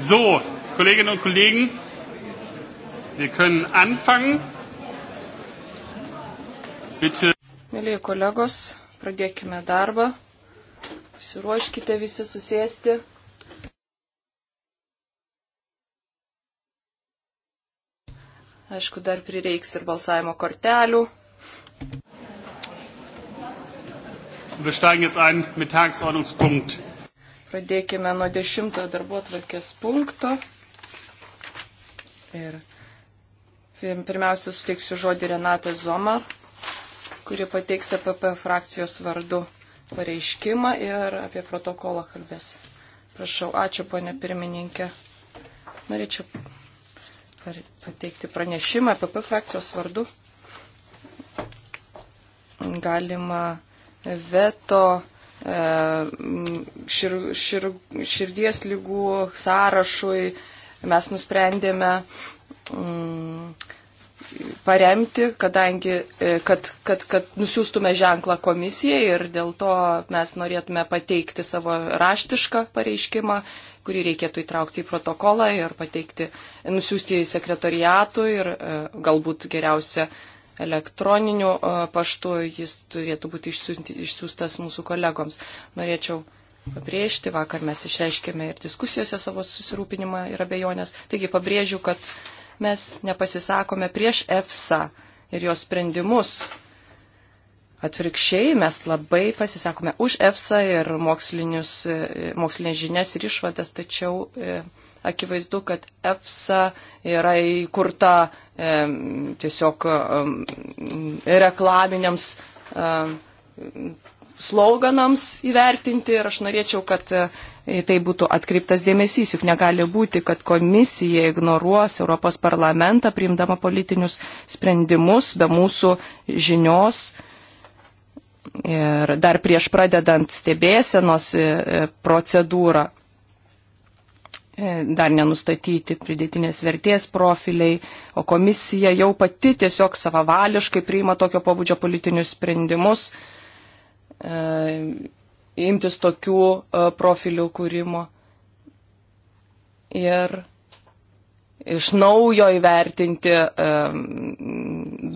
So, Kolleginnen und Kollegen, wir können anfangen. Bitte. Mėlyje kolegos, pradėkime darbą. Pasiruoškite visi susėsti. Aišku, dar prireiks ir balsavimo kortelių. Wir steigen jetzt ein mit Tagesordnungspunkt Pradėkime nuo dešimtojo darbo atvarkės punkto. Ir pirmiausia, suteiksiu žodį Renatą Zomą, kuri pateiks APP e frakcijos vardu pareiškimą ir apie protokolą kalbės. Prašau, ačiū, ponė pirmininkė. Norėčiau pateikti pranešimą APP e frakcijos vardu. Galima veto E, šir, šir, širdies lygų sąrašui mes nusprendėme mm, paremti, kadangi, e, kad, kad, kad nusiųstume ženklą komisijai ir dėl to mes norėtume pateikti savo raštišką pareiškimą, kurį reikėtų įtraukti į protokolą ir pateikti, nusiųsti į sekretoriatų ir e, galbūt geriausia elektroniniu e, paštu, jis turėtų būti išsiųstas mūsų kolegoms. Norėčiau pabrėžti, vakar mes išreiškėme ir diskusijose savo susirūpinimą ir abejonės. Taigi pabrėžiu, kad mes nepasisakome prieš EFSA ir jos sprendimus. Atvirkščiai mes labai pasisakome už EFSA ir e, mokslinės žinias ir išvadas, tačiau. E, akivaizdu, kad EFSA yra įkurta e, tiesiog e, reklaminiams e, sloganams įvertinti ir aš norėčiau, kad e, į tai būtų atkreiptas dėmesys, juk negali būti, kad komisija ignoruos Europos parlamentą priimdama politinius sprendimus be mūsų žinios. Ir dar prieš pradedant stebėsenos e, procedūrą. E, dar nenustatyti pridėtinės vertės profiliai, o komisija jau pati tiesiog savavališkai priima tokio pobūdžio politinius sprendimus, e, imtis tokių e, profilių kūrimo ir iš naujo įvertinti e,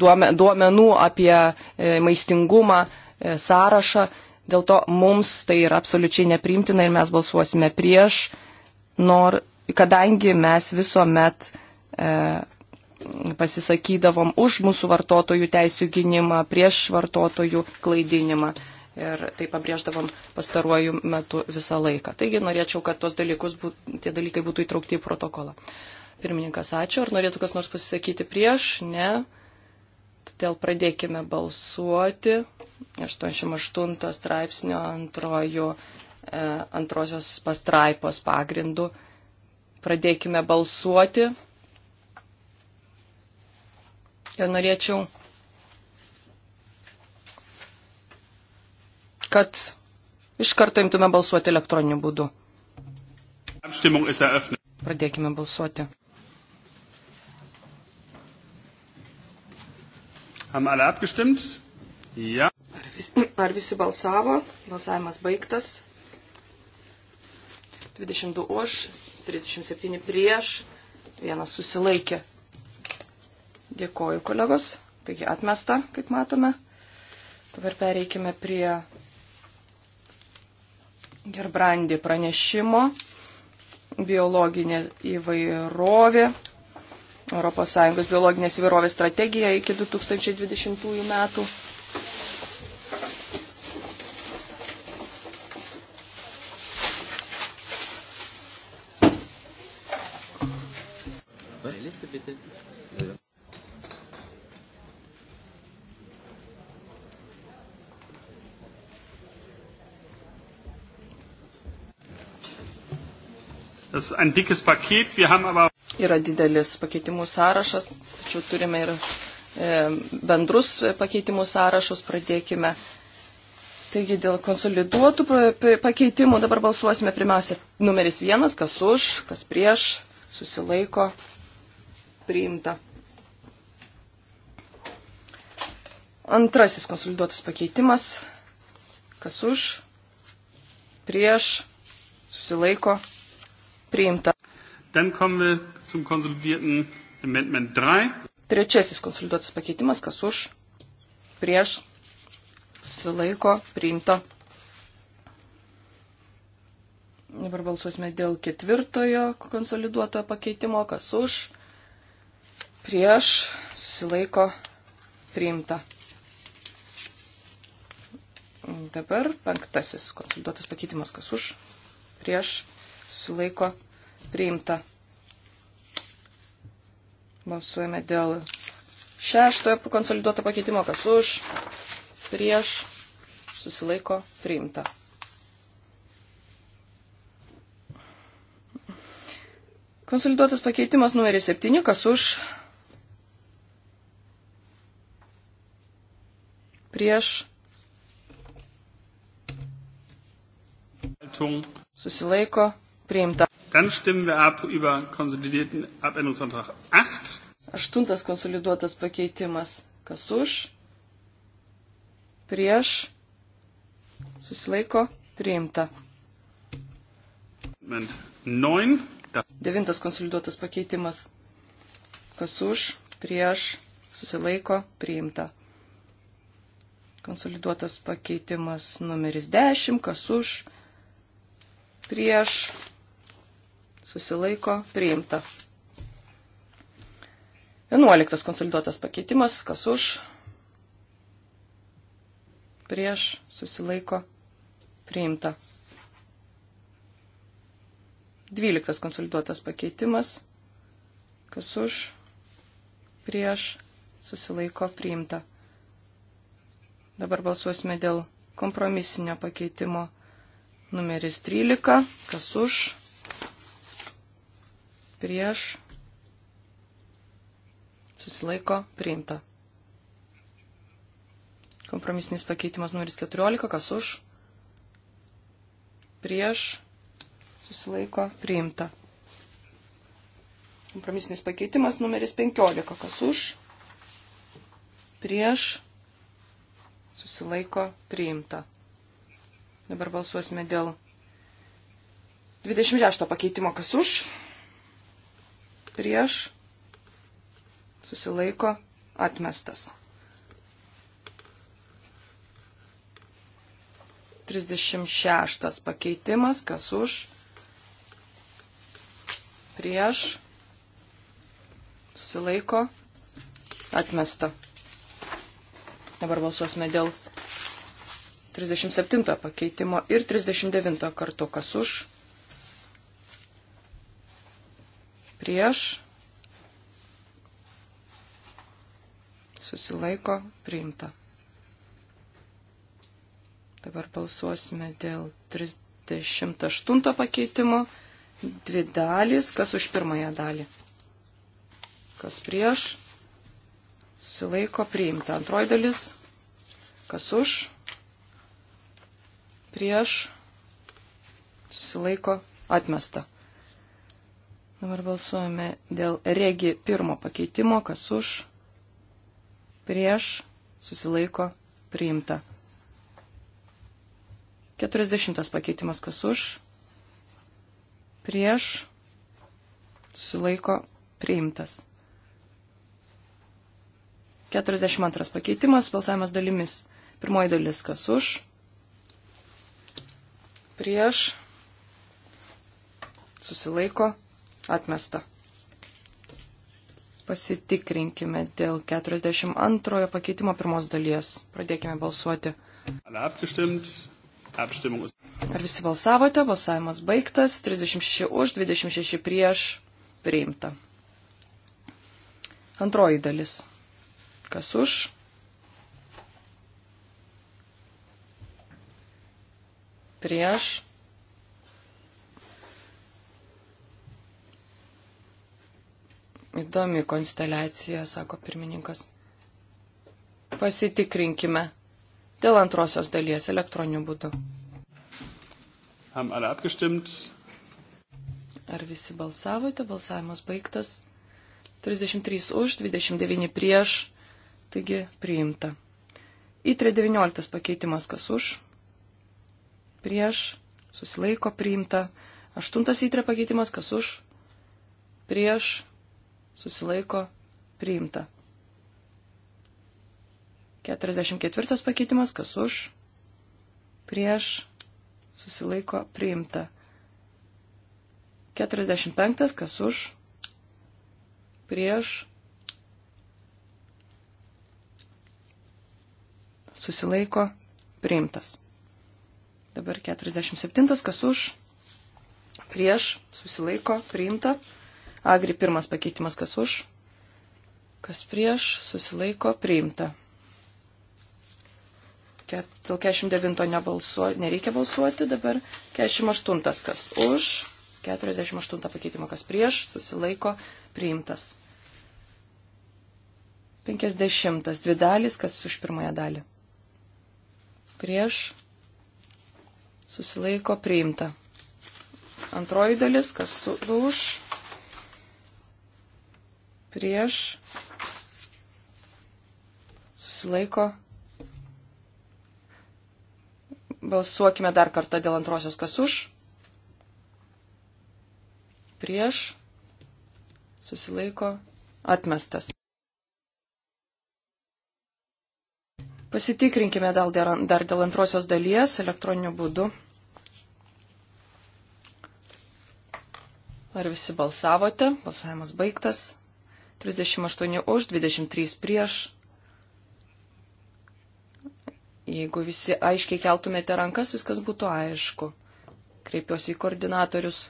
duome, duomenų apie e, maistingumą e, sąrašą. Dėl to mums tai yra absoliučiai nepriimtina ir mes balsuosime prieš nor, kadangi mes visuomet e, pasisakydavom už mūsų vartotojų teisų gynimą, prieš vartotojų klaidinimą. Ir tai pabrėždavom pastaruoju metu visą laiką. Taigi norėčiau, kad tos dalykus, būt, tie dalykai būtų įtraukti į protokolą. Pirmininkas, ačiū. Ar norėtų kas nors pasisakyti prieš? Ne. Todėl pradėkime balsuoti. 88 straipsnio antrojų E, antrosios pastraipos pagrindų. Pradėkime balsuoti. Ir norėčiau, kad iš karto imtume balsuoti elektroniniu būdu. Pradėkime balsuoti. Haben alle abgestimmt? Ja. Ar, vis, ar visi balsavo? Balsavimas baigtas. 22 už, 37 prieš, vienas susilaikė. Dėkoju, kolegos. Taigi atmesta, kaip matome. Dabar pereikime prie Gerbrandi pranešimo. Biologinė įvairovė. ES biologinės įvairovės strategija iki 2020 metų. Yra didelis pakeitimų sąrašas, tačiau turime ir e, bendrus pakeitimų sąrašus, pradėkime. Taigi dėl konsoliduotų pakeitimų dabar balsuosime pirmiausia numeris vienas, kas už, kas prieš, susilaiko, priimta. Antrasis konsoliduotas pakeitimas, kas už, prieš, susilaiko, priimta Priimta. Trečiasis konsoliduotas pakeitimas, kas už, prieš, susilaiko, priimta. Dabar balsuosime dėl ketvirtojo konsoliduoto pakeitimo, kas už, prieš, susilaiko, priimta. Dabar penktasis konsoliduotas pakeitimas, kas už, prieš, susilaiko priimta. Balsuojame dėl šeštojo konsoliduoto pakeitimo, kas už, prieš, susilaiko priimta. Konsoliduotas pakeitimas numeris 7, kas už, prieš, susilaiko priimta. Aštuntas konsoliduotas pakeitimas. Kas už? Prieš? Susilaiko? Priimta. Devintas konsoliduotas pakeitimas. Kas už? Prieš? Susilaiko? Priimta. Konsoliduotas pakeitimas numeris 10. Kas už? Prieš? susilaiko priimta. 11 konsoliduotas pakeitimas, kas už, prieš, susilaiko, priimta. 12 konsoliduotas pakeitimas, kas už, prieš, susilaiko, priimta. Dabar balsuosime dėl kompromisinio pakeitimo numeris 13, kas už, prieš, susilaiko, priimta. Kompromisinis pakeitimas numeris 14, kas už, prieš, susilaiko, priimta. Kompromisinis pakeitimas numeris 15, kas už, prieš, susilaiko, priimta. Dabar balsuosime dėl 26 pakeitimo, kas už, prieš, susilaiko, atmestas. 36 pakeitimas, kas už, prieš, susilaiko, atmesta. Dabar balsuosime dėl 37 pakeitimo ir 39 kartu, kas už, prieš, susilaiko priimta. Dabar balsuosime dėl 38 pakeitimo. Dvi dalys, kas už pirmąją dalį. Kas prieš, susilaiko priimta. Antroji dalis, kas už, prieš, susilaiko atmesta. Dabar balsuojame dėl regi pirmo pakeitimo, kas už, prieš, susilaiko, priimta. 40 pakeitimas, kas už, prieš, susilaiko, priimtas. 42 pakeitimas, balsavimas dalimis. Pirmoji dalis, kas už, prieš, susilaiko, priimtas Atmesta. Pasitikrinkime dėl 42 pakeitimo pirmos dalies. Pradėkime balsuoti. Ar visi balsavote? Balsavimas baigtas. 36 už, 26 prieš. Priimta. Antroji dalis. Kas už? Prieš. Įdomi konsteliacija, sako pirmininkas. Pasitikrinkime dėl antrosios dalies elektroniniu būdu. Ar visi balsavote? Balsavimas baigtas. 33 už, 29 prieš, taigi priimta. Į 319 pakeitimas kas už, prieš, susilaiko priimta. Aštuntas įtrė pakeitimas kas už, prieš, susilaiko priimta. 44 pakeitimas, kas už, prieš, susilaiko priimta. 45, kas už, prieš, susilaiko priimtas. Dabar 47, kas už, prieš, susilaiko priimta. Agri pirmas pakeitimas kas už, kas prieš, susilaiko, priimta. Dėl 49 nebalsuo, nereikia balsuoti, dabar 48 kas už, 48 pakeitimo kas prieš, susilaiko, priimtas. 50 dvi dalys, kas už pirmąją dalį. Prieš, susilaiko, priimta. Antroji dalis, kas su, už, prieš, susilaiko. Balsuokime dar kartą dėl antrosios, kas už, prieš, susilaiko, atmestas. Pasitikrinkime dar, dar dėl antrosios dalies elektroniniu būdu. Ar visi balsavote? Balsavimas baigtas. 38 už, 23 prieš. Jeigu visi aiškiai keltumėte rankas, viskas būtų aišku. Kreipiuosi į koordinatorius.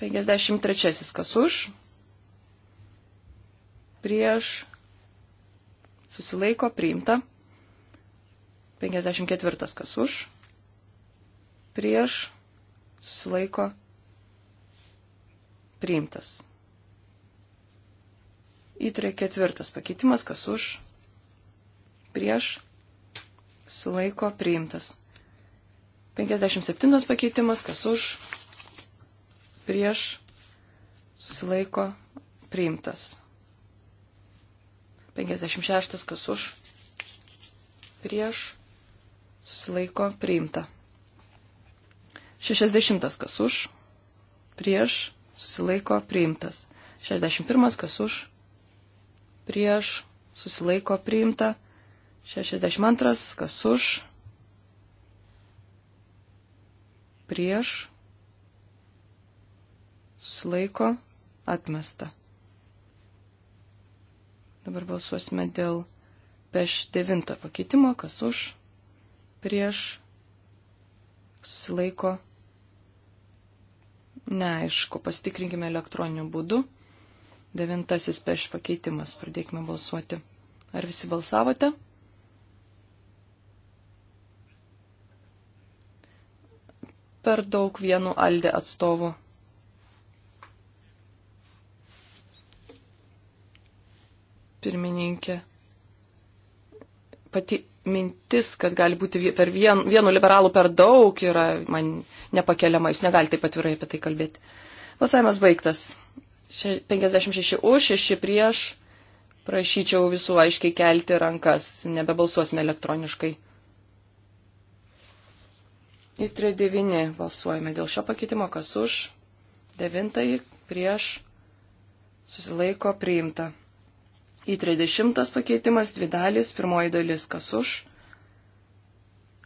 53 kas už. Prieš. Susilaiko priimta. 54 kas už. Prieš. Susilaiko priimtas. Įtrė ketvirtas pakeitimas, kas už, prieš, sulaiko priimtas. 57 pakeitimas, kas už, prieš, susilaiko priimtas. 56 kas už, prieš, susilaiko priimta. 60 kas už, prieš, susilaiko priimtas. 61 kas už, prieš, susilaiko priimta. 62, kas už, prieš, susilaiko atmesta. Dabar balsuosime dėl peš 9 pakeitimo, kas už, prieš, susilaiko. Neaišku, pasitikrinkime elektroniniu būdu. Devintasis peš pakeitimas. Pradėkime balsuoti. Ar visi balsavote? Per daug vienų aldė atstovų. Pirmininkė. Pati mintis, kad gali būti per vien, vienų liberalų per daug, yra man nepakeliama. Jūs negalite taip atvirai apie tai kalbėti. Balsavimas baigtas. 56 už, 6 prieš. Prašyčiau visų aiškiai kelti rankas, nebebalsuosime elektroniškai. Į 39 balsuojame dėl šio pakeitimo, kas už, 9 prieš, susilaiko priimta. Į 30 pakeitimas dvi dalis, pirmoji dalis, kas už,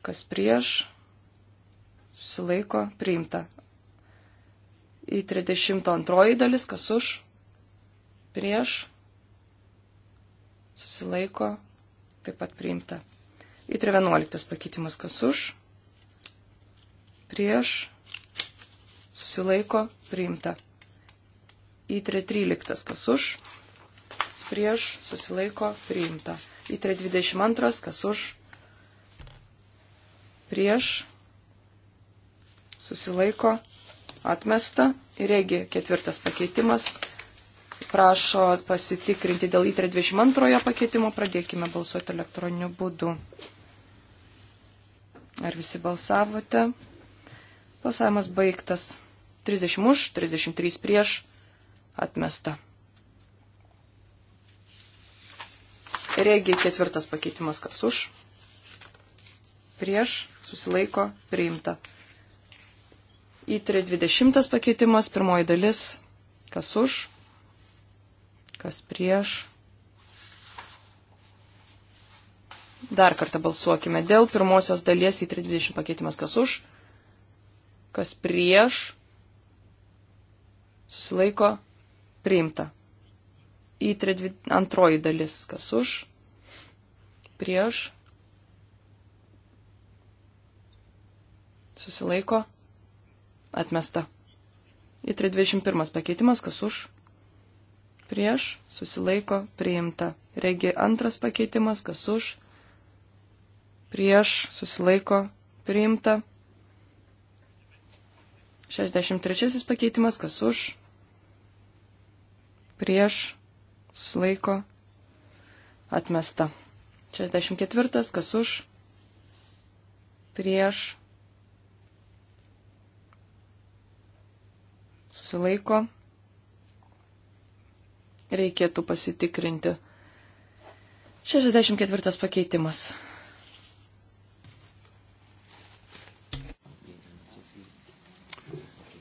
kas prieš, susilaiko priimta į 32 dalis, kas už, prieš, susilaiko, taip pat priimta. Į 311 pakeitimas, kas už, prieš, susilaiko, priimta. Į 313, kas už, prieš, susilaiko, priimta. Į 322, kas už, prieš, susilaiko, priimta atmesta. Regi ketvirtas pakeitimas. Prašo pasitikrinti dėl įtrė 22 pakeitimo. Pradėkime balsuoti elektroniniu būdu. Ar visi balsavote? Balsavimas baigtas. 30 už, 33 prieš. Atmesta. Regi ketvirtas pakeitimas kas už. Prieš susilaiko priimta įtri 20 pakeitimas, pirmoji dalis, kas už, kas prieš. Dar kartą balsuokime dėl pirmosios dalies įtri 20 pakeitimas, kas už, kas prieš, susilaiko, priimta. Įtri antroji dalis, kas už, prieš, susilaiko, priimta atmesta. Į 321 pakeitimas, kas už, prieš, susilaiko, priimta. Regi antras pakeitimas, kas už, prieš, susilaiko, priimta. 63 pakeitimas, kas už, prieš, susilaiko, atmesta. 64, kas už, prieš, susilaiko. Reikėtų pasitikrinti. 64 pakeitimas.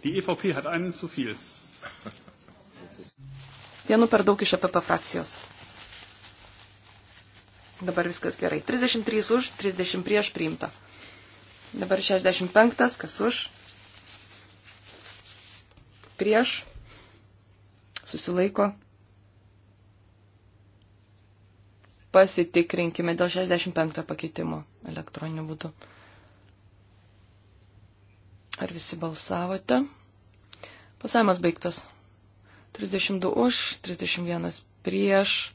Die EVP hat einen zu viel. Vienu per daug iš APP e frakcijos. Dabar viskas gerai. 33 už, 30 prieš priimta. Dabar 65, kas už, prieš, susilaiko. Pasitikrinkime dėl 65 pakeitimo elektroniniu būdu. Ar visi balsavote? Pasavimas baigtas. 32 už, 31 prieš.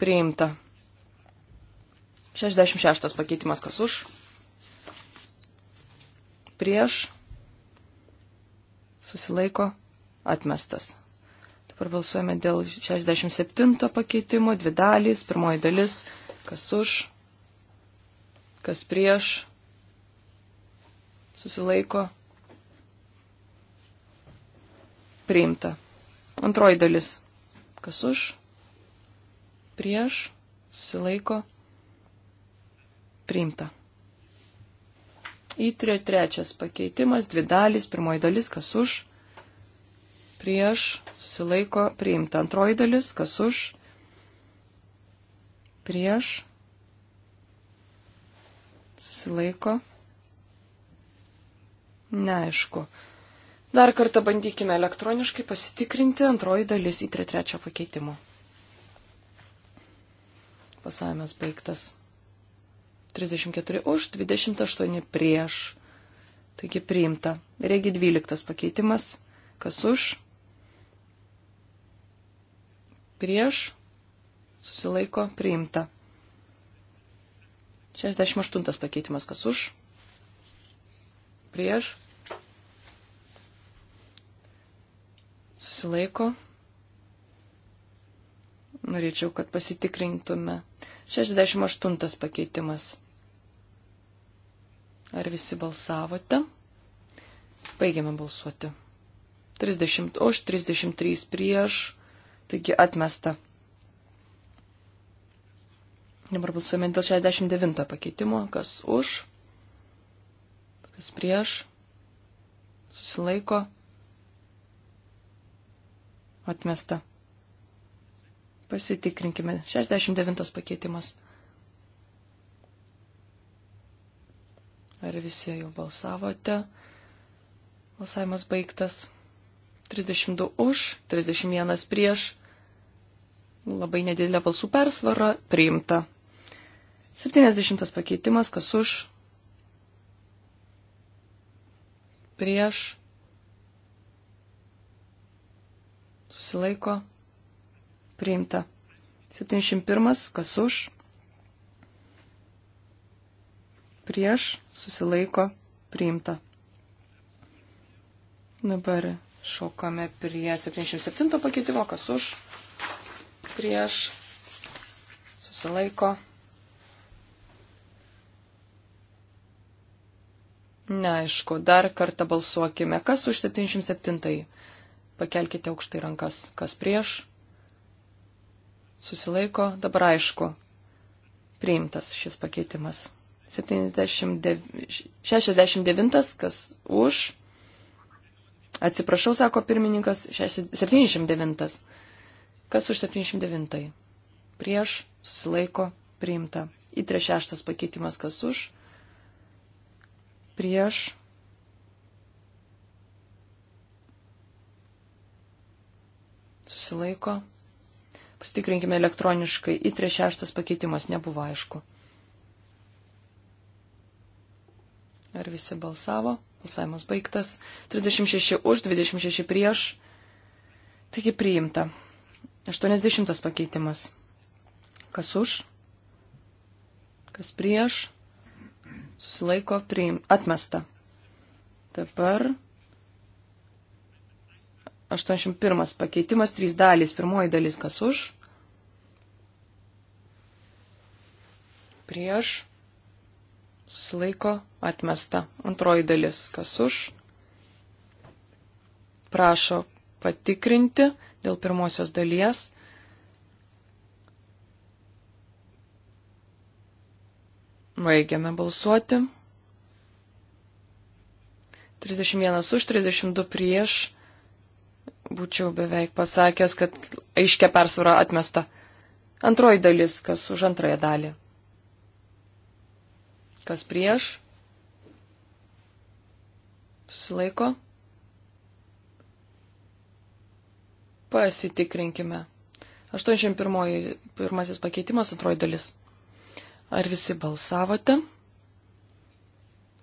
Priimta. 66 pakeitimas kas už. Prieš susilaiko, atmestas. Dabar balsuojame dėl 67 pakeitimo, dvi dalys, pirmoji dalis, kas už, kas prieš, susilaiko, priimta. Antroji dalis, kas už, prieš, susilaiko, priimta. Įtrio trečias pakeitimas, dvi dalys, pirmoji dalis, kas už, prieš, susilaiko, priimta. Antroji dalis, kas už, prieš, susilaiko, neaišku. Dar kartą bandykime elektroniškai pasitikrinti antroji dalis įtrio trečio pakeitimo. Pasavimas baigtas. 34 už, 28 prieš. Taigi priimta. Regi 12 pakeitimas. Kas už? Prieš. Susilaiko. Priimta. 68 pakeitimas. Kas už? Prieš. Susilaiko. Norėčiau, kad pasitikrintume. 68 pakeitimas. Ar visi balsavote? Baigiame balsuoti. 30 už, 33 prieš, taigi atmesta. Dabar balsuojame dėl 69 pakeitimo, kas už, kas prieš, susilaiko, atmesta. Pasitikrinkime. 69 pakeitimas. Ar visi jau balsavote? Balsavimas baigtas. 32 už, 31 prieš. Labai nedidelė balsų persvara priimta. 70 pakeitimas, kas už, prieš, susilaiko, priimta. 71, kas už, prieš susilaiko priimta. Dabar šokame prie 77 pakeitimo, kas už, prieš, susilaiko. Neaišku, dar kartą balsuokime, kas už 77. Pakelkite aukštai rankas, kas prieš, susilaiko, dabar aišku, priimtas šis pakeitimas. 69, 69 kas už. Atsiprašau, sako pirmininkas, 79. Kas už 79? Prieš, susilaiko, priimta. Į 36 pakeitimas, kas už. Prieš. Susilaiko. Pasitikrinkime elektroniškai. Į 36 pakeitimas nebuvo aišku. Ar visi balsavo? Balsavimas baigtas. 36 už, 26 prieš. Taigi priimta. 80 pakeitimas. Kas už? Kas prieš? Susilaiko priim. Atmesta. Dabar 81 pakeitimas, 3 dalys. Pirmoji dalis kas už? Prieš susilaiko, atmesta. Antroji dalis, kas už, prašo patikrinti dėl pirmosios dalies. Baigiame balsuoti. 31 už, 32 prieš. Būčiau beveik pasakęs, kad aiškia persvara atmesta. Antroji dalis, kas už antrąją dalį. Kas prieš? Susilaiko? Pasitikrinkime. 81 pirmasis pakeitimas, antroji dalis. Ar visi balsavote?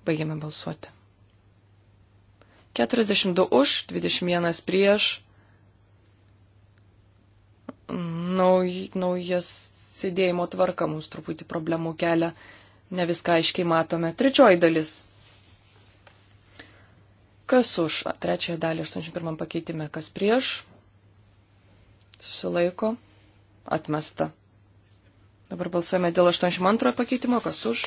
Baigiame balsuoti. 42 už, 21 prieš. Nauj, naujas sėdėjimo tvarka mums truputį problemų kelia ne viską aiškiai matome. Trečioji dalis. Kas už trečiąją dalį 81 pakeitime, kas prieš? Susilaiko. Atmesta. Dabar balsuojame dėl 82 pakeitimo, kas už?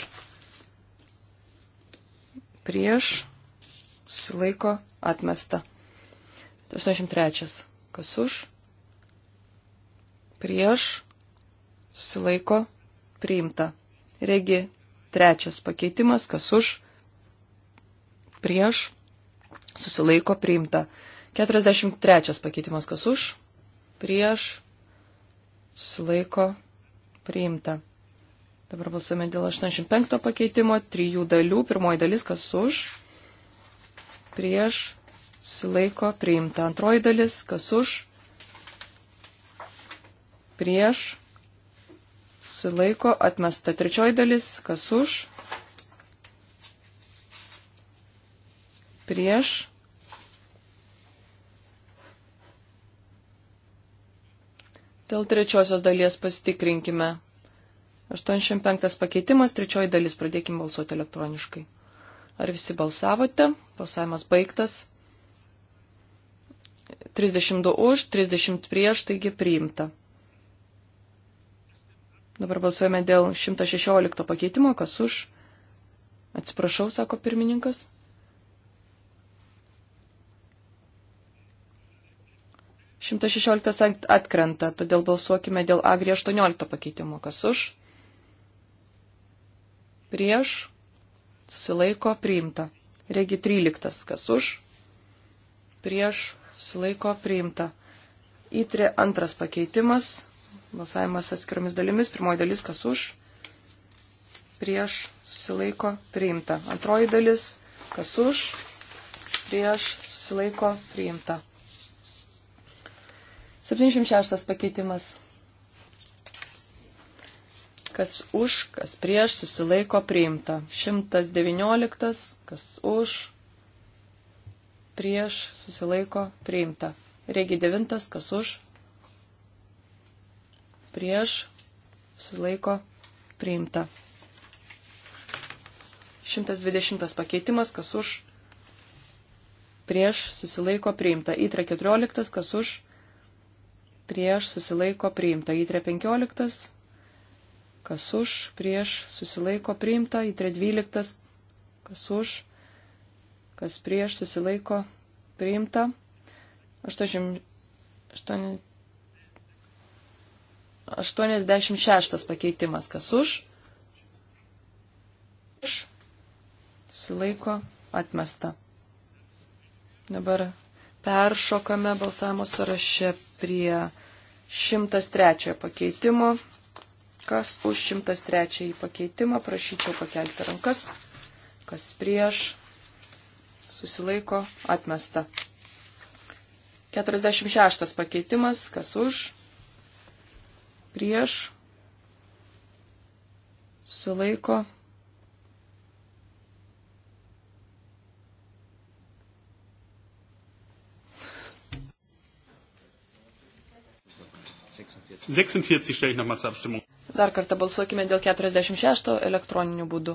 Prieš. Susilaiko. Atmesta. 83. Kas už? Prieš. Susilaiko. Priimta. Regi Trečias pakeitimas, kas už, prieš, susilaiko priimta. 43 pakeitimas, kas už, prieš, susilaiko priimta. Dabar balsuojame dėl 85 pakeitimo, trijų dalių. Pirmoji dalis, kas už, prieš, susilaiko priimta. Antroji dalis, kas už, prieš, susilaiko, atmesta trečioji dalis, kas už, prieš, dėl trečiosios dalies pasitikrinkime. 85 pakeitimas, trečioji dalis, pradėkime balsuoti elektroniškai. Ar visi balsavote? Balsavimas baigtas. 32 už, 30 prieš, taigi priimta. Dabar balsuojame dėl 116 pakeitimo, kas už. Atsiprašau, sako pirmininkas. Šimtas šešioliktas atkrenta, todėl balsuokime dėl agri 18 pakeitimo. Kas už? Prieš? Susilaiko priimta. Regi 13. Kas už? Prieš? Susilaiko priimta. Įtri antras pakeitimas. Balsavimas atskiromis dalimis. Pirmoji dalis, kas už, prieš, susilaiko, priimta. Antroji dalis, kas už, prieš, susilaiko, priimta. 76 pakeitimas. Kas už, kas prieš, susilaiko, priimta. 119, kas už, prieš, susilaiko, priimta. Regi 9, kas už, prieš, susilaiko, priimta. 120 pakeitimas, kas už, prieš, susilaiko, priimta. Įtre 14, kas už, prieš, susilaiko, priimta. Įtre 15, kas už, prieš, susilaiko, priimta. Įtre 12, kas už, kas prieš, susilaiko, priimta. 88 86 pakeitimas. Kas už? Už. Sulaiko. Atmesta. Dabar peršokame balsavimo sąraše prie 103 pakeitimo. Kas už 103 pakeitimą, prašyčiau pakelti rankas. Kas prieš, susilaiko, atmesta. 46 pakeitimas, kas už, prieš, susilaiko. Dar kartą balsuokime dėl 46 elektroninių būdų.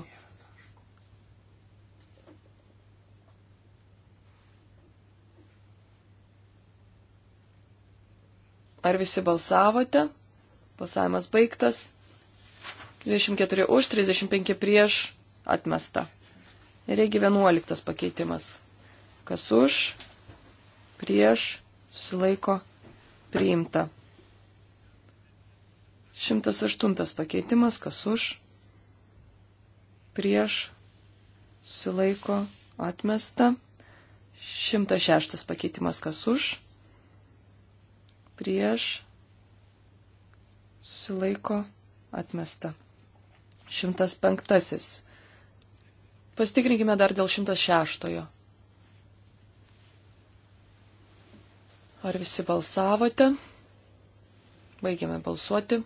Ar visi balsavote? Balsavimas baigtas. 24 už, 35 prieš atmesta. Reikia 11 pakeitimas. Kas už, prieš, susilaiko, priimta. 108 pakeitimas. Kas už, prieš, susilaiko, atmesta. 106 pakeitimas. Kas už, prieš, susilaiko atmesta. 105. Pastikrinkime dar dėl 106. Ar visi balsavote? Baigiame balsuoti.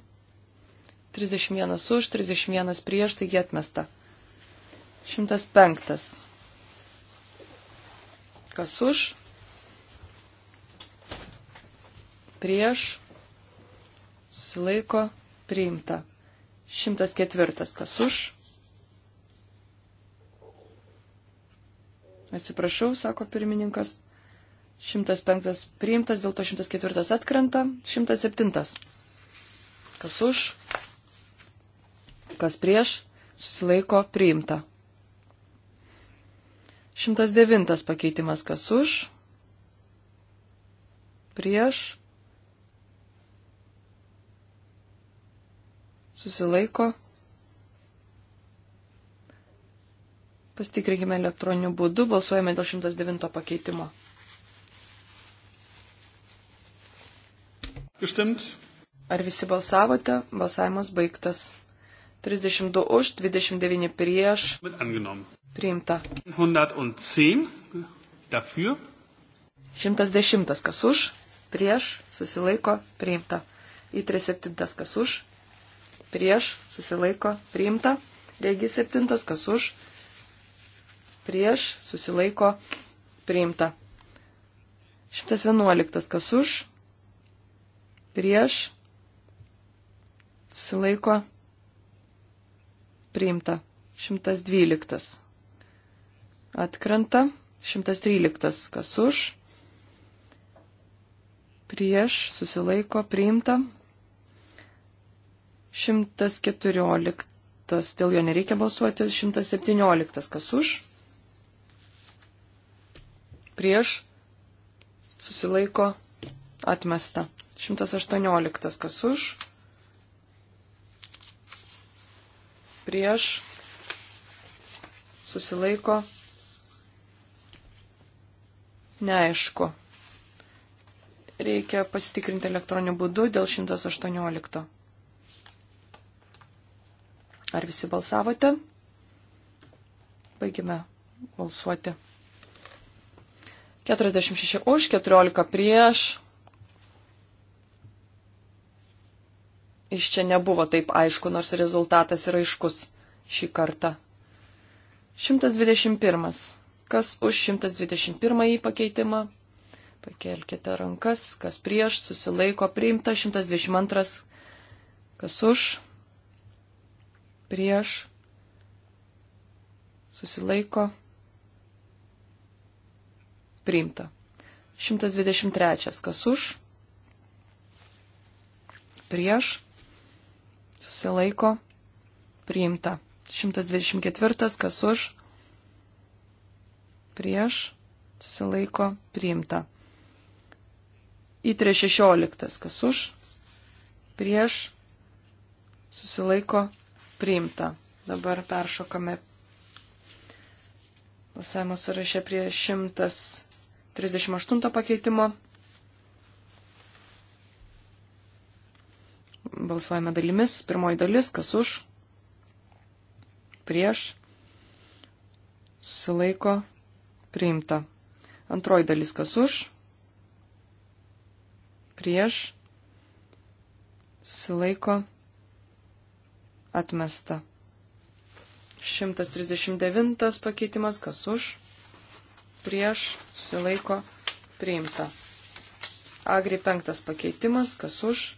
31 už, 31 prieš, taigi atmesta. 105. Kas už? Prieš susilaiko, priimta. 104. Kas už? Atsiprašau, sako pirmininkas. 105 priimtas, dėl to 104 atkrenta. 107. Kas už? Kas prieš? Susilaiko priimta. 109 pakeitimas kas už? Prieš susilaiko. Pastikrinkime elektroniniu būdu, balsuojame dėl 109 pakeitimo. Gestimmt. Ar visi balsavote? Balsavimas baigtas. 32 už, 29 prieš. Priimta. 110 dafür. 110 kas už, prieš, susilaiko, priimta. Į 37 kas už, prieš, susilaiko, priimta. Regi septintas, kas už, prieš, susilaiko, priimta. 111, kas už, prieš, susilaiko, priimta. 112. Atkrenta. 113. Kas už? Prieš susilaiko priimta. 114, dėl jo nereikia balsuoti, 117, kas už, prieš, susilaiko, atmesta. 118, kas už, prieš, susilaiko, neaišku. Reikia pasitikrinti elektroniniu būdu dėl 118. Ar visi balsavote? Baigime balsuoti. 46 už, 14 prieš. Iš čia nebuvo taip aišku, nors rezultatas yra aiškus šį kartą. 121. Kas už 121 pakeitimą? Pakelkite rankas, kas prieš, susilaiko priimta 122. Kas už? prieš, susilaiko, priimta. 123. Kas už, prieš, susilaiko, priimta. 124. Kas už, prieš, susilaiko, priimta. Į 316. Kas už, prieš, susilaiko, priimta priimta. Dabar peršokame balsavimo sąraše prie 138 pakeitimo. Balsuojame dalimis. Pirmoji dalis, kas už, prieš, susilaiko, priimta. Antroji dalis, kas už, prieš, susilaiko, priimta atmesta. 139 pakeitimas, kas už, prieš, susilaiko, priimta. Agri penktas pakeitimas, kas už,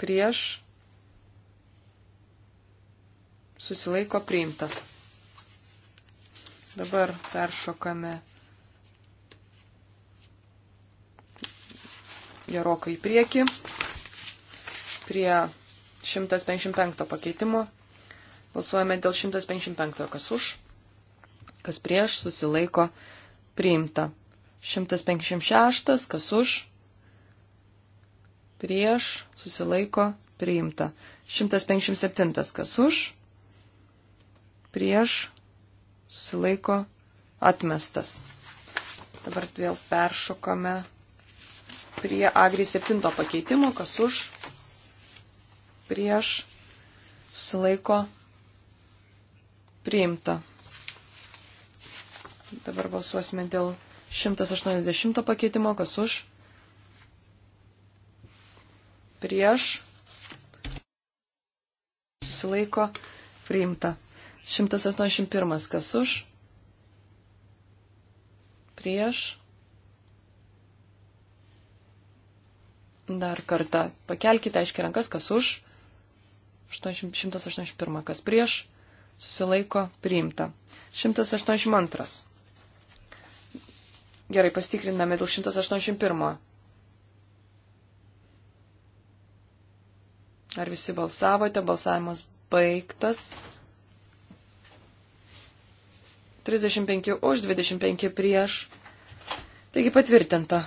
prieš, susilaiko, priimta. Dabar peršokame gerokai į priekį prie 155 pakeitimo. Balsuojame dėl 155, kas už, kas prieš, susilaiko, priimta. 156, kas už, prieš, susilaiko, priimta. 157, kas už, prieš, susilaiko, atmestas. Dabar vėl peršokame prie agri 7 pakeitimo, kas už, prieš, susilaiko, priimta. Dabar balsuosime dėl 180 pakeitimo, kas už, prieš, susilaiko, priimta. 181 kas už, prieš, Dar kartą pakelkite aiškiai rankas, kas už, 181. Kas prieš? Susilaiko priimta. 182. Gerai, pastikriname dėl 181. Ar visi balsavote? Balsavimas baigtas. 35 už, 25 prieš. Taigi patvirtinta.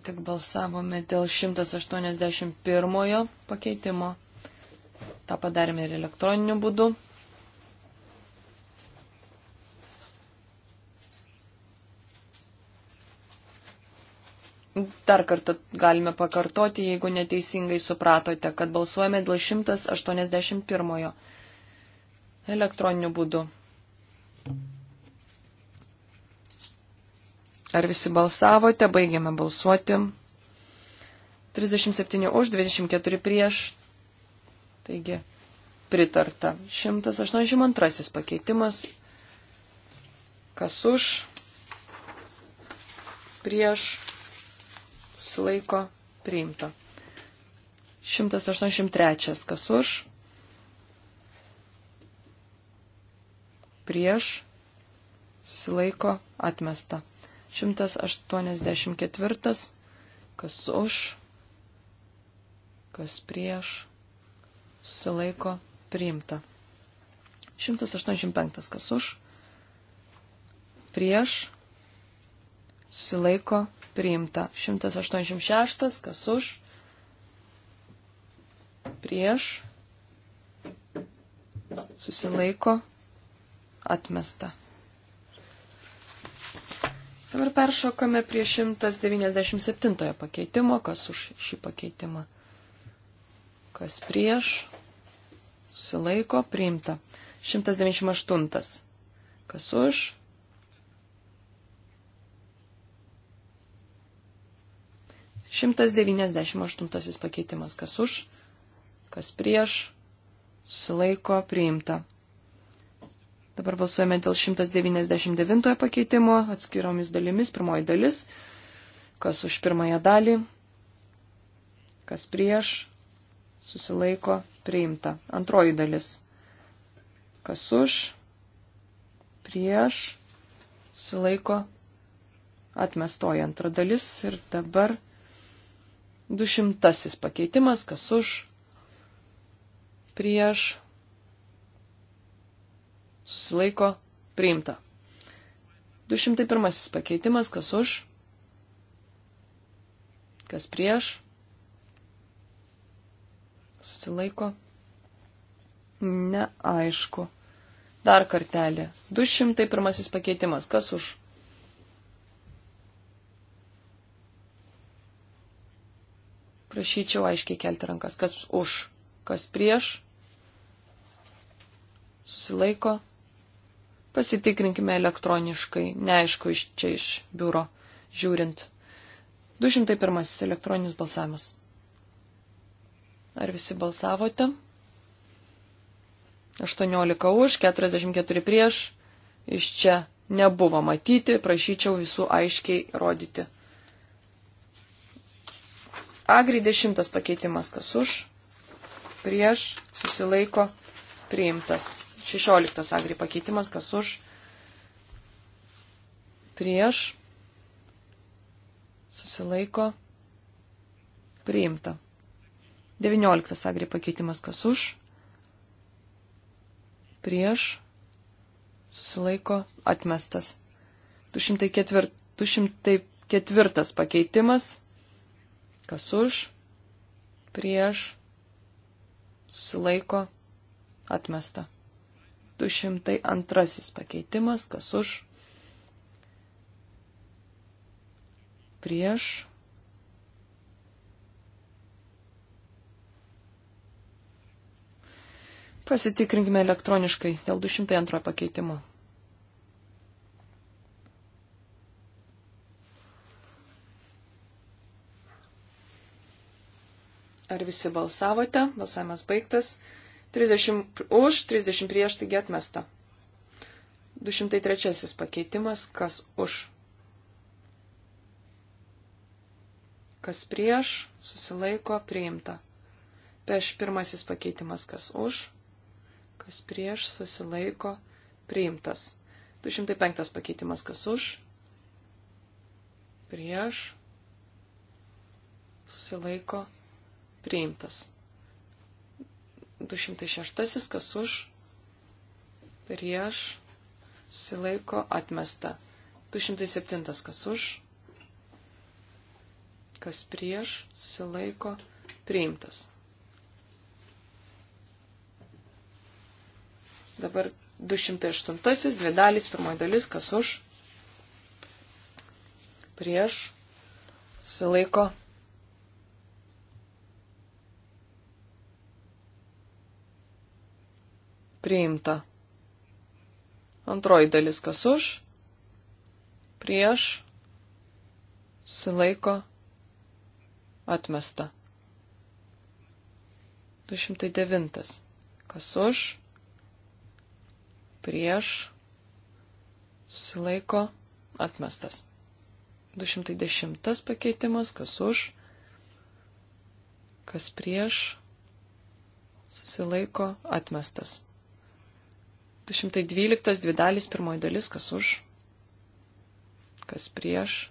Ką tik balsavome dėl 181 pakeitimo. Ta padarėme ir elektroniniu būdu. Dar kartą galime pakartoti, jeigu neteisingai supratote, kad balsuojame dėl 181 elektroniniu būdu. Ar visi balsavote? Baigiame balsuoti. 37 už, 24 prieš. Taigi, pritarta. 182 pakeitimas. Kas už? Prieš. Susilaiko. Priimta. 183. Kas už? Prieš. Susilaiko. Atmesta. 184, kas už, kas prieš, susilaiko priimta. 185, kas už, prieš, susilaiko priimta. 186, kas už, prieš, susilaiko atmesta. Dabar peršokame prie 197 pakeitimo, kas už šį pakeitimą, kas prieš, susilaiko, priimta. 198, kas už, Šimtas devyniasdešimt aštuntasis pakeitimas, kas už, kas prieš, susilaiko, priimta. Dabar balsuojame dėl 199 pakeitimo atskiromis dalimis. Pirmoji dalis. Kas už pirmąją dalį, kas prieš, susilaiko, priimta. Antroji dalis. Kas už, prieš, susilaiko, atmestoji antra dalis. Ir dabar 200 pakeitimas. Kas už, prieš, susilaiko, priimta. 201 pakeitimas, kas už, kas prieš, susilaiko, neaišku. Dar kartelį. 201 pakeitimas, kas už. Prašyčiau aiškiai kelti rankas, kas už, kas prieš, susilaiko, Pasitikrinkime elektroniškai, neaišku iš čia iš biuro žiūrint. 201 elektroninis balsavimas. Ar visi balsavote? 18 už, 44 prieš. Iš čia nebuvo matyti, prašyčiau visų aiškiai rodyti. Agri 10 pakeitimas kas už, prieš, susilaiko, priimtas. 16 agri pakeitimas, kas už, prieš, susilaiko, priimta. 19 agri pakeitimas, kas už, prieš, susilaiko, atmestas. 204, 204 pakeitimas, kas už, prieš, susilaiko, atmesta. 202 pakeitimas, kas už, prieš. Pasitikrinkime elektroniškai dėl 202 pakeitimo. Ar visi balsavote? Balsavimas baigtas. 30 už, 30 prieš, taigi atmesta. 203 pakeitimas, kas už. Kas prieš, susilaiko, priimta. Peš pirmasis pakeitimas, kas už, kas prieš, susilaiko, priimtas. 205 pakeitimas, kas už, prieš, susilaiko, priimtas. 206, kas už, prieš, susilaiko, atmesta. 207, kas už, kas prieš, susilaiko, priimtas. Dabar 208, dvi dalys, pirmoji dalis, kas už, prieš, susilaiko, priimta. Antroji dalis kas už, prieš, sulaiko, atmesta. 209. Kas už, prieš, susilaiko, atmestas. 210 pakeitimas, kas už, kas prieš, susilaiko, atmestas. 212 dvi dalys, pirmoji dalis, kas už, kas prieš,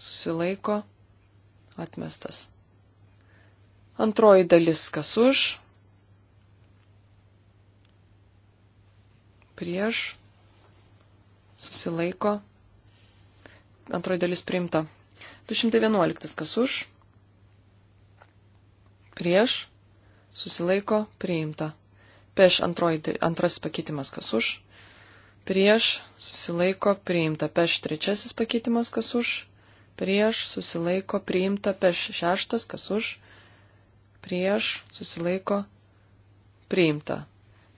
susilaiko, atmestas. Antroji dalis, kas už, prieš, susilaiko, antroji dalis priimta. 211 kas už, prieš, susilaiko, priimta. Peš antroji, antras pakeitimas kas už. Prieš susilaiko priimta. Peš trečiasis pakeitimas kas už. Prieš susilaiko priimta. Peš šeštas kas už. Prieš susilaiko priimta.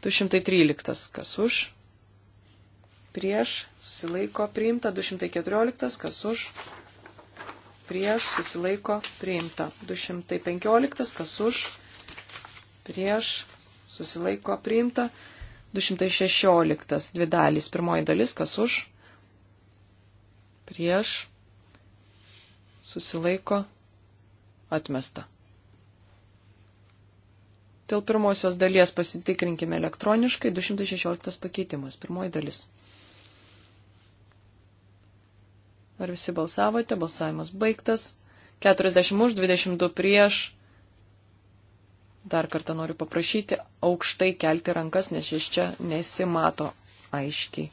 213 kas už. Prieš susilaiko priimta. 214 kas už prieš susilaiko priimta. 215, kas už, prieš susilaiko priimta. 216 dvi dalys. Pirmoji dalis, kas už, prieš, susilaiko, atmesta. Dėl pirmosios dalies pasitikrinkime elektroniškai 216 pakeitimas, pirmoji dalis. Ar visi balsavote? Balsavimas baigtas. 40 už, 22 prieš, Dar kartą noriu paprašyti aukštai kelti rankas, nes iš čia nesimato aiškiai.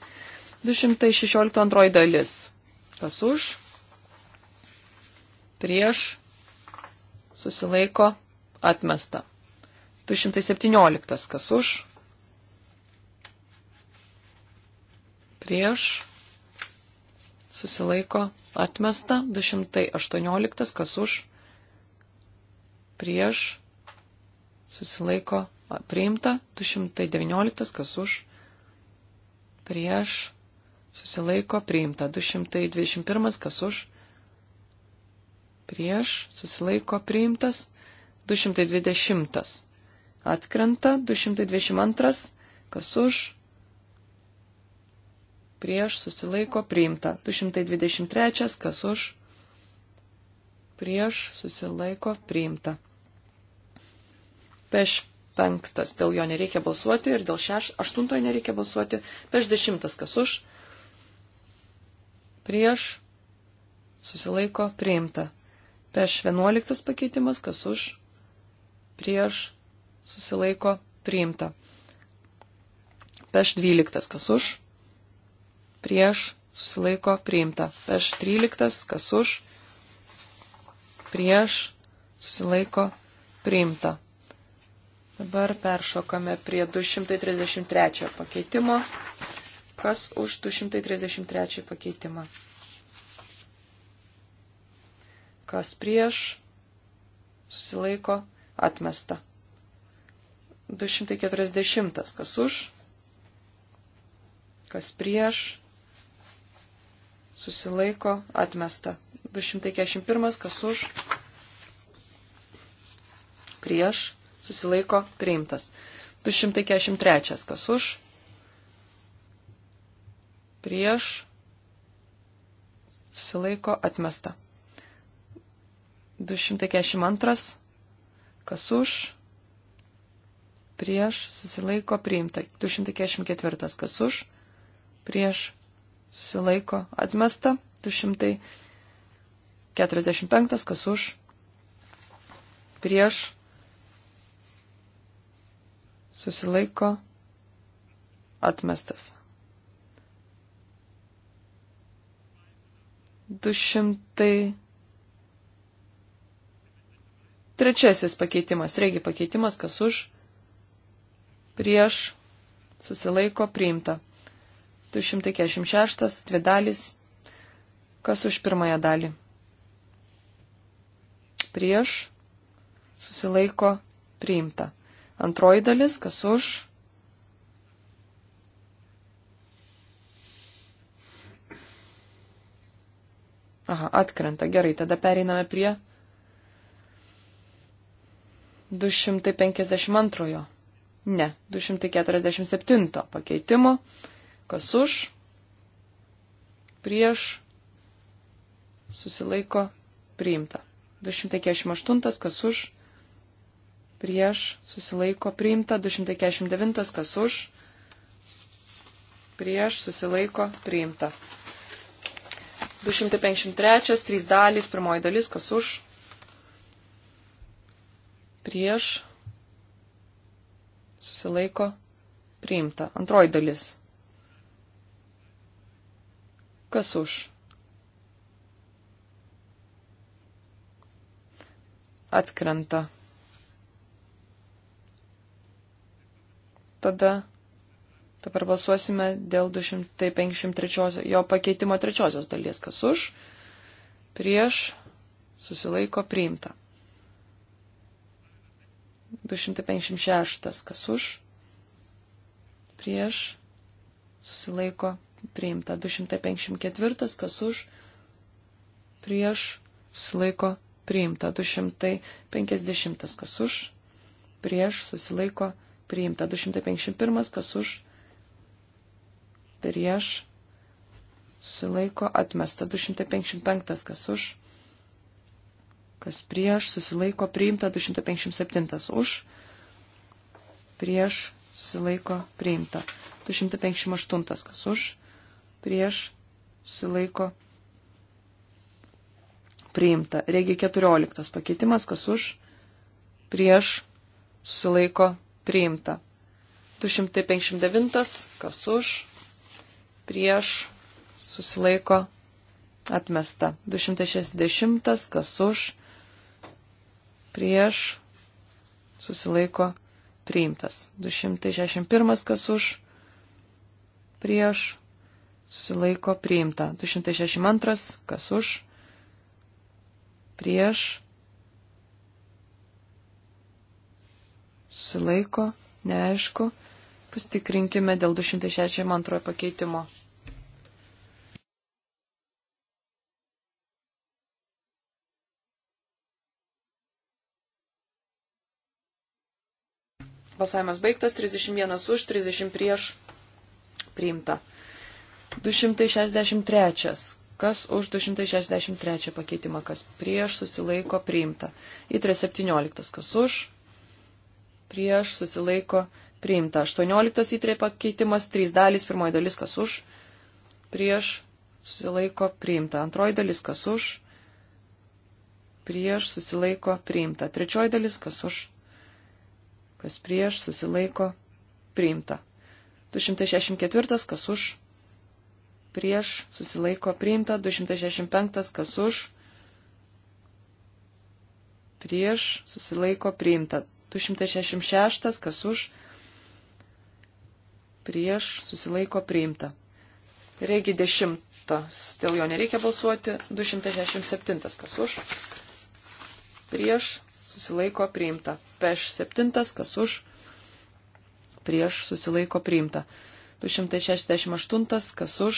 216 antroji dalis. Kas už? Prieš? Susilaiko? Atmesta. 217. Kas už? Prieš? Susilaiko? Atmesta. 218. Kas už? Prieš? susilaiko priimta, 219 kas už, prieš, susilaiko priimta, 221 kas už, prieš, susilaiko priimtas, 220 atkrenta, 222 kas už, prieš, susilaiko priimta, 223 kas už, prieš, susilaiko priimta peš penktas, dėl jo nereikia balsuoti ir dėl šeš, aštuntojo nereikia balsuoti, peš dešimtas kas už, prieš, susilaiko, priimta, peš vienuoliktas pakeitimas kas už, prieš, susilaiko, priimta, peš dvyliktas kas už, prieš, susilaiko, priimta, peš tryliktas kas už, prieš, susilaiko, priimta Dabar peršokame prie 233 pakeitimo. Kas už 233 pakeitimą? Kas prieš? Susilaiko. Atmesta. 240. Kas už? Kas prieš? Susilaiko. Atmesta. 241. Kas už? Prieš susilaiko priimtas. 243 kas už, prieš, susilaiko atmesta. 242 kas už, prieš, susilaiko priimta. 244 kas už, prieš, susilaiko atmesta. 245 kas už, prieš, susilaiko, atmestas. 200. Trečiasis pakeitimas, reigi pakeitimas, kas už, prieš, susilaiko, priimta. 246, dvi dalys, kas už pirmąją dalį. Prieš, susilaiko, priimta. Antroji dalis, kas už. Aha, atkrenta. Gerai, tada pereiname prie 252. Ne, 247 pakeitimo. Kas už? Prieš? Susilaiko? Priimta. 248. Kas už? prieš, susilaiko priimta, 249 kas už, prieš, susilaiko priimta. 253, 3 dalys, pirmoji dalis, kas už, prieš, susilaiko priimta. Antroji dalis. Kas už? Atkrenta. Tada dabar balsuosime dėl 253 jo pakeitimo trečiosios dalies. Kas už? Prieš susilaiko priimta. 256. Kas už? Prieš susilaiko priimta. 254. Kas už? Prieš susilaiko priimta. 250. Kas už? Prieš susilaiko priimta priimta 251, kas už, prieš, susilaiko, atmesta 255, kas už, kas prieš, susilaiko, priimta 257, už, prieš, susilaiko, priimta 258, kas už, prieš, susilaiko, priimta. Regi 14 pakeitimas, kas už, prieš, susilaiko, priimta priimta. 259, kas už, prieš, susilaiko, atmesta. 260, kas už, prieš, susilaiko, priimtas. 261, kas už, prieš, susilaiko, priimta. 262, kas už, prieš, susilaiko, neaišku. Pastikrinkime dėl 262 pakeitimo. Balsavimas baigtas, 31 už, 30 prieš priimta. 263. Kas už 263 pakeitimą, kas prieš susilaiko priimta. Į 317. Kas už, prieš susilaiko priimta. 18 įtrė pakeitimas, 3 dalys, pirmoji dalis kas už, prieš susilaiko priimta. Antroji dalis kas už, prieš susilaiko priimta. Trečioji dalis kas už, kas prieš susilaiko priimta. 264 kas už, prieš susilaiko priimta. 265 kas už, prieš susilaiko priimta. 266, kas už, prieš, susilaiko priimta. Regi 10, dėl jo nereikia balsuoti, 267, kas už, prieš, susilaiko priimta. Peš 7, kas už, prieš, susilaiko priimta. 268, kas už,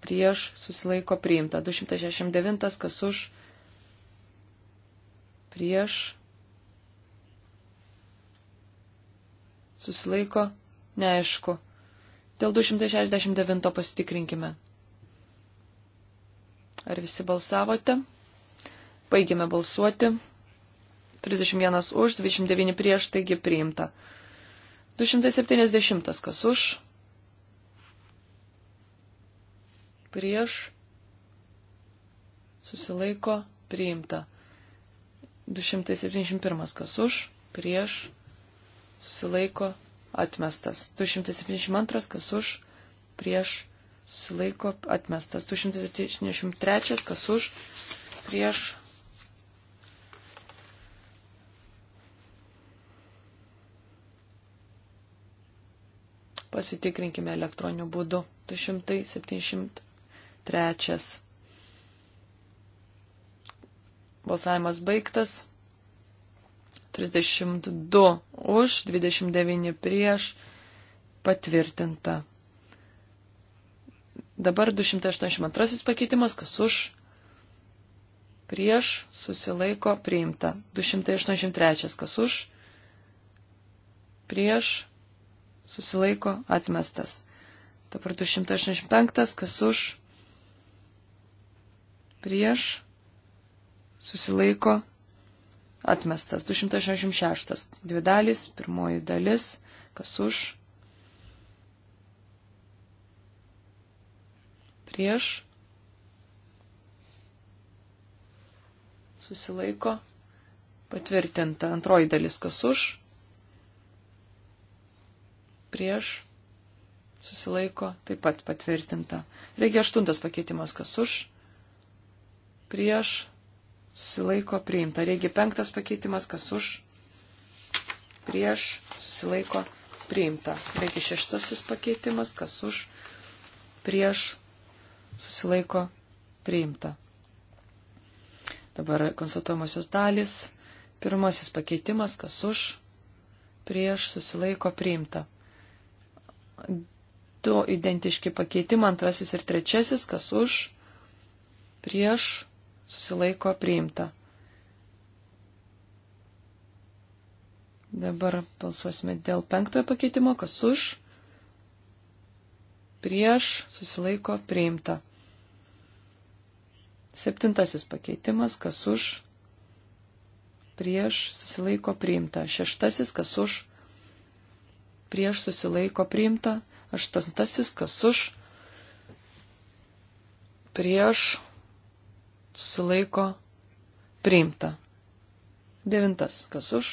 prieš, susilaiko priimta. 269, kas už, prieš, susilaiko, neaišku. Dėl 269 pasitikrinkime. Ar visi balsavote? Baigėme balsuoti. 31 už, 29 prieš, taigi priimta. 270 kas už? Prieš. Susilaiko, priimta. 271 kas už, prieš, susilaiko atmestas. 272, kas už, prieš, susilaiko atmestas. 273, kas už, prieš. Pasitikrinkime elektroniniu būdu. 273. Balsavimas baigtas. 32 už, 29 prieš, patvirtinta. Dabar 282 pakeitimas, kas už, prieš, susilaiko, priimta. 283 kas už, prieš, susilaiko, atmestas. Dabar 285 kas už, prieš, susilaiko, Atmestas 266. Dvi dalys, pirmoji dalis, kas už, prieš, susilaiko, patvirtinta antroji dalis, kas už, prieš, susilaiko, taip pat patvirtinta. Reikia aštuntas pakeitimas, kas už, prieš, susilaiko priimta. Regi penktas pakeitimas, kas už, prieš, susilaiko priimta. Regi šeštasis pakeitimas, kas už, prieš, susilaiko priimta. Dabar konstatuojamosios dalys. Pirmasis pakeitimas, kas už, prieš, susilaiko priimta. Du identiški pakeitimai, antrasis ir trečiasis, kas už, prieš, susilaiko priimta. Dabar balsuosime dėl penktojo pakeitimo, kas už, prieš, susilaiko, priimta. Septintasis pakeitimas, kas už, prieš, susilaiko, priimta. Šeštasis, kas už, prieš, susilaiko, priimta. Aštuntasis, kas už, prieš, susilaiko priimta. Devintas, kas už,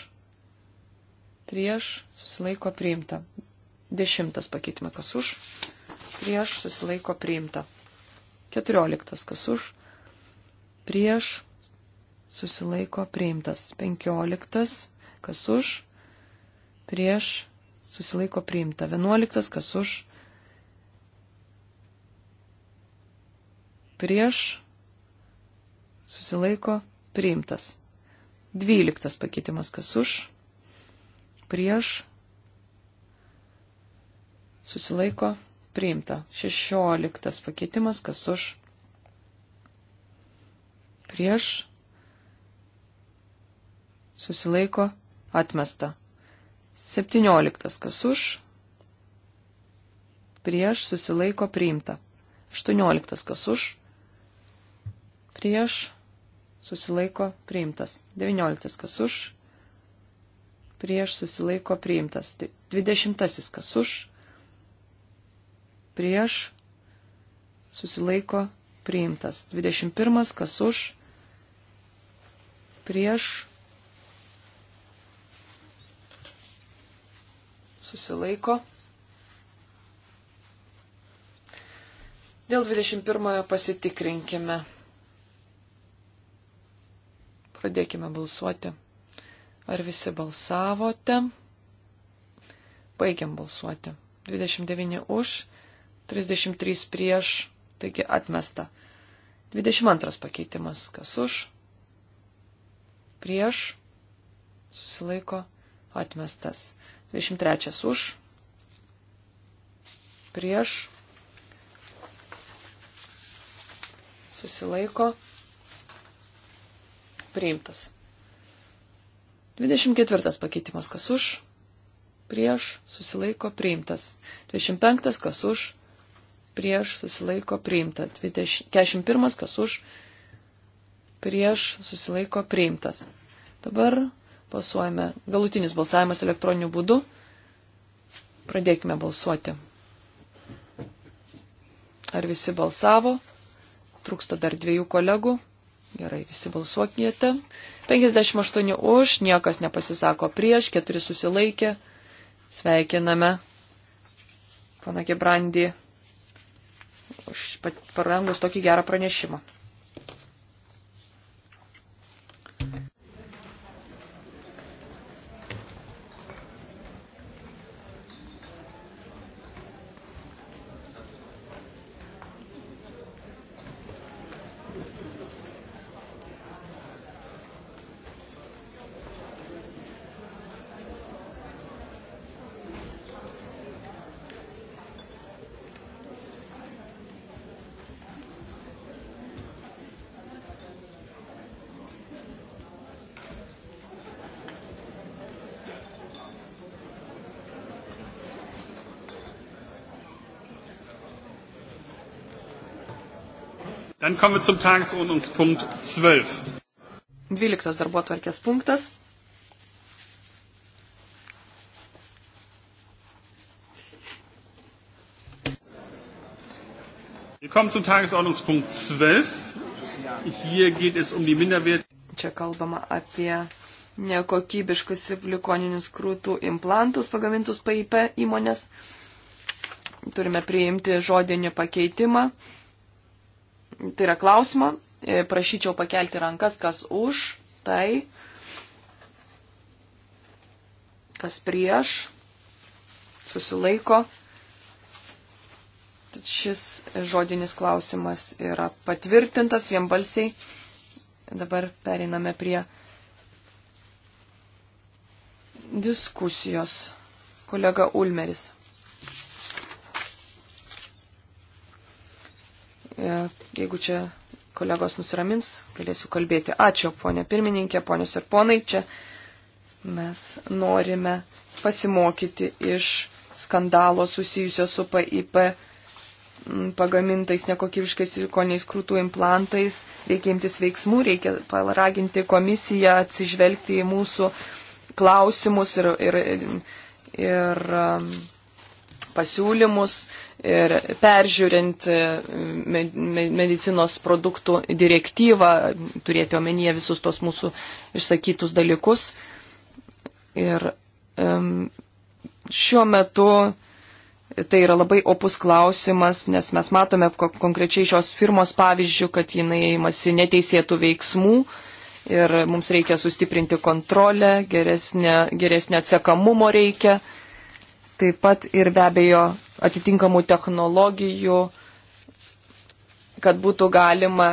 prieš, susilaiko priimta. Dešimtas pakeitimą, kas už, prieš, susilaiko priimta. Keturioliktas, kas už, prieš, susilaiko priimtas. Penkioliktas, kas už, prieš, susilaiko priimta. Vienuoliktas, kas už, prieš, susilaiko priimtas. Dvyliktas pakeitimas kas už, prieš, susilaiko priimta. Šešioliktas pakeitimas kas už, prieš, susilaiko atmesta. Septynioliktas kas už, prieš, susilaiko priimta. Aštuonioliktas kas už, prieš, susilaiko priimtas. 19 kas už, prieš susilaiko priimtas. 20 kas už, prieš susilaiko priimtas. 21 kas už, prieš susilaiko. Dėl 21 pasitikrinkime. Pradėkime balsuoti. Ar visi balsavote? Baigiam balsuoti. 29 už, 33 prieš, taigi atmesta. 22 pakeitimas. Kas už? Prieš. Susilaiko. Atmestas. 23 už. Prieš. Susilaiko priimtas. 24 pakeitimas kas už, prieš, susilaiko priimtas. 25 kas už, prieš, susilaiko priimtas. 41 kas už, prieš, susilaiko priimtas. Dabar balsuojame galutinis balsavimas elektroniniu būdu. Pradėkime balsuoti. Ar visi balsavo? Trūksta dar dviejų kolegų. Gerai, visi balsuokite. 58 už, niekas nepasisako prieš, 4 susilaikė. Sveikiname pana Gebrandį už parangus tokį gerą pranešimą. Dann kommen wir zum Tagesordnungspunkt 12. 12. darbotvarkės punktas. Wir kommen zum Tagesordnungspunkt 12. Hier geht es um die Minderwert. Čia kalbama apie nekokybiškus silikoninius krūtų implantus pagamintus PIP įmonės. Turime priimti žodinį pakeitimą tai yra klausimą. E, prašyčiau pakelti rankas, kas už, tai, kas prieš, susilaiko. Tad šis žodinis klausimas yra patvirtintas vienbalsiai. Dabar periname prie diskusijos. Kolega Ulmeris. E, jeigu čia kolegos nusiramins, galėsiu kalbėti. Ačiū, ponė pirmininkė, ponios ir ponai, čia mes norime pasimokyti iš skandalo susijusio su PIP pagamintais nekokybiškais silikoniais krūtų implantais. Reikia imtis veiksmų, reikia paraginti komisiją atsižvelgti į mūsų klausimus ir, ir, ir, ir pasiūlymus ir peržiūrint e, medicinos produktų direktyvą, turėti omenyje visus tos mūsų išsakytus dalykus. Ir šiuo metu tai yra labai opus klausimas, nes mes matome konkrečiai šios firmos pavyzdžių, kad jinai imasi neteisėtų veiksmų ir mums reikia sustiprinti kontrolę, geresnė, geresnė atsekamumo reikia taip pat ir be abejo atitinkamų technologijų, kad būtų galima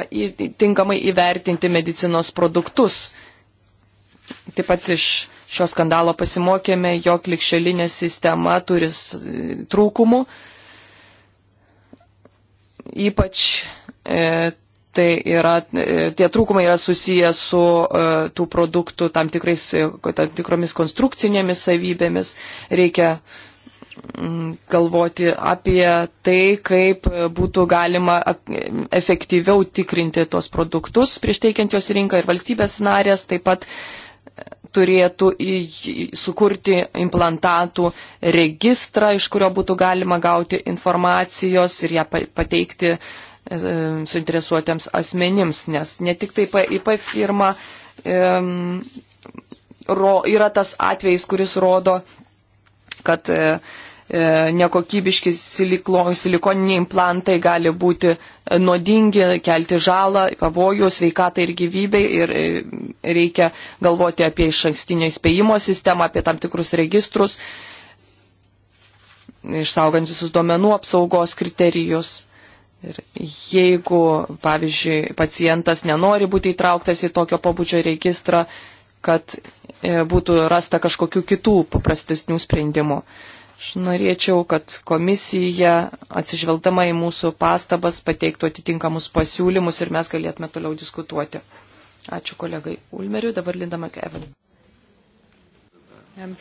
tinkamai įvertinti medicinos produktus. Taip pat iš šio skandalo pasimokėme, jog likšelinė sistema turi trūkumų. Ypač e, tai yra, e, tie trūkumai yra susiję su e, tų produktų tam, tikrais, e, tam tikromis konstrukcinėmis savybėmis. Reikia e, Mm, galvoti apie tai, kaip būtų galima efektyviau tikrinti tos produktus prieš teikiant juos rinką ir valstybės narės taip pat e, turėtų į, sukurti implantatų registrą, iš kurio būtų galima gauti informacijos ir ją pateikti e, suinteresuotiems asmenims, nes ne tik tai IP firma e, ro, yra tas atvejis, kuris rodo, kad e, e, nekokybiški siliklo, silikoniniai implantai gali būti e, nuodingi, kelti žalą, pavojų sveikatai ir gyvybei ir reikia galvoti apie iš ankstinio įspėjimo sistemą, apie tam tikrus registrus, išsaugant visus duomenų apsaugos kriterijus. Ir jeigu, pavyzdžiui, pacientas nenori būti įtrauktas į tokio pobūdžio registrą, kad E, būtų rasta kažkokių kitų paprastesnių sprendimų. Aš norėčiau, kad komisija, atsižvelgdama į mūsų pastabas, pateiktų atitinkamus pasiūlymus ir mes galėtume toliau diskutuoti. Ačiū kolegai Ulmeriu, dabar Linda McEvan. Um,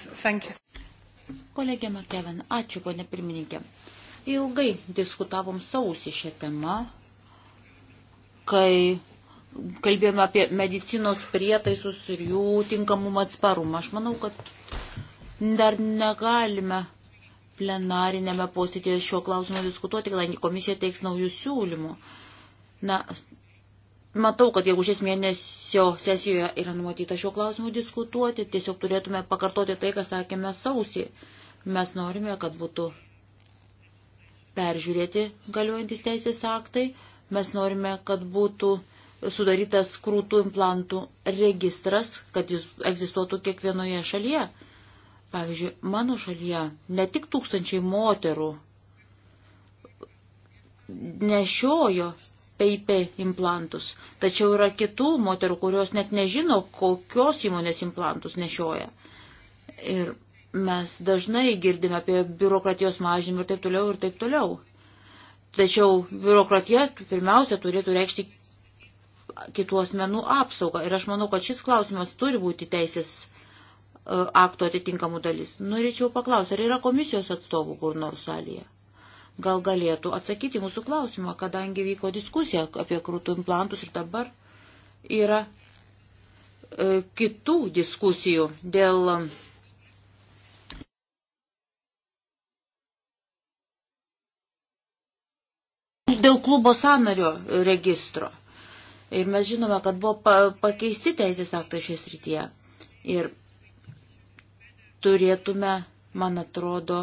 Kolegė McEvan, ačiū, ponė pirmininkė. Ilgai diskutavom sausį šią temą, kai kalbėjome apie medicinos prietaisus ir jų tinkamumą atsparumą. Aš manau, kad dar negalime plenarinėme posėdėje šiuo klausimu diskutuoti, kadangi komisija teiks naujų siūlymų. Na, matau, kad jeigu šis mėnesio sesijoje yra numatyta šiuo klausimu diskutuoti, tiesiog turėtume pakartoti tai, ką sakėme sausį. Mes norime, kad būtų peržiūrėti galiuojantis teisės aktai, mes norime, kad būtų sudarytas krūtų implantų registras, kad jis egzistuotų kiekvienoje šalyje. Pavyzdžiui, mano šalyje ne tik tūkstančiai moterų nešiojo peipė implantus, tačiau yra kitų moterų, kurios net nežino, kokios įmonės implantus nešioja. Ir mes dažnai girdime apie biurokratijos mažinimą ir taip toliau ir taip toliau. Tačiau biurokratija pirmiausia turėtų reikšti kitų asmenų apsaugą. Ir aš manau, kad šis klausimas turi būti teisės e, akto atitinkamų dalis. Norėčiau paklausti, ar yra komisijos atstovų kur nors salėje? Gal galėtų atsakyti mūsų klausimą, kadangi vyko diskusija apie krūtų implantus ir dabar yra e, kitų diskusijų dėl. Dėl klubo sanario registro. Ir mes žinome, kad buvo pa pakeisti teisės aktai šioje srityje. Ir turėtume, man atrodo,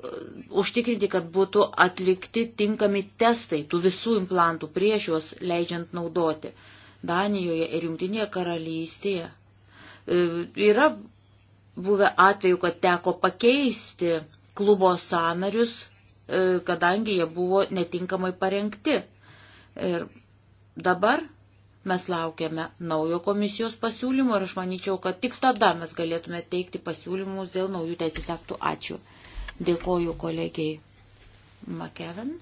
uh, užtikrinti, kad būtų atlikti tinkami testai tų visų implantų prieš juos leidžiant naudoti. Danijoje ir Junktinėje karalystėje uh, yra buvę atveju, kad teko pakeisti klubo sanarius, uh, kadangi jie buvo netinkamai parengti. Ir Dabar mes laukiame naujo komisijos pasiūlymo ir aš manyčiau, kad tik tada mes galėtume teikti pasiūlymus dėl naujų teisės aktų. Ačiū. Dėkoju kolegiai Makeven.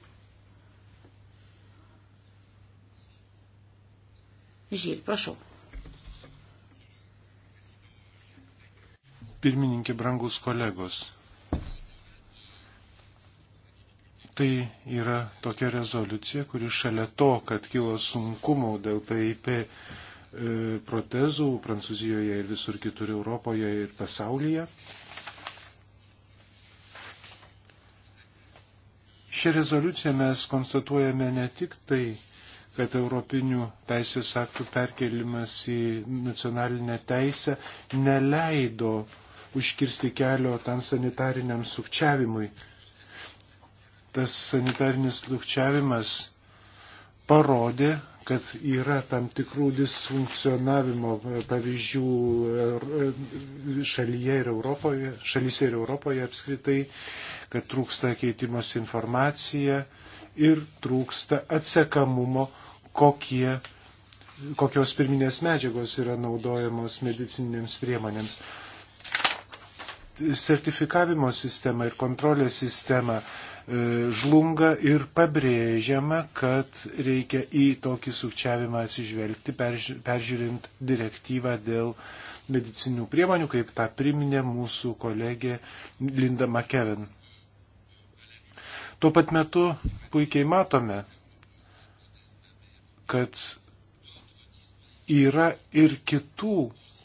Žyl, prašau. Pirmininkė, brangus kolegos, Tai yra tokia rezoliucija, kuri šalia to, kad kilo sunkumų dėl PIP e, protezų Prancūzijoje ir visur kitur Europoje ir pasaulyje. Šią rezoliuciją mes konstatuojame ne tik tai, kad europinių teisės aktų perkelimas į nacionalinę teisę neleido užkirsti kelio tam sanitariniam sukčiavimui tas sanitarinis lukčiavimas parodė, kad yra tam tikrų disfunkcionavimo pavyzdžių er, šalyje ir Europoje, šalyse ir Europoje apskritai, kad trūksta keitimos informacija ir trūksta atsekamumo, kokie, kokios pirminės medžiagos yra naudojamos medicinėms priemonėms. Sertifikavimo sistema ir kontrolės sistema E, žlunga ir pabrėžiama, kad reikia į tokį sukčiavimą atsižvelgti, peržiūrint direktyvą dėl medicinių priemonių, kaip tą priminė mūsų kolegė Linda McKevin. Tuo pat metu puikiai matome, kad yra ir kitų,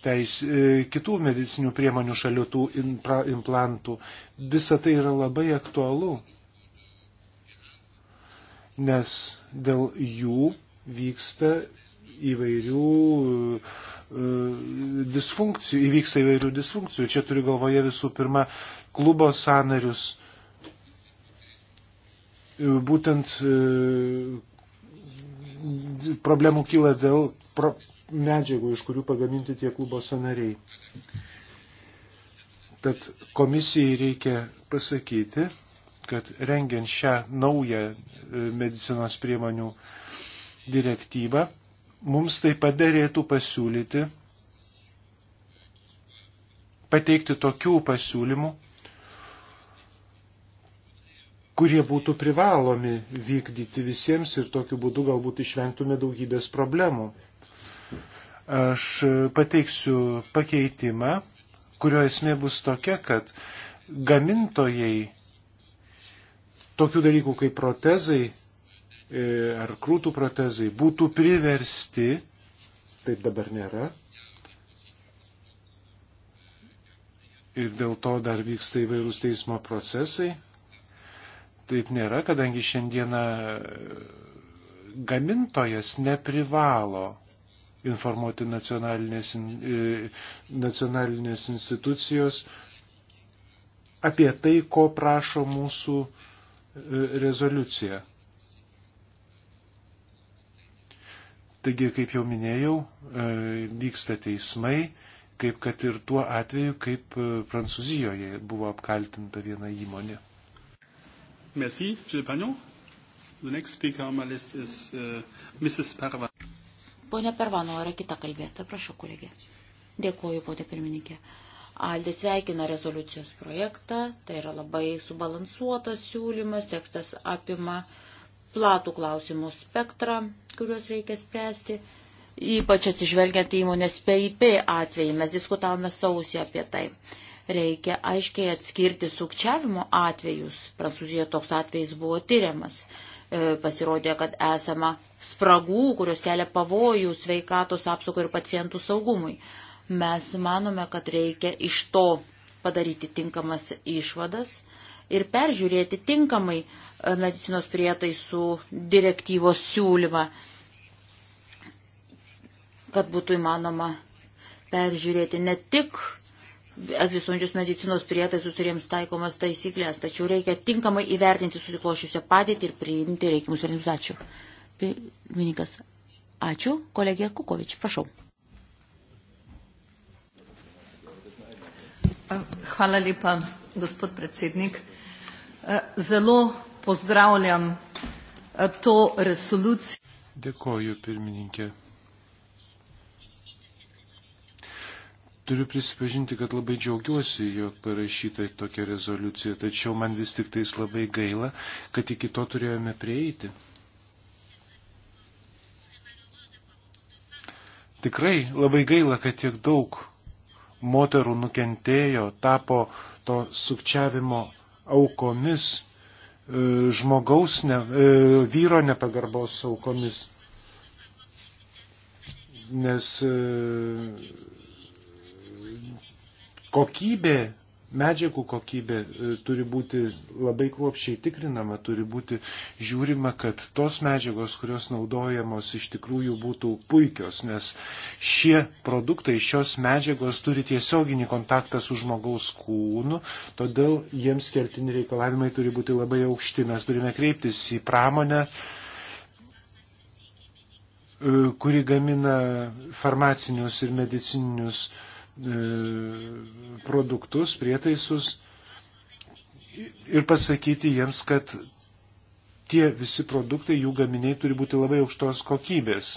teis, e, kitų medicinių priemonių šalių tų implantų. Visa tai yra labai aktualu nes dėl jų vyksta įvairių e, disfunkcijų, įvyksta įvairių disfunkcijų. Čia turiu galvoje visų pirma klubo sanarius. E, būtent e, problemų kyla dėl pro, medžiagų, iš kurių pagaminti tie klubo sanariai. Tad komisijai reikia pasakyti, kad rengiant šią naują e, medicinos priemonių direktyvą, mums taip pat dėrėtų pasiūlyti, pateikti tokių pasiūlymų, kurie būtų privalomi vykdyti visiems ir tokiu būdu galbūt išvengtume daugybės problemų. Aš pateiksiu pakeitimą, kurio esmė bus tokia, kad gamintojai tokių dalykų kaip protezai e, ar krūtų protezai būtų priversti, taip dabar nėra, ir dėl to dar vyksta įvairūs teismo procesai. Taip nėra, kadangi šiandieną e, gamintojas neprivalo informuoti nacionalinės, e, nacionalinės institucijos apie tai, ko prašo mūsų rezoliuciją. Taigi, kaip jau minėjau, e, vyksta teismai, kaip kad ir tuo atveju, kaip e, Prancūzijoje buvo apkaltinta viena įmonė. Merci, uh, Pone Pervano, yra kita kalbėta, prašau, kolegė. Dėkuoju, ponė pirmininkė. Uh, Aldė sveikina rezoliucijos projektą, tai yra labai subalansuotas siūlymas, tekstas apima platų klausimų spektrą, kuriuos reikia spręsti, ypač atsižvelgiant į įmonės PIP atvejį, mes diskutavome sausį apie tai. Reikia aiškiai atskirti sukčiavimo atvejus, Prancūzijoje toks atvejis buvo tyriamas e, pasirodė, kad esama spragų, kurios kelia pavojų sveikatos apsaugai ir pacientų saugumui. Mes manome, kad reikia iš to padaryti tinkamas išvadas ir peržiūrėti tinkamai e, medicinos prietaisų direktyvos siūlymą, kad būtų įmanoma peržiūrėti ne tik egzistuojančius medicinos prietaisus ir jiems taikomas taisyklės, tačiau reikia tinkamai įvertinti susiklošiusią padėtį ir priimti reikimus sprendimus. Ačiū. Pirmininkas, ačiū. Kolegė Kukovič, prašau. Hvala lepa, gospod predsednik. Eh, zelo pozdravljam eh, to resolucijo. Dėkoju, pirmininkė. Turiu prisipažinti, kad labai džiaugiuosi, jog parašyta tokia rezoliucija, tačiau man vis tik tais labai gaila, kad iki to turėjome prieiti. Tikrai labai gaila, kad tiek daug moterų nukentėjo, tapo to sukčiavimo aukomis, e, žmogaus, ne, e, vyro nepagarbos aukomis. Nes e, kokybė medžiagų kokybė e, turi būti labai kruopščiai tikrinama, turi būti žiūrima, kad tos medžiagos, kurios naudojamos, iš tikrųjų būtų puikios, nes šie produktai, šios medžiagos turi tiesioginį kontaktą su žmogaus kūnu, todėl jiems kertini reikalavimai turi būti labai aukšti. Mes turime kreiptis į pramonę e, kuri gamina farmacinius ir medicininius uh, E, produktus, prietaisus ir pasakyti jiems, kad tie visi produktai, jų gaminiai turi būti labai aukštos kokybės.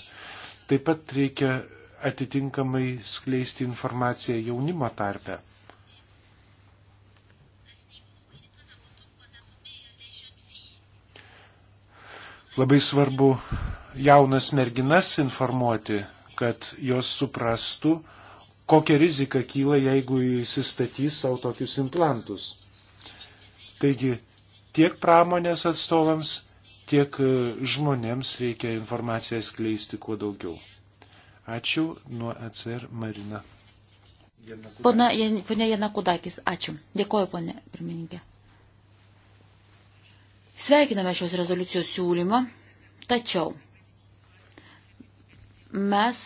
Taip pat reikia atitinkamai skleisti informaciją jaunimo tarpe. Labai svarbu jaunas merginas informuoti, kad jos suprastų, kokia rizika kyla, jeigu įsistatys savo tokius implantus. Taigi tiek pramonės atstovams, tiek e, žmonėms reikia informaciją skleisti kuo daugiau. Ačiū nuo ECR Marina. Pana Janakudakis, ačiū. Dėkoju, ponė pirmininkė. Sveikiname šios rezoliucijos siūlymą, tačiau mes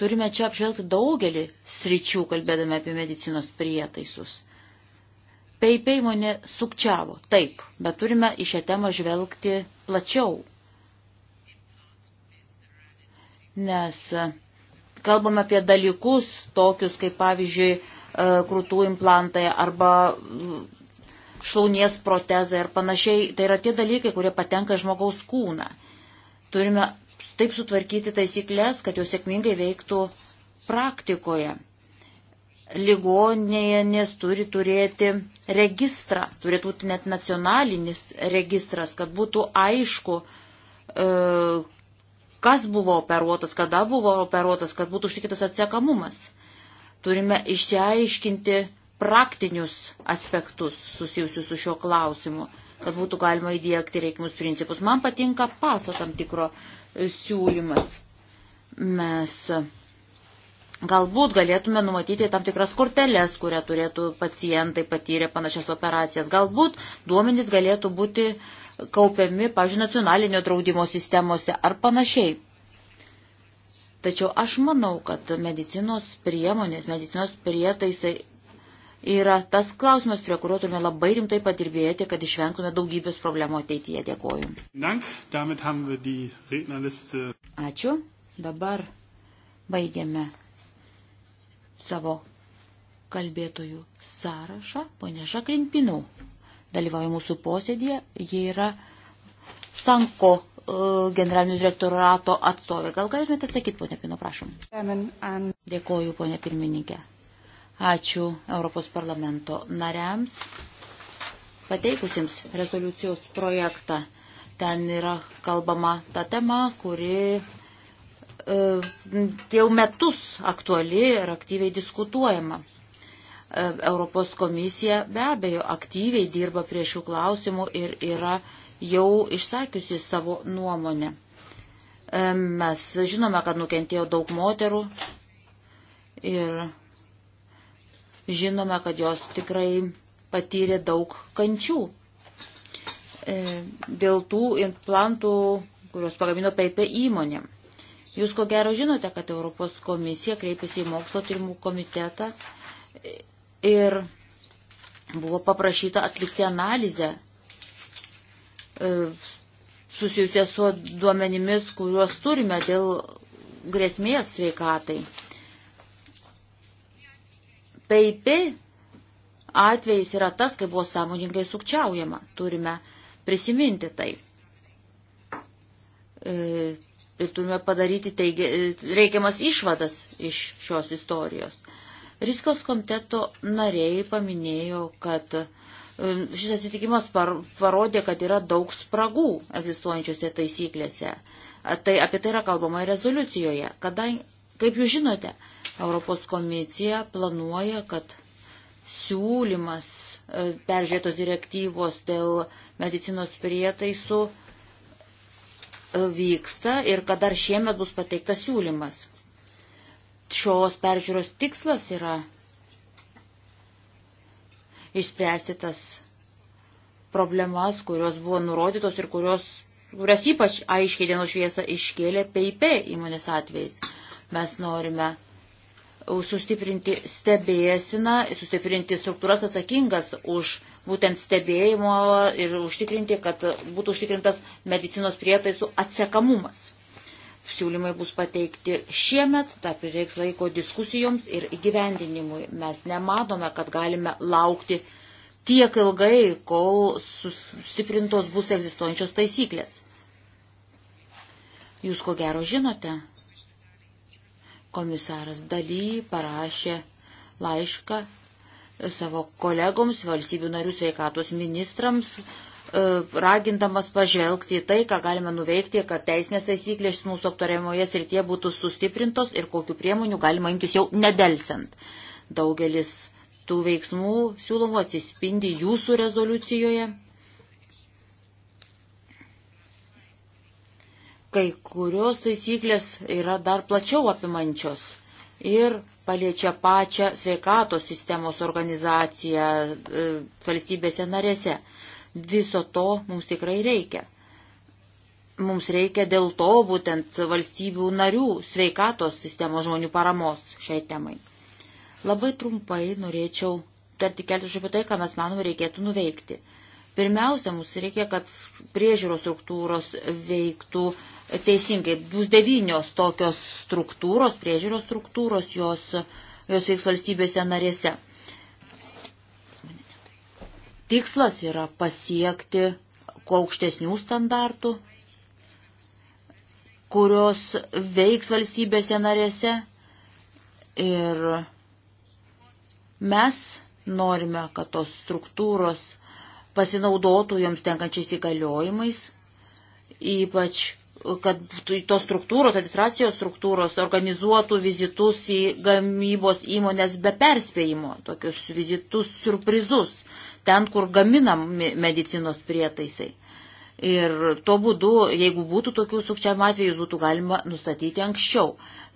Turime čia apžvelgti daugelį sričių, kalbėdami apie medicinos prietaisus. Peipė įmonė sukčiavo, taip, bet turime į šią temą žvelgti plačiau. Nes e, kalbame apie dalykus, tokius kaip pavyzdžiui e, krūtų implantai arba e, šlaunies protezai ir panašiai. Tai yra tie dalykai, kurie patenka žmogaus kūną. Turime taip sutvarkyti taisyklės, kad jos sėkmingai veiktų praktikoje. Ligonėjas turi turėti registrą, turėtų būti net nacionalinis registras, kad būtų aišku, e, kas buvo operuotas, kada buvo operuotas, kad būtų užtikrintas atsiekamumas. Turime išsiaiškinti praktinius aspektus susijusius su šiuo klausimu, kad būtų galima įdėkti reikimus principus. Man patinka paso tam tikro siūlymas. Mes galbūt galėtume numatyti tam tikras korteles, kurią turėtų pacientai patyrę panašias operacijas. Galbūt duomenys galėtų būti kaupiami, pažiūrėjau, nacionalinio draudimo sistemose ar panašiai. Tačiau aš manau, kad medicinos priemonės, medicinos prietaisai yra tas klausimas, prie kurio turime labai rimtai padirbėti, kad išvengtume daugybės problemų ateityje. Dėkoju. Ačiū. Dabar baigiame savo kalbėtojų sąrašą. Pone Žakrinpinau dalyvauja mūsų posėdėje. Jie yra Sanko e, generalinio direktorato atstovė. Gal galėtumėte atsakyti, ponė Pino, prašom. Dėkoju, ponė pirmininkė. Ačiū Europos parlamento nariams, pateikusiems rezoliucijos projektą. Ten yra kalbama ta tema, kuri e, jau metus aktuali ir aktyviai diskutuojama. E, Europos komisija be abejo aktyviai dirba prie šių klausimų ir yra jau išsakiusi savo nuomonę. E, mes žinome, kad nukentėjo daug moterų ir Žinome, kad jos tikrai patyrė daug kančių. E, dėl tų implantų, kuriuos pagamino PIP įmonė. Jūs ko gero žinote, kad Europos komisija kreipėsi į mokslo tyrimų komitetą ir buvo paprašyta atlikti analizę e, susijusią su duomenimis, kuriuos turime dėl grėsmės sveikatai. PIP atvejais yra tas, kai buvo sąmoningai sukčiaujama. Turime prisiminti tai. E, ir turime padaryti teigia, e, reikiamas išvadas iš šios istorijos. Riskos komiteto nariai paminėjo, kad e, šis atsitikimas parodė, kad yra daug spragų egzistuojančiose taisyklėse. Tai apie tai yra kalbama ir rezoliucijoje, kadangi Kaip jūs žinote, Europos komisija planuoja, kad siūlymas e, peržiūrėtos direktyvos dėl medicinos prietaisų e, vyksta ir kad dar šiemet bus pateiktas siūlymas. Šios peržiūros tikslas yra išspręsti tas problemas, kurios buvo nurodytos ir kurios, kurias ypač aiškiai dienos šviesą iškėlė PIP įmonės atvejais. Mes norime sustiprinti stebėsiną, sustiprinti struktūras atsakingas už būtent stebėjimo ir užtikrinti, kad būtų užtikrintas medicinos prietaisų atsekamumas. Siūlymai bus pateikti šiemet, tą prireiks laiko diskusijoms ir įgyvendinimui. Mes nematome, kad galime laukti tiek ilgai, kol sustiprintos bus egzistuojančios taisyklės. Jūs ko gero žinote, Komisaras Daly parašė laišką savo kolegoms, valstybių narių sveikatos ministrams, e, ragindamas pažvelgti į tai, ką galime nuveikti, kad teisinės taisyklės mūsų aptariamoje srityje būtų sustiprintos ir kokiu priemonių galima imtis jau nedelsiant. Daugelis tų veiksmų siūlomų atsispindi jūsų rezoliucijoje. kai kurios taisyklės yra dar plačiau apimančios ir paliečia pačią sveikatos sistemos organizaciją e, valstybėse narėse. Viso to mums tikrai reikia. Mums reikia dėl to būtent valstybių narių sveikatos sistemos žmonių paramos šiai temai. Labai trumpai norėčiau tarti keltus apie tai, ką mes manom reikėtų nuveikti. Pirmiausia, mums reikia, kad priežiūros struktūros veiktų teisingai, bus devynios tokios struktūros, priežiūros struktūros, jos, jos veiks valstybėse narėse. Tikslas yra pasiekti kuo aukštesnių standartų, kurios veiks valstybėse narėse ir mes norime, kad tos struktūros pasinaudotų joms tenkančiais įgaliojimais, ypač kad tos struktūros, administracijos struktūros organizuotų vizitus į gamybos įmonės be perspėjimo, tokius vizitus surprizus, ten, kur gaminami medicinos prietaisai. Ir to būdu, jeigu būtų tokių sukčiavimo atvejų, būtų galima nustatyti anksčiau.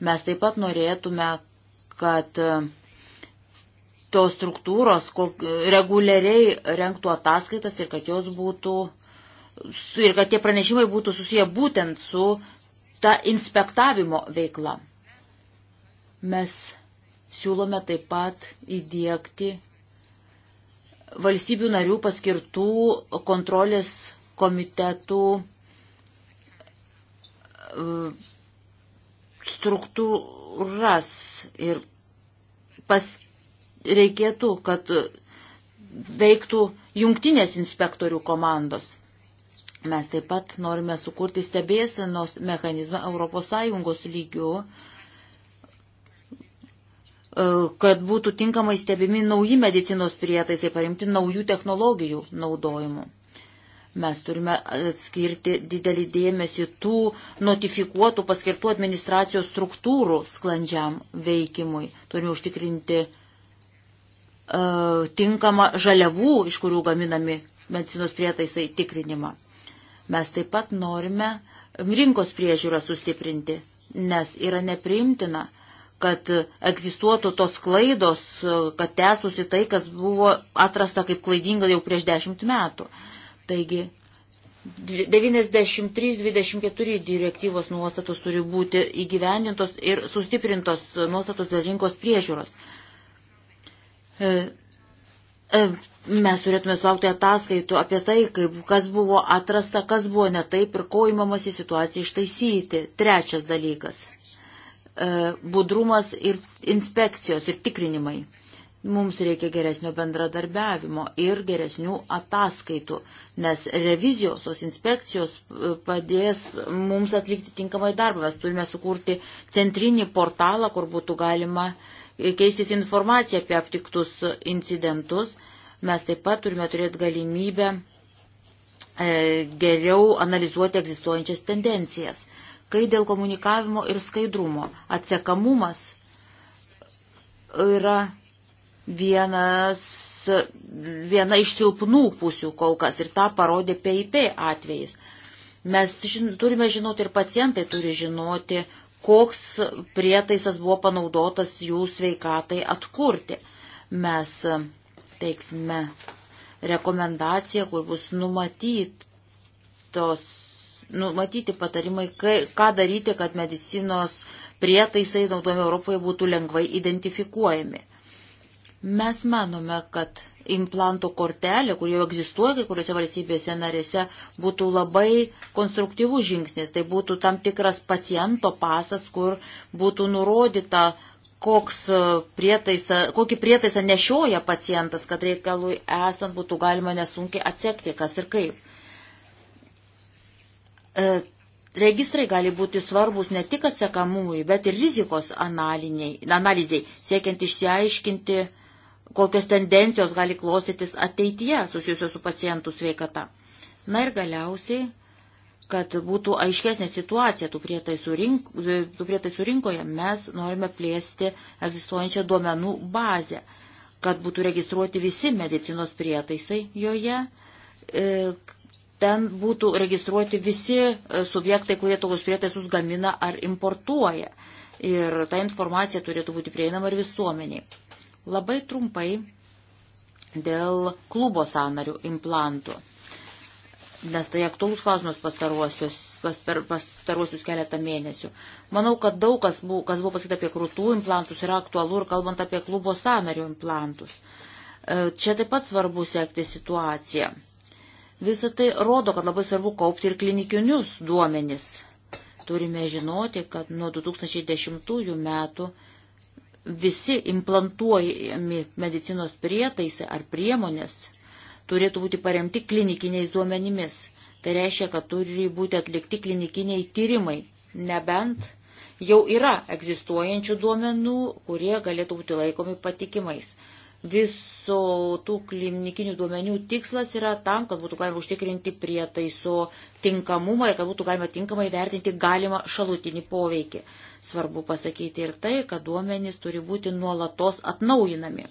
Mes taip pat norėtume, kad e, tos struktūros reguliariai renktų ataskaitas ir kad jos būtų uh, ir kad tie pranešimai būtų susiję būtent su ta inspektavimo veikla. Mes siūlome taip pat įdėkti valstybių narių paskirtų kontrolės komitetų e, struktūras ir pas, reikėtų, kad veiktų jungtinės inspektorių komandos. Mes taip pat norime sukurti stebėsenos mechanizmą ES lygių, e, kad būtų tinkamai stebimi nauji medicinos prietaisai, parimti naujų technologijų naudojimu. Mes turime skirti didelį dėmesį tų notifikuotų, paskirtų administracijos struktūrų sklandžiam veikimui. Turime užtikrinti uh, tinkamą žaliavų, iš kurių gaminami medicinos prietaisai tikrinimą. Mes taip pat norime rinkos priežiūrą sustiprinti, nes yra nepriimtina, kad egzistuotų tos klaidos, kad tęstusi tai, kas buvo atrasta kaip klaidinga jau prieš dešimt metų. Taigi 93-24 direktyvos nuostatos turi būti įgyvendintos ir sustiprintos nuostatos dėl rinkos priežiūros. E, e, mes turėtume sulaukti ataskaitų apie tai, kaip, kas buvo atrasta, kas buvo netaip ir ko įmamas į situaciją ištaisyti. Trečias dalykas e, - budrumas ir inspekcijos ir tikrinimai. Mums reikia geresnio bendradarbiavimo ir geresnių ataskaitų, nes revizijos, tos inspekcijos e, padės mums atlikti tinkamai darbą. Mes turime sukurti centrinį portalą, kur būtų galima keistis informaciją apie aptiktus incidentus mes taip pat turime turėti galimybę e, geriau analizuoti egzistuojančias tendencijas. Kai dėl komunikavimo ir skaidrumo atsekamumas yra vienas, viena iš silpnų pusių kol kas ir tą parodė PIP atvejais. Mes žin, turime žinoti ir pacientai turi žinoti, koks prietaisas buvo panaudotas jų sveikatai atkurti. Mes teiksime rekomendaciją, kur bus numatytos, numatyti patarimai, kai, ką daryti, kad medicinos prietaisai naudojami Europoje būtų lengvai identifikuojami. Mes manome, kad implanto kortelė, kur jau egzistuoja kai kuriuose valstybėse narėse, būtų labai konstruktyvus žingsnis. Tai būtų tam tikras paciento pasas, kur būtų nurodyta koks e, prietaisa, kokį prietaisą nešioja pacientas, kad reikalui esant būtų galima nesunkiai atsekti, kas ir kaip. E, registrai gali būti svarbus ne tik atsekamumui, bet ir rizikos analizai, siekiant išsiaiškinti, kokios tendencijos gali klostytis ateityje susijusios su pacientų sveikata. Na ir galiausiai kad būtų aiškesnė situacija tų prietaisų, rink, e, tų prietaisų rinkoje, mes norime plėsti egzistuojančią duomenų bazę, kad būtų registruoti visi medicinos prietaisai joje, e, ten būtų registruoti visi e, subjektai, kurie tokius prietaisus gamina ar importuoja. Ir ta informacija turėtų būti prieinama ir visuomeniai. Labai trumpai dėl klubo sąnarių implantų nes tai aktuolus klausimas pastaruosius, pas, per pastaruosius keletą mėnesių. Manau, kad daug kas buvo, kas buvo pasakyta apie krūtų implantus yra aktualu ir kalbant apie klubo sąnario implantus. E, čia taip pat svarbu sekti situaciją. Visą tai rodo, kad labai svarbu kaupti ir klinikinius duomenis. Turime žinoti, kad nuo 2010 metų visi implantuojami medicinos prietaisai ar priemonės turėtų būti paremti klinikiniais duomenimis. Tai reiškia, kad turi būti atlikti klinikiniai tyrimai, nebent jau yra egzistuojančių duomenų, kurie galėtų būti laikomi patikimais. Viso tų klinikinių duomenių tikslas yra tam, kad būtų galima užtikrinti prietaiso tinkamumą ir kad būtų galima tinkamai vertinti galimą šalutinį poveikį. Svarbu pasakyti ir tai, kad duomenys turi būti nuolatos atnaujinami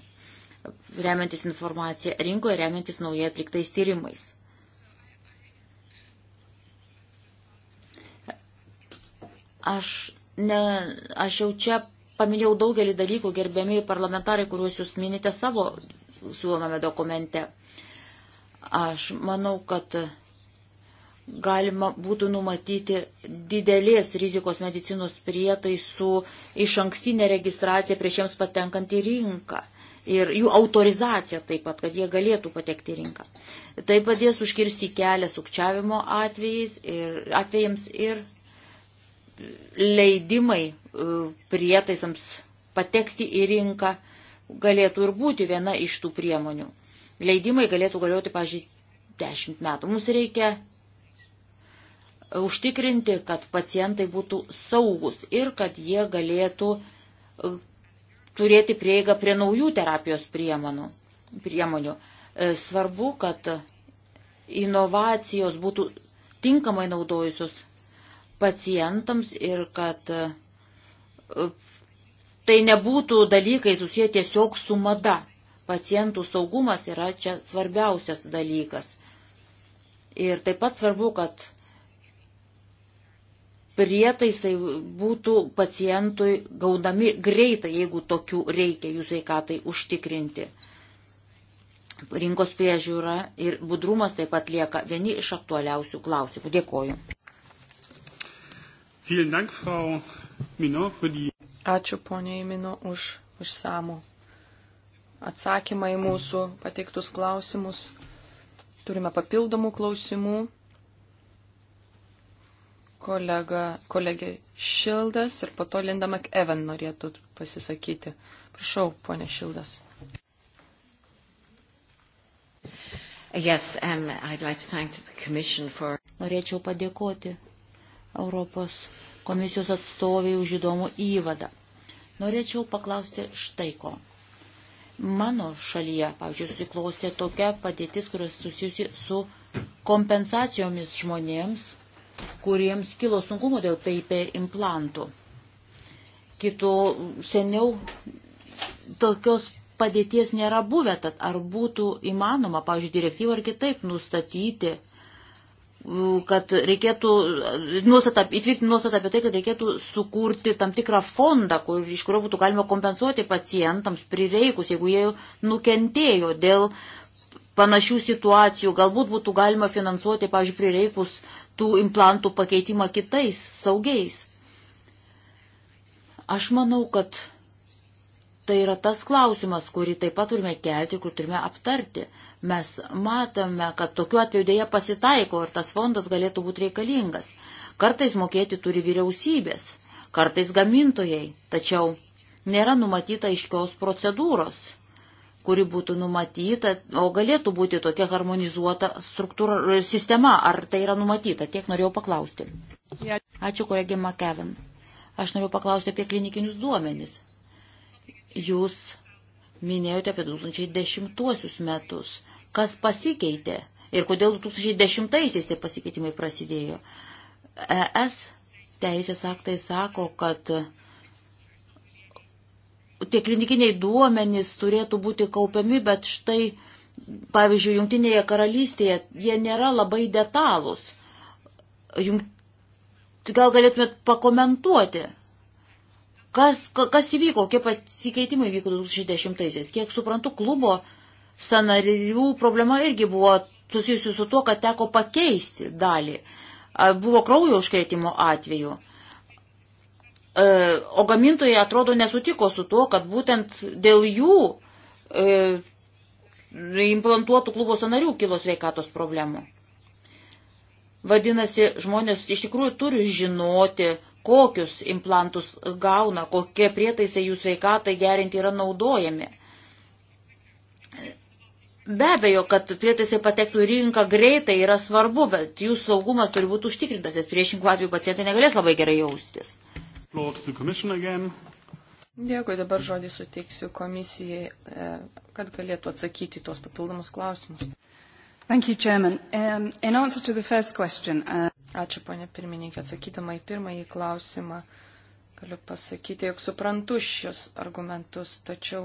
remiantis informaciją rinkoje, remiantis naujai atliktais tyrimais. Aš, ne, aš jau čia paminėjau daugelį dalykų, gerbėmiai parlamentarai, kuriuos jūs minite savo siūlomame dokumente. Aš manau, kad galima būtų numatyti didelės rizikos medicinos prietaisų iš ankstinę registraciją prieš jiems patenkant į rinką ir jų autorizacija taip pat, kad jie galėtų patekti į rinką. Tai padės užkirsti kelią sukčiavimo atvejais ir, atvejams ir leidimai e, prietaisams patekti į rinką galėtų ir būti viena iš tų priemonių. Leidimai galėtų galioti, pažiūrėjau, dešimt metų. Mums reikia užtikrinti, kad pacientai būtų saugus ir kad jie galėtų e, turėti prieigą prie naujų terapijos priemonų, priemonių. E, svarbu, kad inovacijos būtų tinkamai naudojusios pacientams ir kad e, tai nebūtų dalykai susiję tiesiog su mada. Pacientų saugumas yra čia svarbiausias dalykas. Ir taip pat svarbu, kad prietaisai būtų pacientui gaunami greitai, jeigu tokių reikia jų sveikatai užtikrinti. Rinkos priežiūra ir budrumas taip pat lieka vieni iš aktualiausių klausimų. Dėkoju. Ačiū poniai Mino už išsamų atsakymą į mūsų pateiktus klausimus. Turime papildomų klausimų kolega, kolegė Šildas ir po to Linda McEwen norėtų pasisakyti. Prašau, ponė Šildas. Yes, um, like for... Norėčiau padėkoti Europos komisijos atstoviai už įdomų įvadą. Norėčiau paklausti štai ko. Mano šalyje, pavyzdžiui, susiklostė tokia padėtis, kurios susijusi su kompensacijomis žmonėms, kuriems kilo sunkumų dėl PIP implantų. Kito seniau tokios padėties nėra buvę, tad ar būtų įmanoma, pavyzdžiui, direktyvą ar kitaip nustatyti, kad reikėtų nuostatą, įtvirtinti nuostatą apie tai, kad reikėtų sukurti tam tikrą fondą, kur, iš kurio būtų galima kompensuoti pacientams prireikus, jeigu jie nukentėjo dėl panašių situacijų, galbūt būtų galima finansuoti, pavyzdžiui, prireikus uh, tų implantų pakeitimą kitais, saugiais. Aš manau, kad tai yra tas klausimas, kurį taip pat turime kelti ir kur turime aptarti. Mes matome, kad tokiu atveju dėja pasitaiko ir tas fondas galėtų būti reikalingas. Kartais mokėti turi vyriausybės, kartais gamintojai, tačiau nėra numatyta iškios procedūros kuri būtų numatyta, o galėtų būti tokia harmonizuota struktūra, e, sistema, ar tai yra numatyta, tiek norėjau paklausti. Ačiū kolegė Makevin. Aš noriu paklausti apie klinikinius duomenis. Jūs minėjote apie 2010 metus. Kas pasikeitė ir kodėl 2010-aisiais tie pasikeitimai prasidėjo? ES teisės aktai sako, kad tie klinikiniai duomenys turėtų būti kaupiami, bet štai, pavyzdžiui, Junktinėje karalystėje jie nėra labai detalūs. Jung... Gal galėtumėt pakomentuoti, kas, kas įvyko, kokie pasikeitimai vyko 2010-aisiais. Kiek suprantu, klubo sanarių problema irgi buvo susijusi su tuo, kad teko pakeisti dalį. Buvo kraujo užkreitimo atveju. E, o gamintojai atrodo nesutiko su tuo, kad būtent dėl jų e, implantuotų klubo sanarių kilo sveikatos problemų. Vadinasi, žmonės iš tikrųjų turi žinoti, kokius implantus gauna, kokie prietaisai jų sveikatai gerinti yra naudojami. Be abejo, kad prietaisai patektų į rinką greitai yra svarbu, bet jų saugumas turi būti užtikrintas, nes priešingų atveju pacientai negalės labai gerai jaustis. Dėkui, dabar žodį suteiksiu komisijai, e, kad galėtų atsakyti tuos papildomus klausimus. Thank you, Chairman. Um, in answer to the first question. Uh... Ačiū, ponė pirmininkė, atsakydama į pirmąjį klausimą. Galiu pasakyti, jog suprantu šios argumentus, tačiau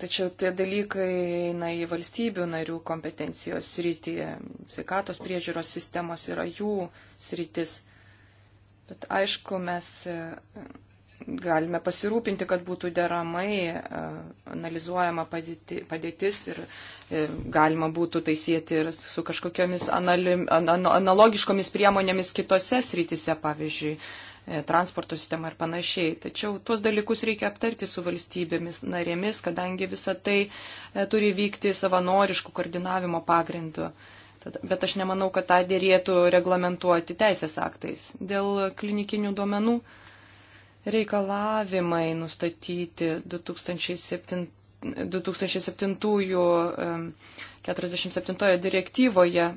Tačiau tie dalykai eina į valstybių narių kompetencijos sritį, sveikatos priežiūros sistemos yra jų sritis. Bet aišku, mes e, galime pasirūpinti, kad būtų deramai e, analizuojama padėti, padėtis ir e, galima būtų tai sėti ir su kažkokiamis anali, analogiškomis priemonėmis kitose srityse, pavyzdžiui, E, transporto sistema ir panašiai. Tačiau tuos dalykus reikia aptarti su valstybėmis narėmis, kadangi visa tai e, turi vykti savanoriškų koordinavimo pagrindų. Bet aš nemanau, kad tą dėrėtų reglamentuoti teisės aktais. Dėl klinikinių duomenų reikalavimai nustatyti 2007. 2007 47 direktyvoje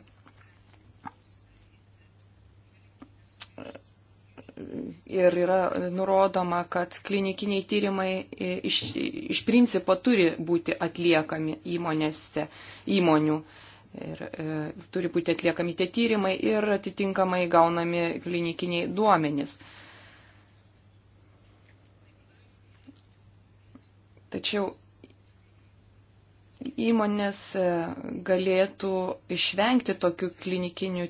ir yra nurodoma, kad klinikiniai tyrimai iš, iš principo turi būti atliekami įmonėse, įmonių. Ir e, turi būti atliekami tie tyrimai ir atitinkamai gaunami klinikiniai duomenys. Tačiau įmonės e, galėtų išvengti tokių klinikinių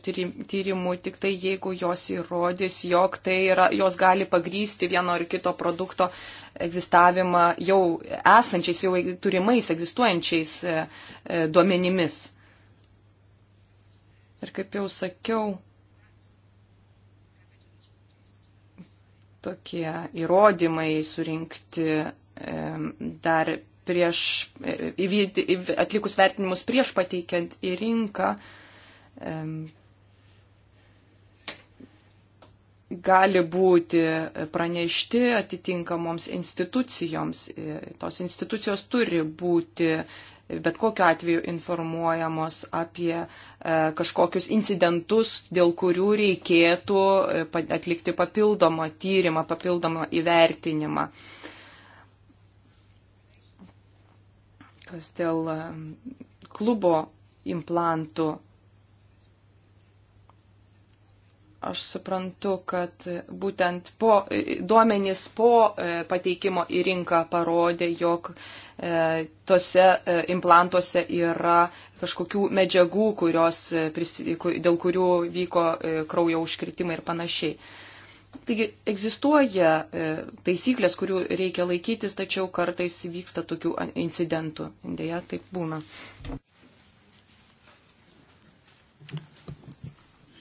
tyrimų tik tai jeigu jos įrodys, jog tai yra, jos gali pagrysti vieno ar kito produkto egzistavimą jau esančiais, jau e-, turimais egzistuojančiais e, duomenimis. Ir kaip jau sakiau, tokie įrodymai surinkti dar prieš, e, atlikus vertinimus prieš pateikiant į rinką, gali būti pranešti atitinkamoms institucijoms. E, tos institucijos turi būti e, bet kokiu atveju informuojamos apie kažkokius incidentus, dėl kurių reikėtų atlikti papildomą tyrimą, papildomą įvertinimą. kas dėl klubo implantų. Aš suprantu, kad būtent po, e, duomenys po e, pateikimo į rinką parodė, jog e, tose implantuose yra kažkokių medžiagų, kurios, dėl kurių vyko kraujo užkritimai ir panašiai. Taigi egzistuoja e, taisyklės, kurių reikia laikytis, tačiau kartais vyksta tokių incidentų. Indėja taip būna.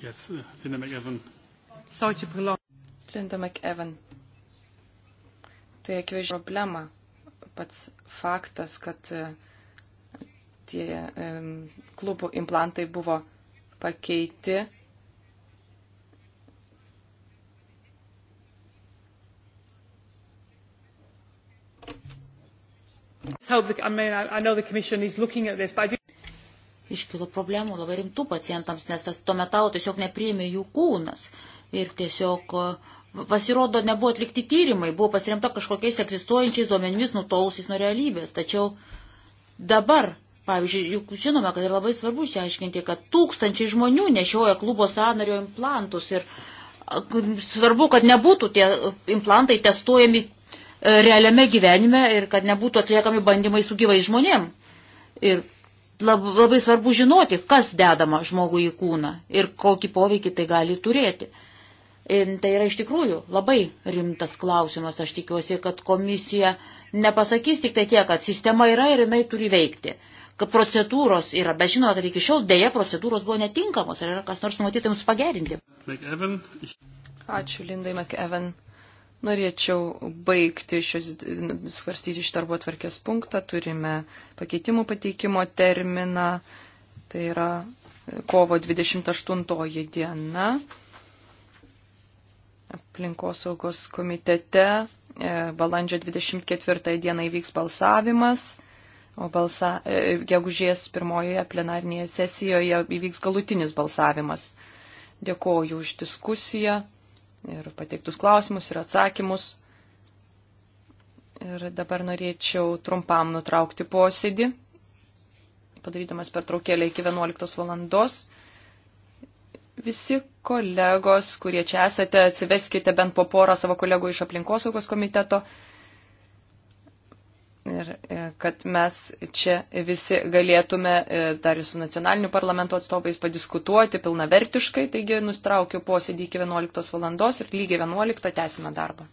Yes, uh, Linda McEvan. Linda McEvan. Tai akivaizdžiai problema. Pats faktas, kad e, tie klubų implantai buvo pakeiti Iškilo problemų labai rimtų pacientams, nes tas to metalo tiesiog nepriėmė jų kūnas. Ir tiesiog pasirodo, nebuvo atlikti tyrimai, buvo pasiremta kažkokiais egzistuojančiais duomenimis nutolusiais nuo realybės. Tačiau dabar Pavyzdžiui, juk žinome, kad yra labai svarbu išsiaiškinti, kad tūkstančiai žmonių nešioja klubo sąnario implantus ir svarbu, kad nebūtų tie implantai testuojami realiame gyvenime ir kad nebūtų atliekami bandymai su gyvai žmonėm. Ir lab, labai svarbu žinoti, kas dedama žmogui į kūną ir kokį poveikį tai gali turėti. Ir tai yra iš tikrųjų labai rimtas klausimas. Aš tikiuosi, kad komisija nepasakys tik tai tiek, kad sistema yra ir jinai turi veikti. Kad procedūros yra, bet žinot, kad iki šiol dėja procedūros buvo netinkamos. Ar yra kas nors numatyta jums pagerinti? Ačiū Lindai McEwen. Norėčiau baigti šios, svarstyti šį darbo atvarkės punktą. Turime pakeitimų pateikimo terminą. Tai yra e, kovo 28 diena. Aplinkosaugos komitete e, balandžio 24 dieną įvyks balsavimas, o balsa, e, gegužės pirmojoje plenarnėje sesijoje įvyks galutinis balsavimas. Dėkoju už diskusiją ir pateiktus klausimus ir atsakymus. Ir dabar norėčiau trumpam nutraukti posėdį, padarydamas per traukėlę iki 11 valandos. Visi kolegos, kurie čia esate, atsiveskite bent po porą savo kolegų iš aplinkosaugos komiteto. Ir e, kad mes čia visi galėtume e, dar ir su nacionaliniu parlamento atstovais padiskutuoti pilnavertiškai, taigi nustraukiu posėdį iki 11 valandos ir lygiai 11 tęsime darbą.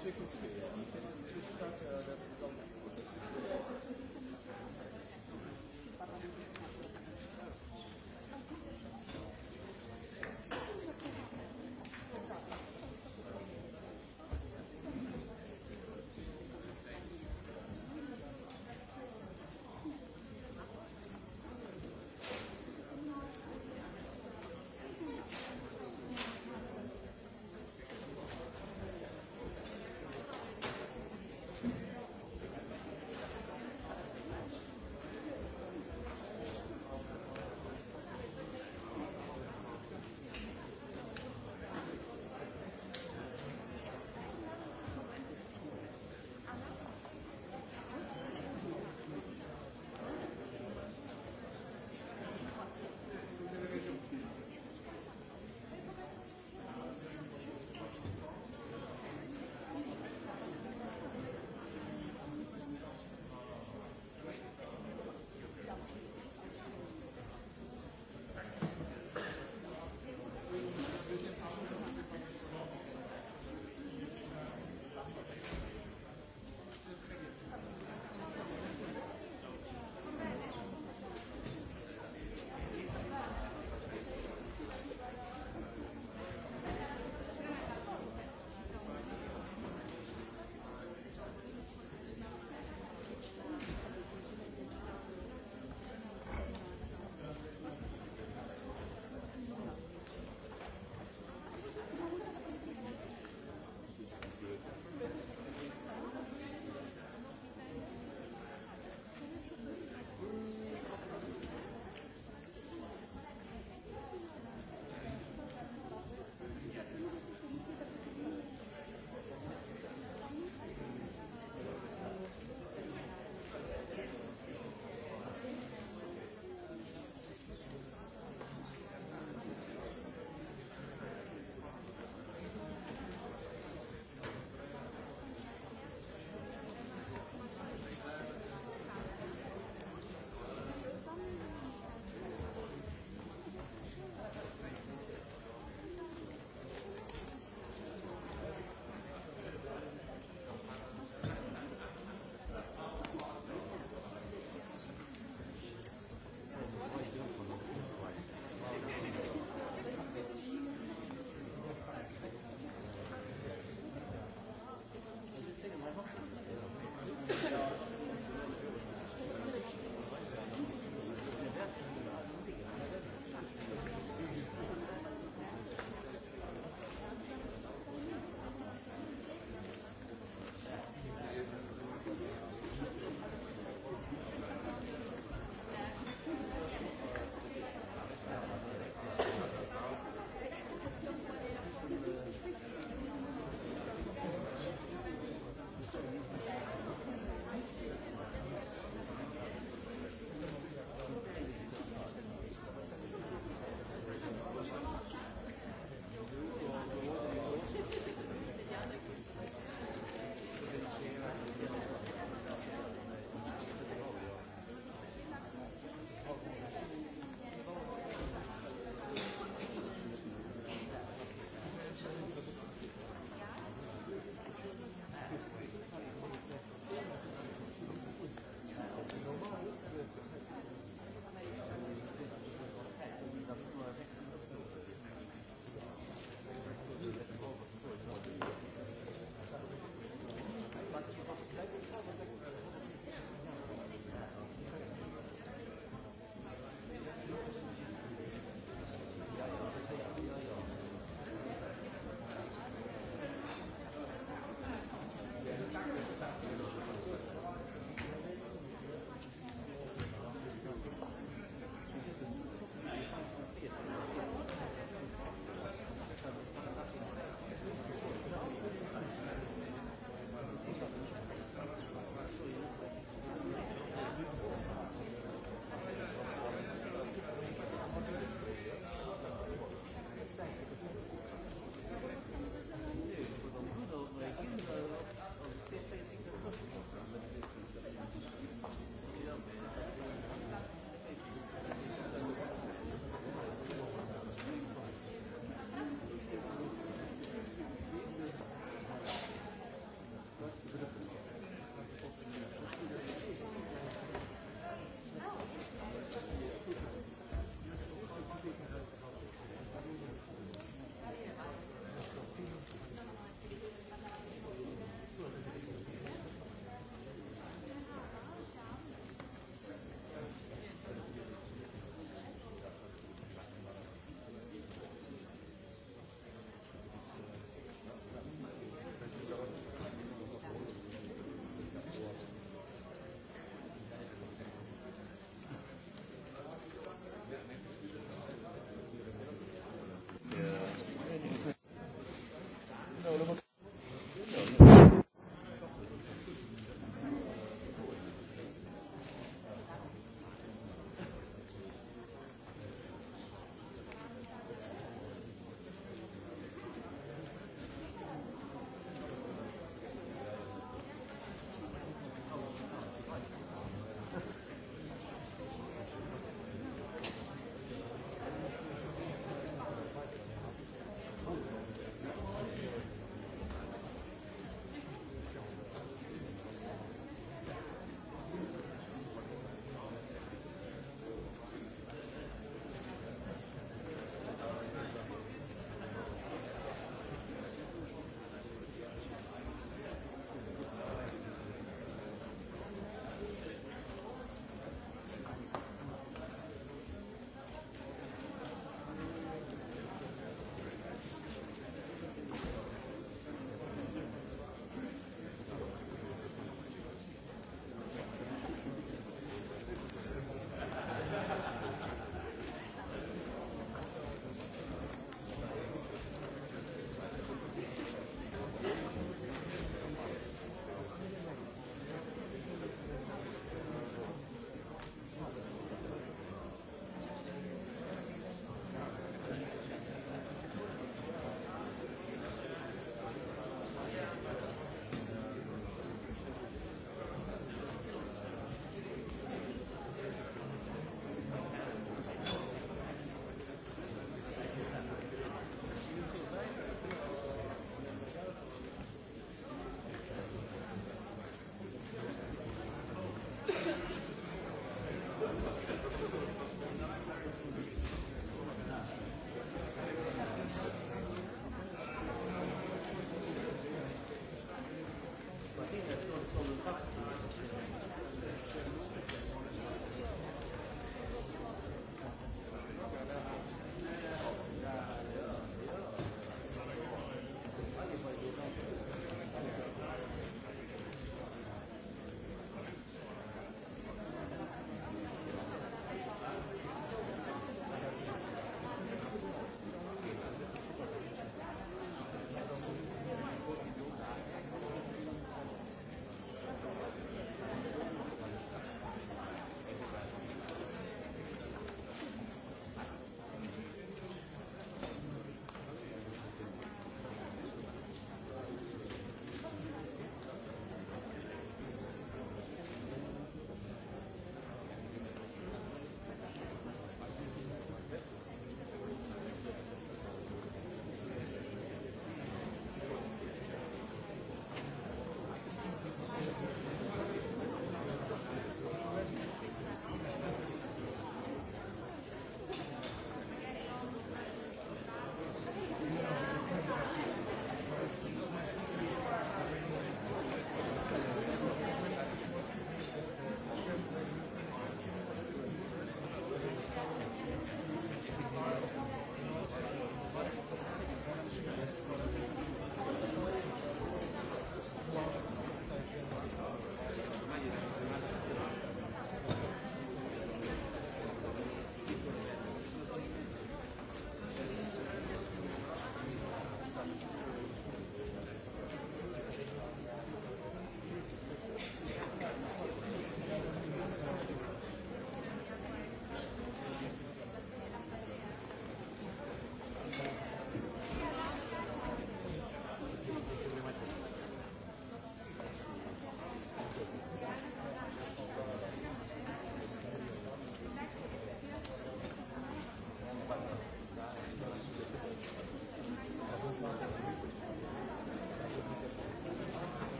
Entwicklungsfähig. Ich finde den Zwischenstand, dass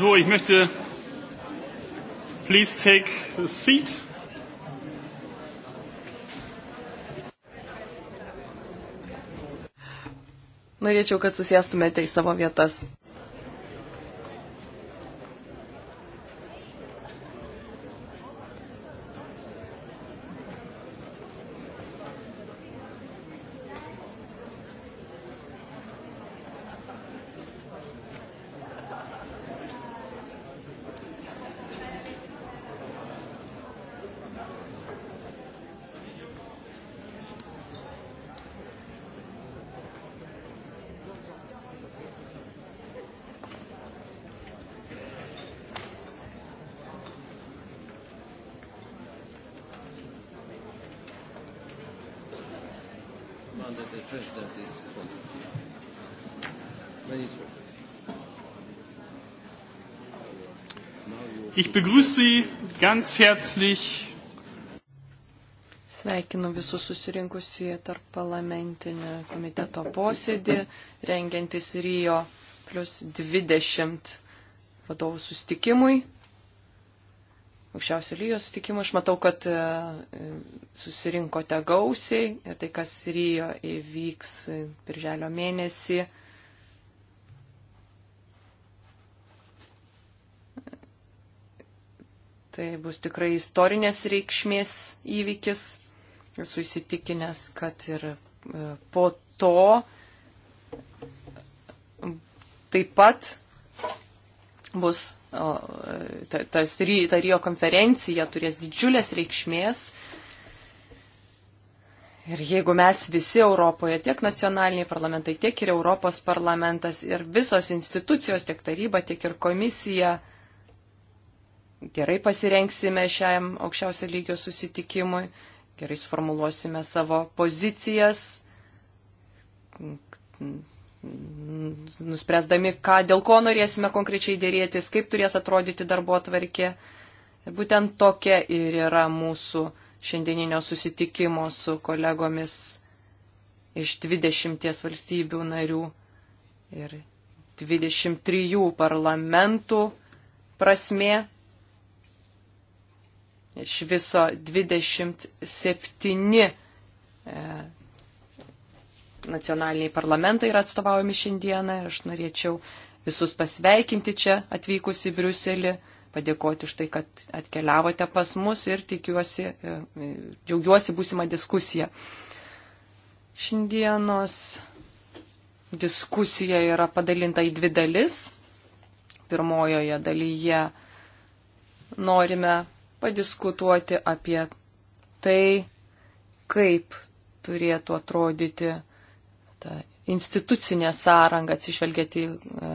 So, ich möchte. Please take a seat. Norėčiau, kad susėstumėte į savo vietas. Ich begrüße Sie ganz herzlich. Sveikinu visus susirinkusi tarp parlamentinį komiteto posėdį, rengiantis Rijo plus 20 vadovų sustikimui. Aukščiausio lygio sustikimui aš matau, kad e, susirinkote gausiai ir tai, kas Rijo įvyks birželio mėnesį Tai bus tikrai istorinės reikšmės įvykis. Esu įsitikinęs, kad ir e, po to taip pat bus o, e, ta, tas, ta Rio konferencija turės didžiulės reikšmės. Ir jeigu mes visi Europoje, tiek nacionaliniai parlamentai, tiek ir Europos parlamentas, ir visos institucijos, tiek taryba, tiek ir komisija, gerai pasirenksime šiam aukščiausio lygio susitikimui, gerai sformuluosime savo pozicijas, nuspręsdami, ką, dėl ko norėsime konkrečiai dėrėtis, kaip turės atrodyti darbo atvarkė. Ir būtent tokia ir yra mūsų šiandieninio susitikimo su kolegomis iš 20 valstybių narių ir 23 parlamentų prasme iš viso 27 e, nacionaliniai parlamentai yra atstovaujami šiandieną ir aš norėčiau visus pasveikinti čia atvykus į Briuselį, padėkoti už tai, kad atkeliavote pas mus ir tikiuosi, e, e, džiaugiuosi būsimą diskusiją. Šiandienos diskusija yra padalinta į dvi dalis. Pirmojoje dalyje norime padiskutuoti apie tai, kaip turėtų atrodyti ta institucinė sąranga atsižvelgiant į, e,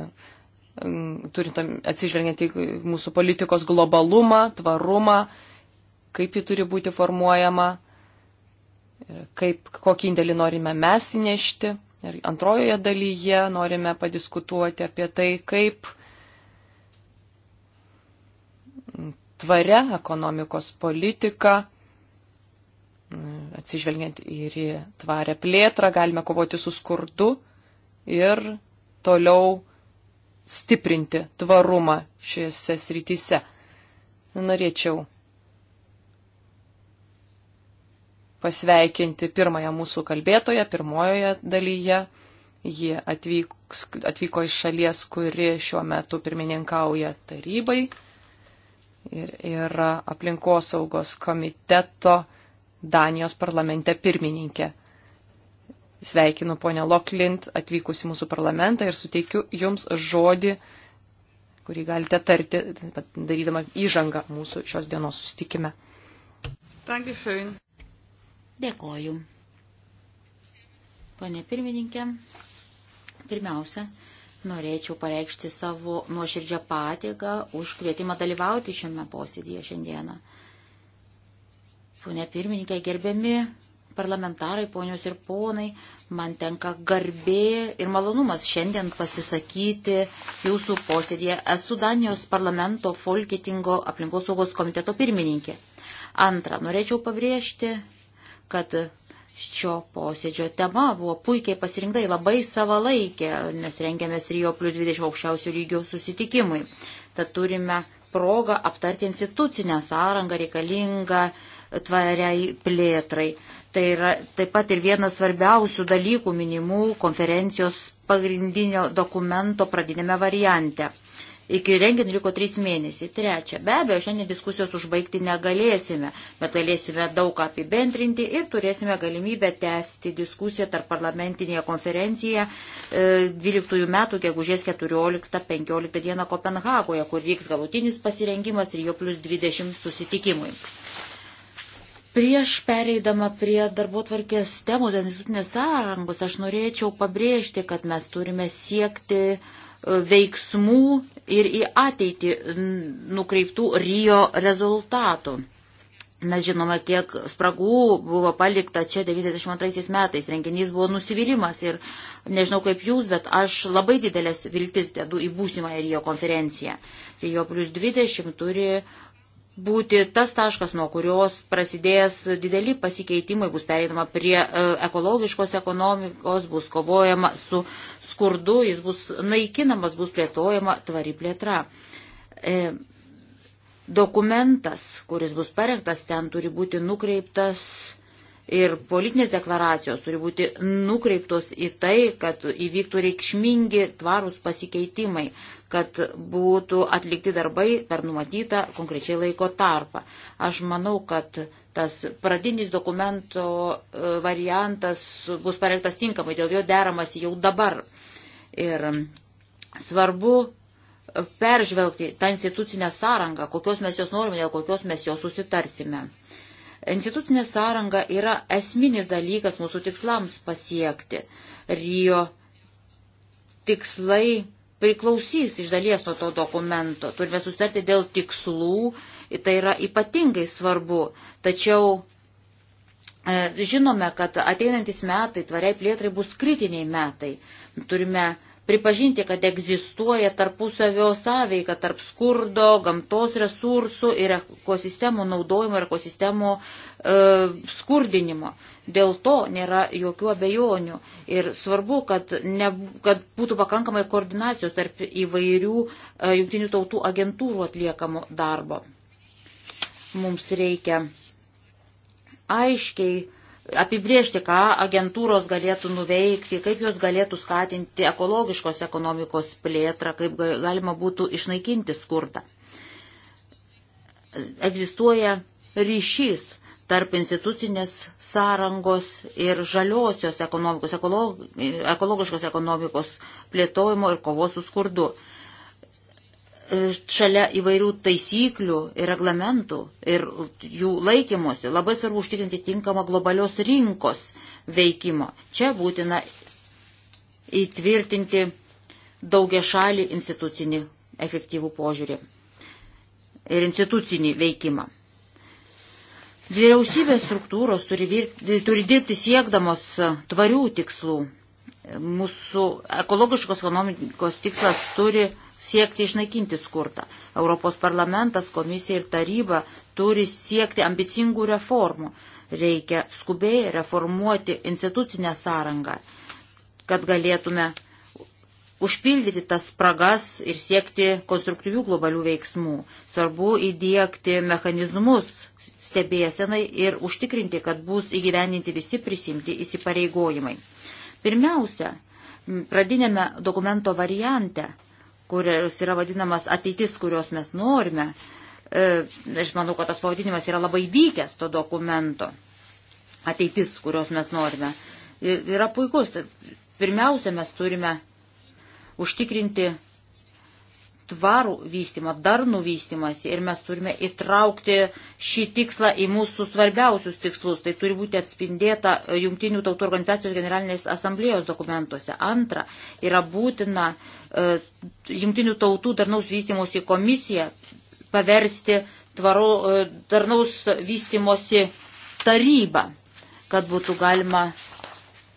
turint atsižvelgiant į mūsų politikos globalumą, tvarumą, kaip ji turi būti formuojama, kaip, kokį indėlį norime mes įnešti. Ir antrojoje dalyje norime padiskutuoti apie tai, kaip tvaria ekonomikos politika, atsižvelgiant ir į tvarę plėtrą, galime kovoti su skurdu ir toliau stiprinti tvarumą šiuose srityse. Norėčiau pasveikinti pirmąją mūsų kalbėtoją, pirmojoje dalyje. Ji atvyks, atvyko iš šalies, kuri šiuo metu pirmininkauja tarybai ir yra aplinkosaugos komiteto Danijos parlamente pirmininkė. Sveikinu ponę Loklint atvykusi mūsų parlamentą ir suteikiu Jums žodį, kurį galite tarti, darydama įžangą mūsų šios dienos sustikime. Dankeschön. Dėkoju. Pane pirmininkė, pirmiausia, norėčiau pareikšti savo nuoširdžią patiką už kvietimą dalyvauti šiame posėdėje šiandieną. Pone pirmininkė, gerbiami parlamentarai, ponios ir ponai, man tenka garbė ir malonumas šiandien pasisakyti jūsų posėdėje. Esu Danijos parlamento Folketingo aplinkosaugos komiteto pirmininkė. Antra, norėčiau pabrėžti, kad šio posėdžio tema buvo puikiai pasirinkta, labai savalaikė, nes rengiamės Rio plus 20 aukščiausių lygių susitikimui. Tad turime progą aptarti institucinę sąrangą reikalingą tvariai plėtrai. Tai yra taip pat ir vienas svarbiausių dalykų minimų konferencijos pagrindinio dokumento pradinėme variante. Iki renginio liko trys mėnesiai. Trečia, be abejo, šiandien diskusijos užbaigti negalėsime, bet galėsime daug apibendrinti ir turėsime galimybę tęsti diskusiją tarp parlamentinėje konferencijoje 12 e, metų, gegužės 14-15 dieną Kopenhagoje, kur vyks galutinis pasirengimas ir jo plus 20 susitikimui. Prieš pereidama prie darbo tvarkės temų dėl institutinės sąrangos, aš norėčiau pabrėžti, kad mes turime siekti uh, veiksmų ir į ateitį nukreiptų Rio rezultatų. Mes žinome, kiek spragų buvo palikta čia 92 metais. Renginys buvo nusivylimas ir nežinau kaip jūs, bet aš labai didelės viltis dedu į būsimąją Rio konferenciją. Rio plus 20 turi būti tas taškas, nuo kurios prasidės dideli pasikeitimai, bus pereinama prie e, ekologiškos ekonomikos, bus kovojama su skurdu, jis bus naikinamas, bus plėtojama tvari plėtra. E, dokumentas, kuris bus parengtas, ten turi būti nukreiptas ir politinės deklaracijos turi būti nukreiptos į tai, kad įvyktų reikšmingi tvarūs pasikeitimai, kad būtų atlikti darbai per numatytą konkrečiai laiko tarpą. Aš manau, kad tas pradinis dokumento e, variantas bus parengtas tinkamai, dėl jo deramas jau dabar. Ir svarbu peržvelgti tą institucinę sąrangą, kokios mes jos norime, dėl kokios mes jos susitarsime. Institucinė sąranga yra esminis dalykas mūsų tikslams pasiekti. Rijo tikslai priklausys iš dalies nuo to dokumento. Turime sustarti dėl tikslų, tai yra ypatingai svarbu. Tačiau e, žinome, kad ateinantis metai tvariai plėtrai bus kritiniai metai. Turime pripažinti, kad egzistuoja tarpusavio sąveika tarp skurdo, gamtos resursų ir ekosistemų naudojimo ir ekosistemų e, skurdinimo. Dėl to nėra jokių abejonių ir svarbu, kad, ne, kad būtų pakankamai koordinacijos tarp įvairių e, jungtinių tautų agentūrų atliekamų darbo. Mums reikia aiškiai apibriežti, ką agentūros galėtų nuveikti, kaip jos galėtų skatinti ekologiškos ekonomikos plėtrą, kaip galima būtų išnaikinti skurdą. Egzistuoja ryšys tarp institucinės sąrangos ir žaliosios ekonomikos, ekologiškos ekonomikos plėtojimo ir kovos su skurdu. E, šalia įvairių taisyklių ir reglamentų ir jų laikymosi labai svarbu užtikrinti tinkamą globalios rinkos veikimo. Čia būtina įtvirtinti daugia šalį institucinį efektyvų požiūrį ir institucinį veikimą. Vyriausybės struktūros turi, vir, turi dirbti siekdamos tvarių tikslų. Mūsų ekologiškos ekonomikos tikslas turi siekti išnaikinti skurtą. Europos parlamentas, komisija ir taryba turi siekti ambicingų reformų. Reikia skubiai reformuoti institucinę sąrangą, kad galėtume užpildyti tas spragas ir siekti konstruktyvių globalių veiksmų. Svarbu įdėkti mechanizmus stebėsenai ir užtikrinti, kad bus įgyveninti visi prisimti įsipareigojimai. Pirmiausia, pradinėme dokumento variante kurios yra vadinamas ateitis, kurios mes norime. E, aš manau, kad tas pavadinimas yra labai vykęs to dokumento. Ateitis, kurios mes norime. E, yra puikus. Pirmiausia, mes turime užtikrinti tvarų vystimą, darnų vystimąsi ir mes turime įtraukti šį tikslą į mūsų svarbiausius tikslus. Tai turi būti atspindėta Junktinių tautų organizacijos generalinės asamblėjos dokumentuose. Antra, yra būtina e, Junktinių tautų darnaus vystimosi komisiją paversti tvaro, e, darnaus vystimosi tarybą, kad būtų galima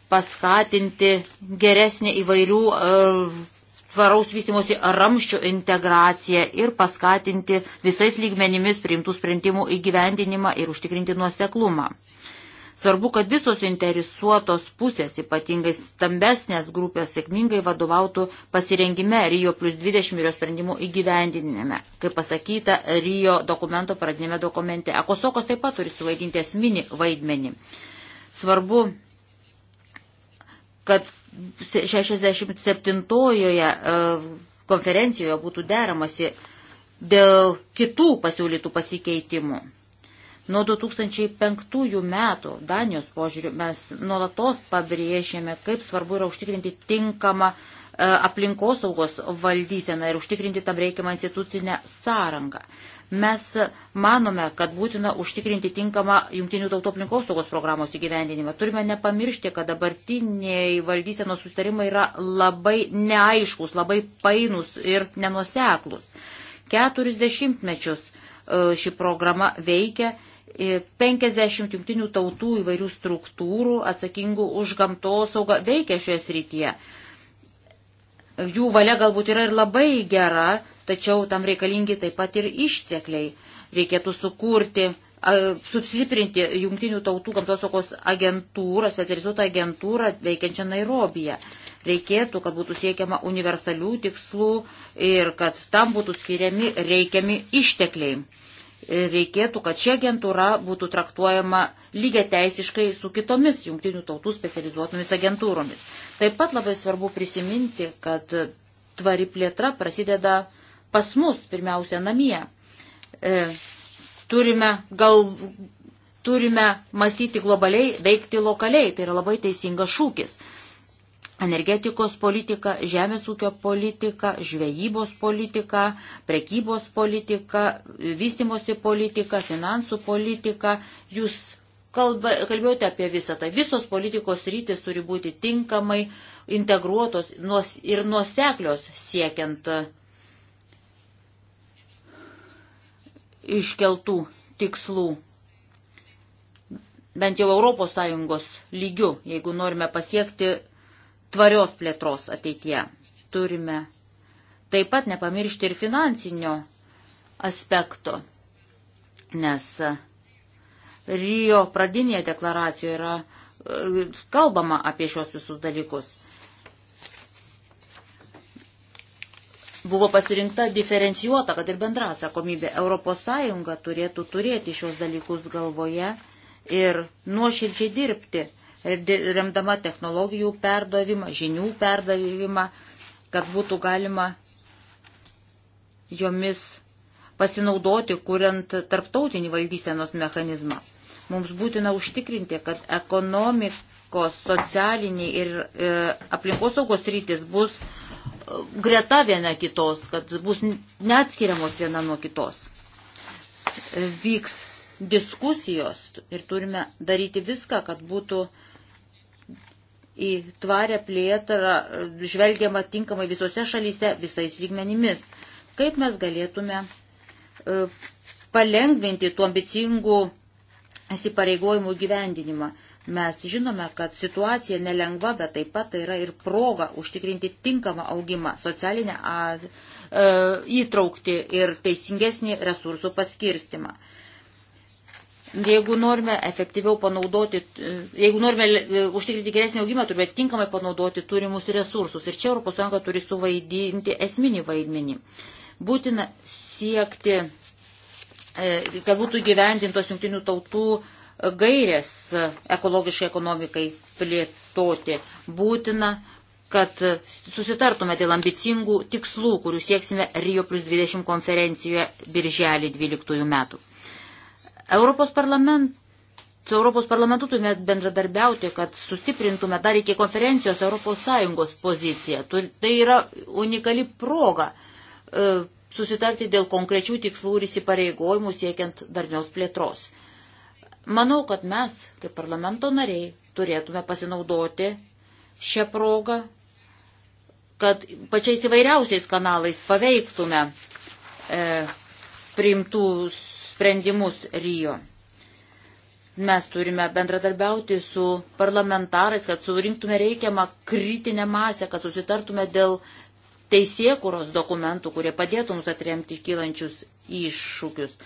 paskatinti geresnį įvairių e, tvaraus vystimosi ramščių integraciją ir paskatinti visais lygmenimis priimtų sprendimų įgyvendinimą ir užtikrinti nuoseklumą. Svarbu, kad visos interesuotos pusės, ypatingai stambesnės grupės, sėkmingai vadovautų pasirengime Rio plus 20 ir jo sprendimų įgyvendinime. Kaip pasakyta, Rio dokumento pradinėme dokumente. Ekosokos taip pat turi suvaidinti esminį vaidmenį. Svarbu, kad 67-ojoje e, konferencijoje būtų deramasi dėl kitų pasiūlytų pasikeitimų. Nuo 2005 metų Danijos požiūrių mes nuolatos pabrėžėme, kaip svarbu yra užtikrinti tinkamą e, aplinkosaugos valdyseną ir užtikrinti tam reikiamą institucinę sąrangą. Mes manome, kad būtina užtikrinti tinkamą jungtinių tautų aplinkosaugos programos įgyvendinimą. Turime nepamiršti, kad dabartiniai valdysenos sustarimai yra labai neaiškus, labai painus ir nenuseklus. 40 mečius e, ši programa veikia 50 e, jungtinių tautų įvairių struktūrų atsakingų už gamtosaugą veikia šioje srityje. Jų valia galbūt yra ir labai gera, tačiau tam reikalingi taip pat ir ištekliai. Reikėtų sukurti, sustiprinti jungtinių tautų gamtosaugos agentūrą, specializuotą agentūrą veikiančią Nairobiją. Reikėtų, kad būtų siekiama universalių tikslų ir kad tam būtų skiriami reikiami ištekliai reikėtų, kad ši agentūra būtų traktuojama lygiai teisiškai su kitomis jungtinių tautų specializuotomis agentūromis. Taip pat labai svarbu prisiminti, kad tvari plėtra prasideda pas mus, pirmiausia, namie. E, turime, gal, turime mąstyti globaliai, veikti lokaliai. Tai yra labai teisingas šūkis. Energetikos politika, žemės ūkio politika, žvejybos politika, prekybos politika, vystimosi politika, finansų politika. Jūs kalba, kalbėjote apie visą tai. Visos politikos rytis turi būti tinkamai integruotos nuos, ir nuoseklios siekiant iškeltų tikslų, bent jau ES lygių, jeigu norime pasiekti tvarios plėtros ateityje. Turime taip pat nepamiršti ir finansinio aspekto, nes Rio pradinėje deklaracijoje yra e, kalbama apie šios visus dalykus. buvo pasirinkta diferencijuota, kad ir bendra atsakomybė. ES turėtų turėti šios dalykus galvoje ir nuoširdžiai dirbti, remdama technologijų perdavimą, žinių perdavimą, kad būtų galima jomis pasinaudoti, kuriant tarptautinį valdysenos mechanizmą. Mums būtina užtikrinti, kad ekonomikos, socialiniai ir e, aplinkosaugos rytis bus e, greta viena kitos, kad bus neatskiriamos viena nuo kitos. Vyks diskusijos ir turime daryti viską, kad būtų į tvarę plėtrą žvelgiama tinkamai visose šalyse, visais lygmenimis. Kaip mes galėtume e, palengvinti tų ambicingų įsipareigojimų gyvendinimą. Mes žinome, kad situacija nelengva, bet taip pat tai yra ir proga užtikrinti tinkamą augimą, socialinę e, įtraukti ir teisingesnį resursų paskirstimą. Jeigu norime efektyviau panaudoti, e, jeigu norime e, užtikrinti geresnį augimą, turime tinkamai panaudoti turimus resursus. Ir čia ES turi suvaidinti esminį vaidmenį. Būtina siekti, kad būtų gyvendintos jungtinių tautų gairės ekologiškai ekonomikai plėtoti. Būtina, kad susitartume dėl ambicingų tikslų, kurių sieksime Rio plus 20 konferencijoje birželį 12 metų. Europos parlament su Europos parlamentu turime bendradarbiauti, kad sustiprintume dar iki konferencijos ES poziciją. Tai yra unikali proga e, susitarti dėl konkrečių tikslų ir įsipareigojimų siekiant darnios plėtros. Manau, kad mes, kaip parlamento nariai, turėtume pasinaudoti šią progą, kad pačiais įvairiausiais kanalais paveiktume e, priimtų sprendimus Rijo. Mes turime bendradarbiauti su parlamentarais, kad surinktume reikiamą kritinę masę, kad susitartume dėl teisėkuros dokumentų, kurie padėtų mums atremti kylančius iššūkius.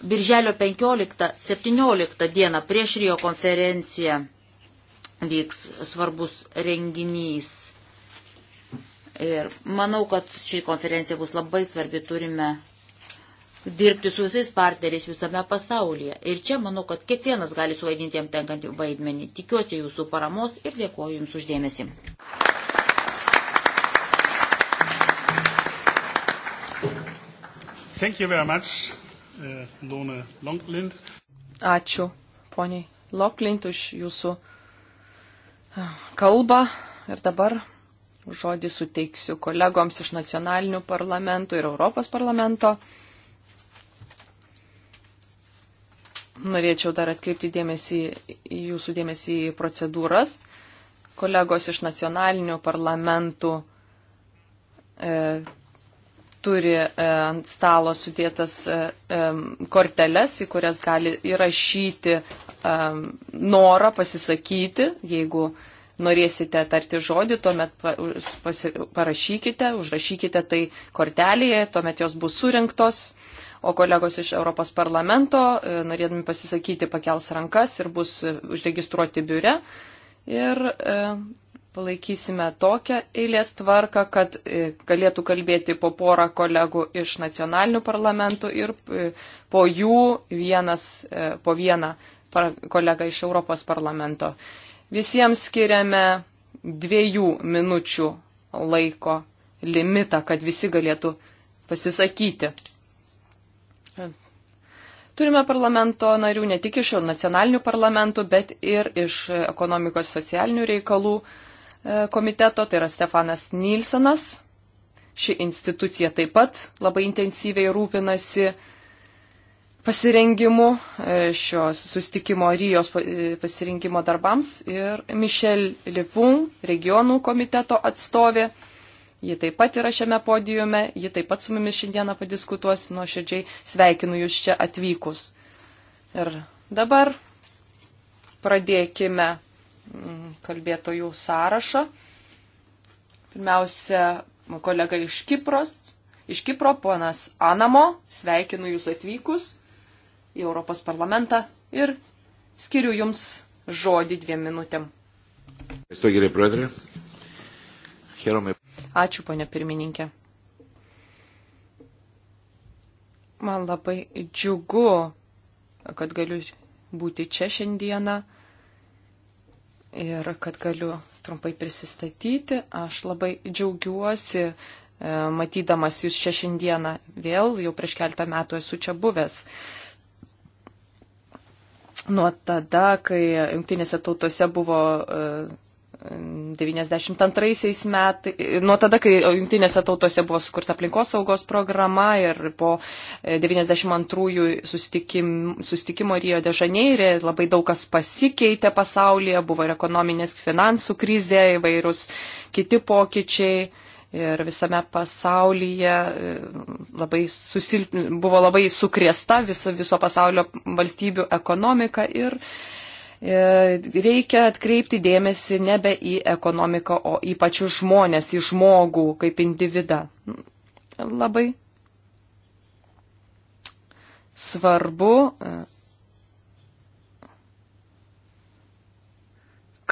Birželio 15-17 dieną prieš Rio konferenciją vyks svarbus renginys. Ir manau, kad ši konferencija bus labai svarbi, turime dirbti su visais partneriais visame pasaulyje. Ir čia manau, kad kiekvienas gali suvaidinti jam tenkantį vaidmenį. Tikiuosi jūsų paramos ir dėkuoju Jums uždėmesi. Thank you very much. Lone uh, Longlind. Ačiū, poniai Loklint, už jūsų uh, kalbą. Ir dabar žodį suteiksiu kolegoms iš nacionalinių parlamentų ir Europos parlamento. Norėčiau dar atkreipti dėmesį, jūsų dėmesį į procedūras. Kolegos iš nacionalinių parlamentų e, turi e, ant stalo sudėtas e, e, korteles, į kurias gali įrašyti norą pasisakyti. Jeigu norėsite tarti žodį, tuomet parašykite, užrašykite tai kortelėje, tuomet jos bus surinktos. O kolegos iš Europos parlamento, norėdami pasisakyti, pakels rankas ir bus užregistruoti biure. Ir e, palaikysime tokią eilės tvarką, kad e, galėtų kalbėti po porą kolegų iš nacionalinių parlamentų ir e, po jų vienas, e, po vieną kolegą iš Europos parlamento. Visiems skiriame dviejų minučių laiko limitą, kad visi galėtų pasisakyti. Turime parlamento narių ne tik iš nacionalinių parlamentų, bet ir iš ekonomikos socialinių reikalų uh, E, komiteto, tai yra Stefanas Nilsenas. Ši institucija taip pat labai intensyviai rūpinasi pasirengimu e, šios sustikimo Rijos e, pasirinkimo darbams ir Mišel Livung, regionų komiteto atstovė. Ji taip pat yra šiame podijume, ji taip pat su mumis šiandieną padiskutuos, nuoširdžiai sveikinu jūs čia atvykus. Ir dabar pradėkime Mm, kalbėtojų sąrašą. Pirmiausia, kolega iš Kipros, iš Kipro, ponas Anamo, sveikinu Jūs atvykus į Europos parlamentą ir skiriu Jums žodį dviem minutėm. Ačiū, ponė pirmininkė. Man labai džiugu, kad galiu būti čia šiandieną ir kad galiu trumpai prisistatyti. Aš labai džiaugiuosi, e, matydamas jūs čia šiandieną vėl, jau prieš keltą metų esu čia buvęs. Nuo tada, kai jungtinėse tautose buvo uh, 92 metais, nuo tada, kai jungtinėse tautose buvo sukurta aplinkos saugos programa ir po 92 e, susitikim, susitikimo Rio de Žaneirė labai daug kas pasikeitė pasaulyje, buvo ir ekonominės finansų krizė, įvairūs kiti pokyčiai. Ir visame pasaulyje e, labai susil... buvo labai sukrėsta viso, viso pasaulio valstybių ekonomika ir uh, E, reikia atkreipti dėmesį nebe į ekonomiką, o ypač į žmonės, į žmogų kaip individą. Labai svarbu, e,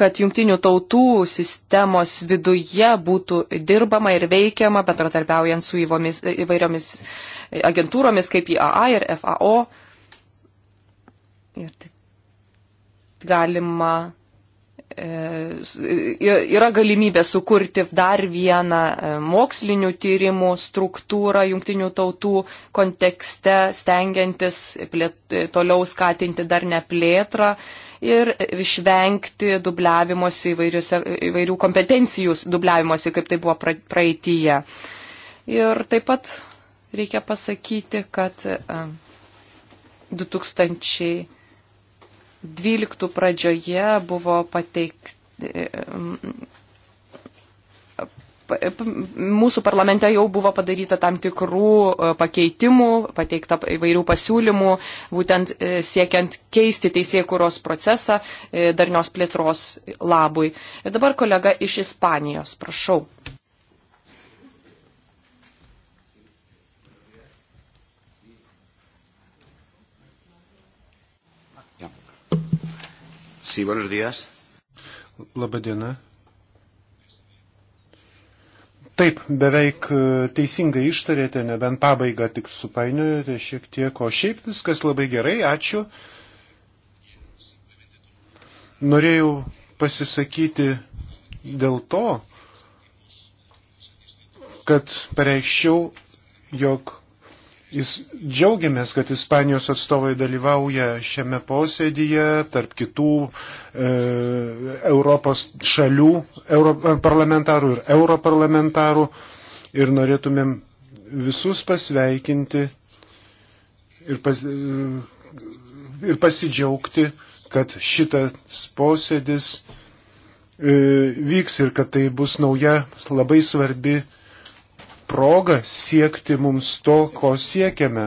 kad jungtinių tautų sistemos viduje būtų dirbama ir veikiama, bendratarbiaujant su įvomis, įvairiomis agentūromis kaip IAA ir FAO. Ir tai galima, e, yra galimybė sukurti dar vieną e, mokslinių tyrimų struktūrą jungtinių tautų kontekste, stengiantis plėt, e, toliau skatinti dar neplėtrą ir išvengti dubliavimosi įvairių kompetencijų dubliavimosi, kaip tai buvo praeitįje. Ir taip pat reikia pasakyti, kad 2000 12 pradžioje buvo pateikti. E, e, mūsų parlamente jau buvo padaryta tam tikrų e, pakeitimų, pateikta įvairių pasiūlymų, būtent siekiant keisti teisėkuros procesą darnios plėtros labui. Dabar kolega iš Ispanijos, prašau. Sí, buenos días. Labadiena. Taip, beveik e, teisingai ištarėte, nebent pabaigą tik supainiojote šiek tiek, o šiaip viskas labai gerai, ačiū. Norėjau pasisakyti dėl to, kad pareiščiau, jog Jis džiaugiamės, kad Ispanijos atstovai dalyvauja šiame posėdyje, tarp kitų e, Europos šalių Euro, e, parlamentarų ir europarlamentarų. Ir norėtumėm visus pasveikinti ir, pas, e, ir pasidžiaugti, kad šitas posėdis e, vyks ir kad tai bus nauja labai svarbi progą siekti mums to, ko siekiame.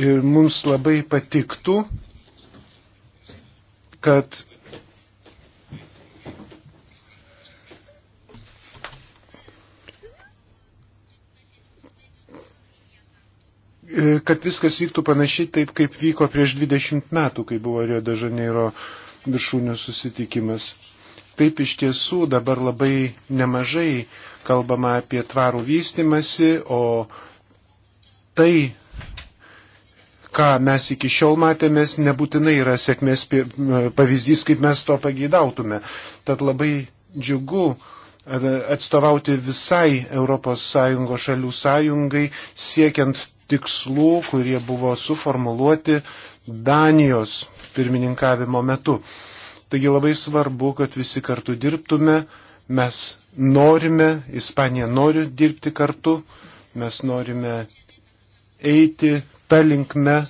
Ir mums labai patiktų, kad kad viskas vyktų panašiai taip, kaip vyko prieš 20 metų, kai buvo Rio de Žaneiro viršūnių susitikimas. Taip iš tiesų dabar labai nemažai kalbama apie tvarų vystimasi, o tai, ką mes iki šiol matėmės, nebūtinai yra sėkmės pavyzdys, kaip mes to pageidautume. Tad labai džiugu atstovauti visai ES šalių sąjungai, siekiant tikslų, kurie buvo suformuluoti Danijos pirmininkavimo metu. Taigi labai svarbu, kad visi kartu dirbtume, mes norime, Ispanija nori dirbti kartu, mes norime eiti tą linkmę,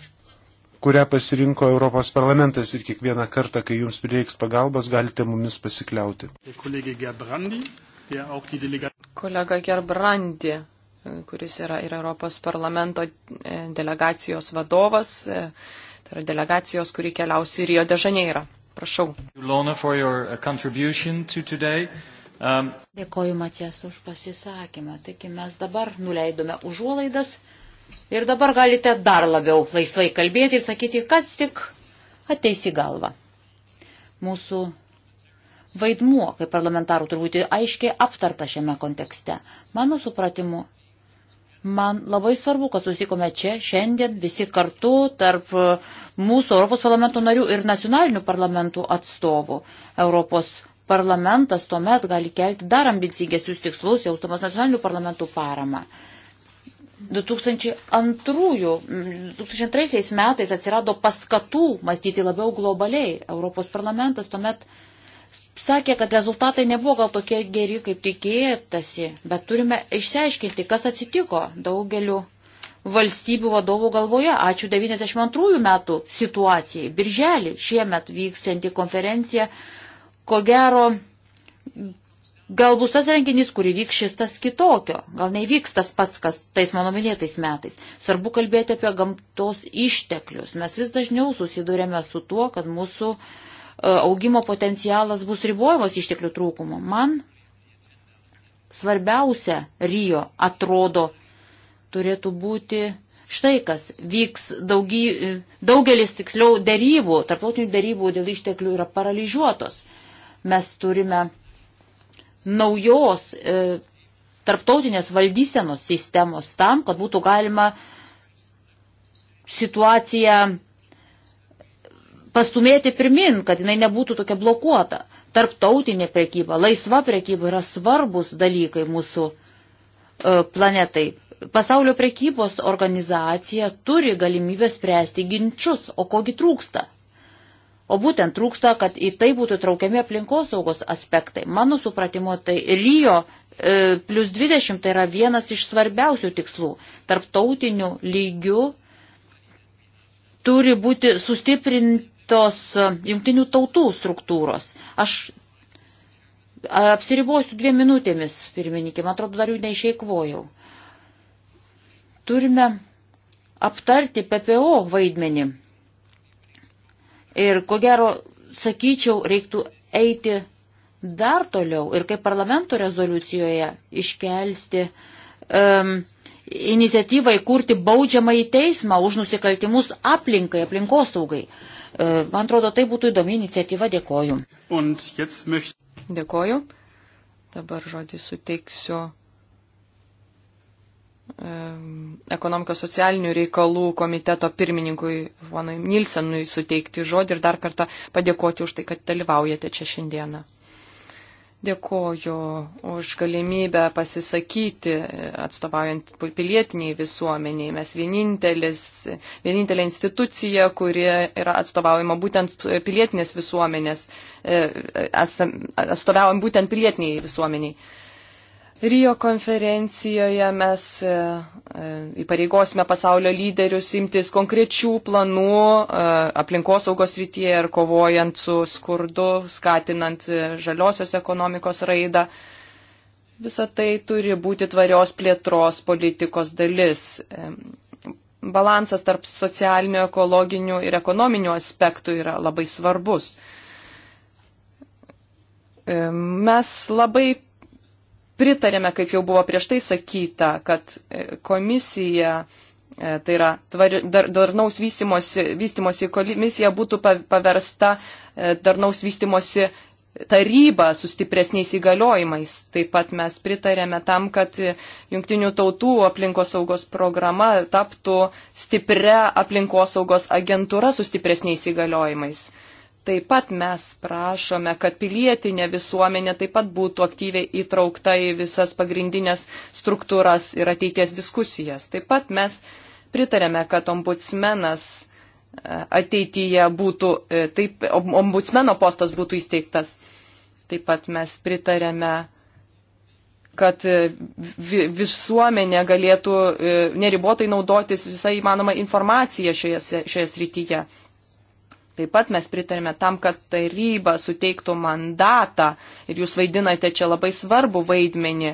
kurią pasirinko Europos parlamentas ir kiekvieną kartą, kai jums prireiks pagalbos, galite mumis pasikliauti. Kolega Gerbrandi, kuris yra ir Europos parlamento e, delegacijos vadovas, e, tai yra delegacijos, kuri keliausi į Rio de Žaneirą. Prašau. Lona, Um. Dėkoju Matės už pasisakymą. Taigi mes dabar nuleidome užuolaidas ir dabar galite dar labiau laisvai kalbėti ir sakyti, kas tik ateis į galvą. Mūsų vaidmuo kaip parlamentarų turbūt aiškiai aptarta šiame kontekste. Mano supratimu, man labai svarbu, kad susitikome čia šiandien visi kartu tarp mūsų Europos parlamento narių ir nacionalinių parlamentų atstovų. Europos parlamentas tuomet gali kelti dar ambicingesnius tikslus, jaustamas nacionalinių parlamentų paramą. 2002, 2002 mm, metais atsirado paskatų mąstyti labiau globaliai. Europos parlamentas tuomet sakė, kad rezultatai nebuvo gal tokie geri, kaip tikėtasi, bet turime išsiaiškinti, kas atsitiko daugeliu valstybių vadovų galvoje. Ačiū 92 metų situacijai. Birželį šiemet vyksianti konferencija ko gero, gal bus tas renginys, kurį vyks šis tas kitokio, gal nevyks tas pats, kas tais mano minėtais metais. Svarbu kalbėti apie gamtos išteklius. Mes vis dažniau susidurėme su tuo, kad mūsų e, augimo potencialas bus ribojamas išteklių trūkumo. Man svarbiausia Rijo atrodo turėtų būti štai kas vyks daugy, e, daugelis tiksliau darybų, tarptautinių darybų dėl išteklių yra paralyžiuotos mes turime naujos e, tarptautinės valdysenos sistemos tam, kad būtų galima situaciją pastumėti pirmin, kad jinai nebūtų tokia blokuota. Tarptautinė prekyba, laisva prekyba yra svarbus dalykai mūsų e, planetai. Pasaulio prekybos organizacija turi galimybę spręsti ginčius, o kogi trūksta O būtent trūksta, kad į tai būtų traukiami aplinkosaugos aspektai. Mano supratimo, tai Rio e, plus 20 tai yra vienas iš svarbiausių tikslų. Tarptautiniu lygiu turi būti sustiprintos e, jungtinių tautų struktūros. Aš e, apsiribosiu dviem minutėmis, pirmininkė, man atrodo, dar jų neišeikvojau. Turime aptarti PPO vaidmenį Ir ko gero, sakyčiau, reiktų eiti dar toliau ir kaip parlamento rezoliucijoje iškelsti um, iniciatyvą įkurti baudžiamą į teismą už nusikaltimus aplinkai, aplinkosaugai. Uh, man atrodo, tai būtų įdomi iniciatyva. Dėkoju. Dėkoju. Dabar žodį suteiksiu ekonomikos socialinių reikalų komiteto pirmininkui Vanui Nilsenui suteikti žodį ir dar kartą padėkoti už tai, kad dalyvaujate čia šiandieną. Dėkoju už galimybę pasisakyti e, atstovaujant pilietiniai visuomeniai. Mes vienintelė institucija, kuri yra atstovaujama būtent pilietinės visuomenės, e, atstovaujam būtent pilietiniai visuomeniai. Rijo konferencijoje mes e, e, įpareigosime pasaulio lyderius imtis konkrečių planų e, aplinkosaugos rytyje ir kovojant su skurdu, skatinant žaliosios ekonomikos raidą. Visa tai turi būti tvarios plėtros politikos dalis. Balansas tarp socialinių, ekologinių ir ekonominių aspektų yra labai svarbus. Mes labai pritarėme, kaip jau buvo prieš tai sakyta, kad e, komisija, e, tai yra tvari, dar, darnaus vystimosi, vystimosi komisija būtų paversta e, darnaus vystimosi taryba su stipresniais įgaliojimais. Taip pat mes pritarėme tam, kad jungtinių tautų aplinkosaugos programa taptų stipria aplinkosaugos agentūra su stipresniais įgaliojimais. Taip pat mes prašome, kad pilietinė visuomenė taip pat būtų aktyviai įtraukta į visas pagrindinės struktūras ir ateities diskusijas. Taip pat mes pritarėme, kad ombudsmenas e, ateityje būtų, e, taip, ombudsmeno postas būtų įsteigtas. Taip pat mes pritarėme kad e, visuomenė galėtų neribotai naudotis visą įmanomą informaciją šioje, šioje srityje. Taip pat mes pritarėme tam, kad taryba suteiktų mandatą ir jūs vaidinate čia labai svarbų vaidmenį.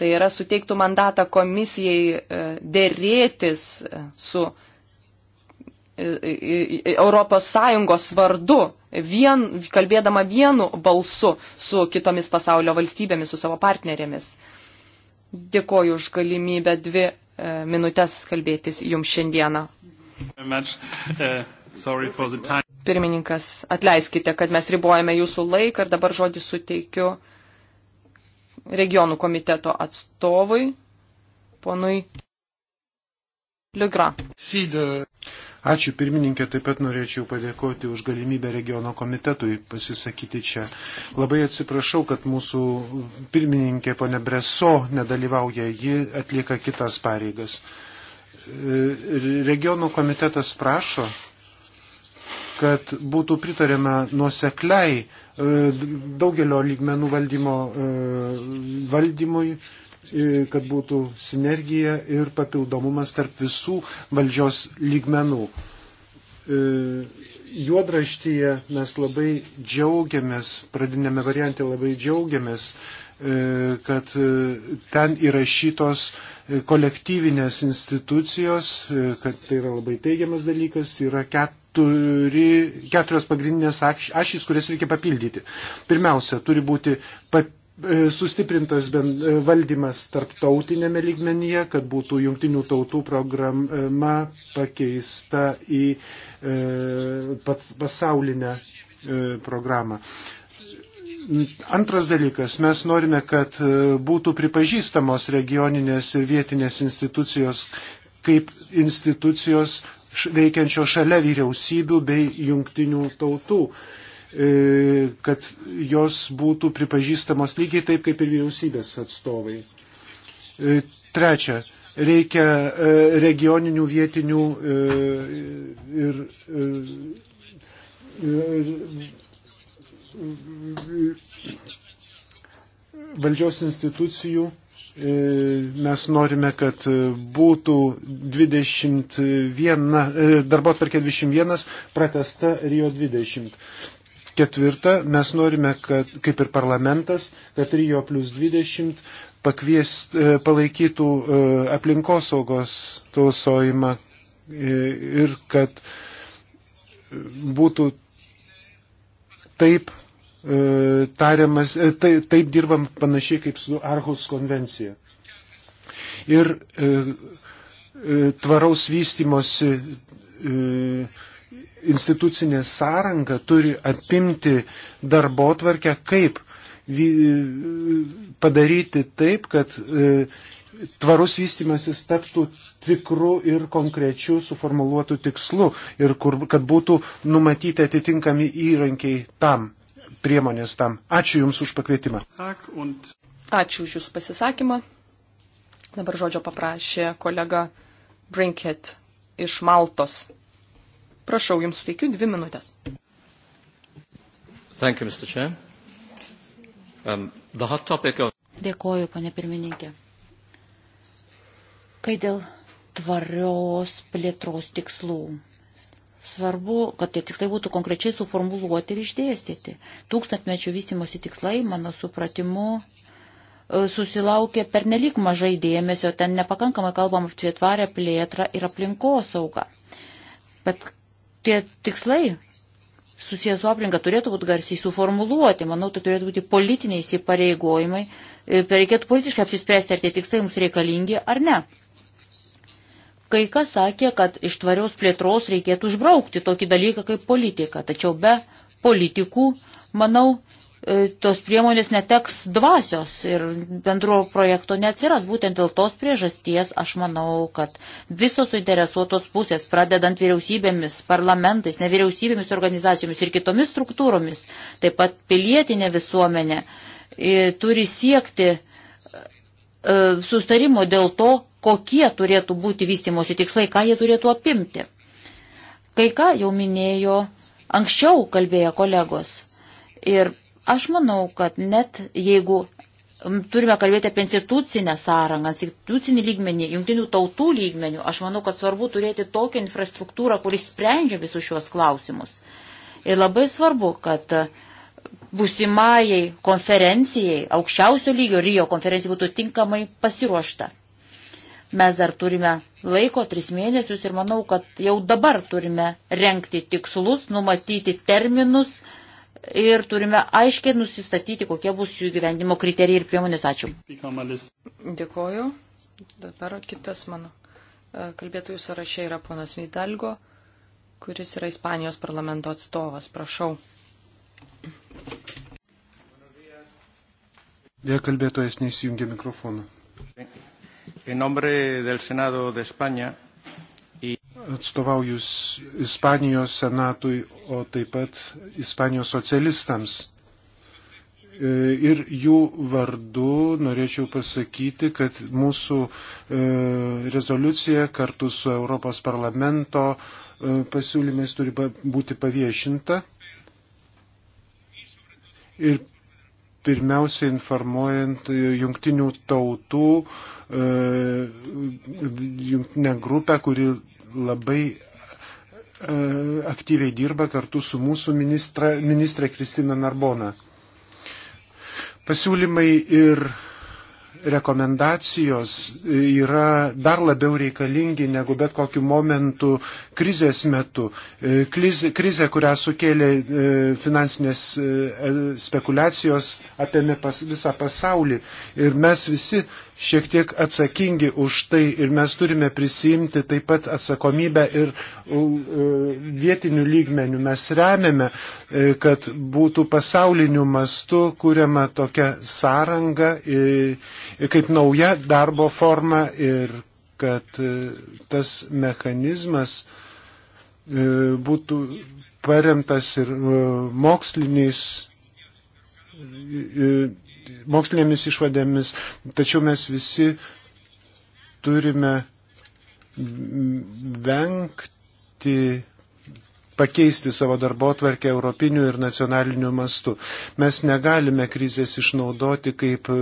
Tai yra suteiktų mandatą komisijai e, dėrėtis e, su ES e, vardu, vien, kalbėdama vienu balsu su kitomis pasaulio valstybėmis, su savo partnerėmis. Dėkoju už galimybę dvi minutės kalbėtis jums šiandieną. Much, uh... Pirmininkas, atleiskite, kad mes ribojame jūsų laiką ir dabar žodį suteikiu regionų komiteto atstovui, ponui Liugra. Ačiū pirmininkė, taip pat norėčiau padėkoti už galimybę regiono komitetui pasisakyti čia. Labai atsiprašau, kad mūsų pirmininkė ponė Breso nedalyvauja, ji atlieka kitas pareigas. E, regionų komitetas prašo, kad būtų pritarėme nuosekliai e, daugelio lygmenų valdymo, e, valdymui, e, kad būtų sinergija ir papildomumas tarp visų valdžios lygmenų. Juodraštyje mes labai džiaugiamės, pradinėme variante labai džiaugiamės E, kad e, ten įrašytos e, kolektyvinės institucijos, kad tai yra labai teigiamas dalykas, yra keturi, keturios pagrindinės ašys, kurias reikia papildyti. Pirmiausia, turi būti papildyti sustiprintas valdymas tarptautinėme lygmenyje, kad būtų jungtinių tautų programa pakeista į e, pasaulinę e, programą. E, Antras dalykas, mes norime, kad e, būtų pripažįstamos regioninės ir vietinės institucijos kaip institucijos veikiančio šalia vyriausybių bei jungtinių tautų, e, kad jos būtų pripažįstamos lygiai taip kaip ir vyriausybės atstovai. E, trečia, reikia regioninių vietinių ir. ir, ir valdžios institucijų e, mes norime, kad būtų 21, darbo atvarkė 21, pratesta Rio 20. Ketvirta, mes norime, kad, kaip ir parlamentas, kad Rio plus 20 pakvies, e, palaikytų e, aplinkosaugos tausojimą ir kad būtų taip E, tariamas, e, tai, taip dirbam panašiai kaip su Arhus konvencija. Ir e, tvaraus vystimosi institucinė sąranga turi apimti darbo tvarkę, kaip padaryti taip, kad tvarus vystimasis taptų tikrų ir konkrečių suformuluotų tikslų ir kur, kad būtų numatyti atitinkami įrankiai tam priemonės tam. Ačiū Jums už pakvietimą. Ačiū už Jūsų pasisakymą. Dabar žodžio paprašė kolega Brinkett iš Maltos. Prašau, Jums suteikiu dvi minutės. Thank you, Mr. Chair. Um, the hot topic of... Dėkoju, pane pirmininkė. Kai dėl tvarios plėtros tikslų Svarbu, kad tie tikslai būtų konkrečiai suformuluoti ir išdėstyti. Tūkstantmečių vystimosi tikslai, mano supratimu, e, susilaukė pernelik mažai dėmesio, ten nepakankamai kalbam apie tvarę plėtrą ir aplinkosaugą. Bet tie tikslai susijęs su aplinka turėtų būti garsiai suformuluoti, manau, tai turėtų būti politiniai įsipareigojimai, e, reikėtų politiškai apsispręsti, ar tie tikslai mums reikalingi ar ne. Kai kas sakė, kad iš tvarios plėtros reikėtų užbraukti tokį dalyką kaip politika, tačiau be politikų, manau, e, tos priemonės neteks dvasios ir bendro projekto neatsiras. Būtent dėl tos priežasties aš manau, kad visos suinteresuotos pusės, pradedant vyriausybėmis, parlamentais, nevyriausybėmis organizacijomis ir kitomis struktūromis, taip pat pilietinė visuomenė, turi siekti E, sustarimo dėl to, kokie turėtų būti vystimosi tikslai, ką jie turėtų apimti. Kai ką jau minėjo anksčiau kalbėję kolegos. Ir aš manau, kad net jeigu turime kalbėti apie institucinę sąrangą, institucinį lygmenį, jungtinių tautų lygmenių, aš manau, kad svarbu turėti tokią infrastruktūrą, kuris sprendžia visus šiuos klausimus. Ir labai svarbu, kad uh, būsimajai konferencijai, aukščiausio lygio Rio konferencijai būtų tinkamai pasiruošta. Mes dar turime laiko, tris mėnesius ir manau, kad jau dabar turime renkti tikslus, numatyti terminus ir turime aiškiai nusistatyti, kokie bus jų gyvendimo kriterijai ir priemonės. Ačiū. Dėkoju. Dabar kitas mano e, kalbėtojų sąraše yra ponas Veidalgo, kuris yra Ispanijos parlamento atstovas. Prašau. Jei kalbėtojas neįsijungia mikrofoną. Atstovauju Ispanijos senatui, o taip pat Ispanijos socialistams. E, ir jų vardu norėčiau pasakyti, kad mūsų e, rezoliucija kartu su Europos parlamento e, pasiūlymais turi būti paviešinta. Ir pirmiausia informuojant e, jungtinių tautų e, jungtinę grupę, kuri labai e, aktyviai dirba kartu su mūsų ministra, ministrė Kristina Narbona. Pasiūlymai ir rekomendacijos yra dar labiau reikalingi negu bet kokiu momentu krizės metu. E, krize, krize kurią sukėlė e, finansinės e, spekulacijos, apėmė pas, visą pasaulį. Ir mes visi šiek tiek atsakingi už tai ir mes turime prisimti taip pat atsakomybę ir vietinių lygmenių. Mes remiame, e, kad būtų pasauliniu mastu kuriama tokia sąranga e, kaip nauja darbo forma ir kad e, tas mechanizmas būtų paremtas ir moksliniais mokslinėmis išvadėmis, tačiau mes visi turime vengti pakeisti savo darbo atvarkę europiniu ir nacionaliniu mastu. Mes negalime krizės išnaudoti kaip e,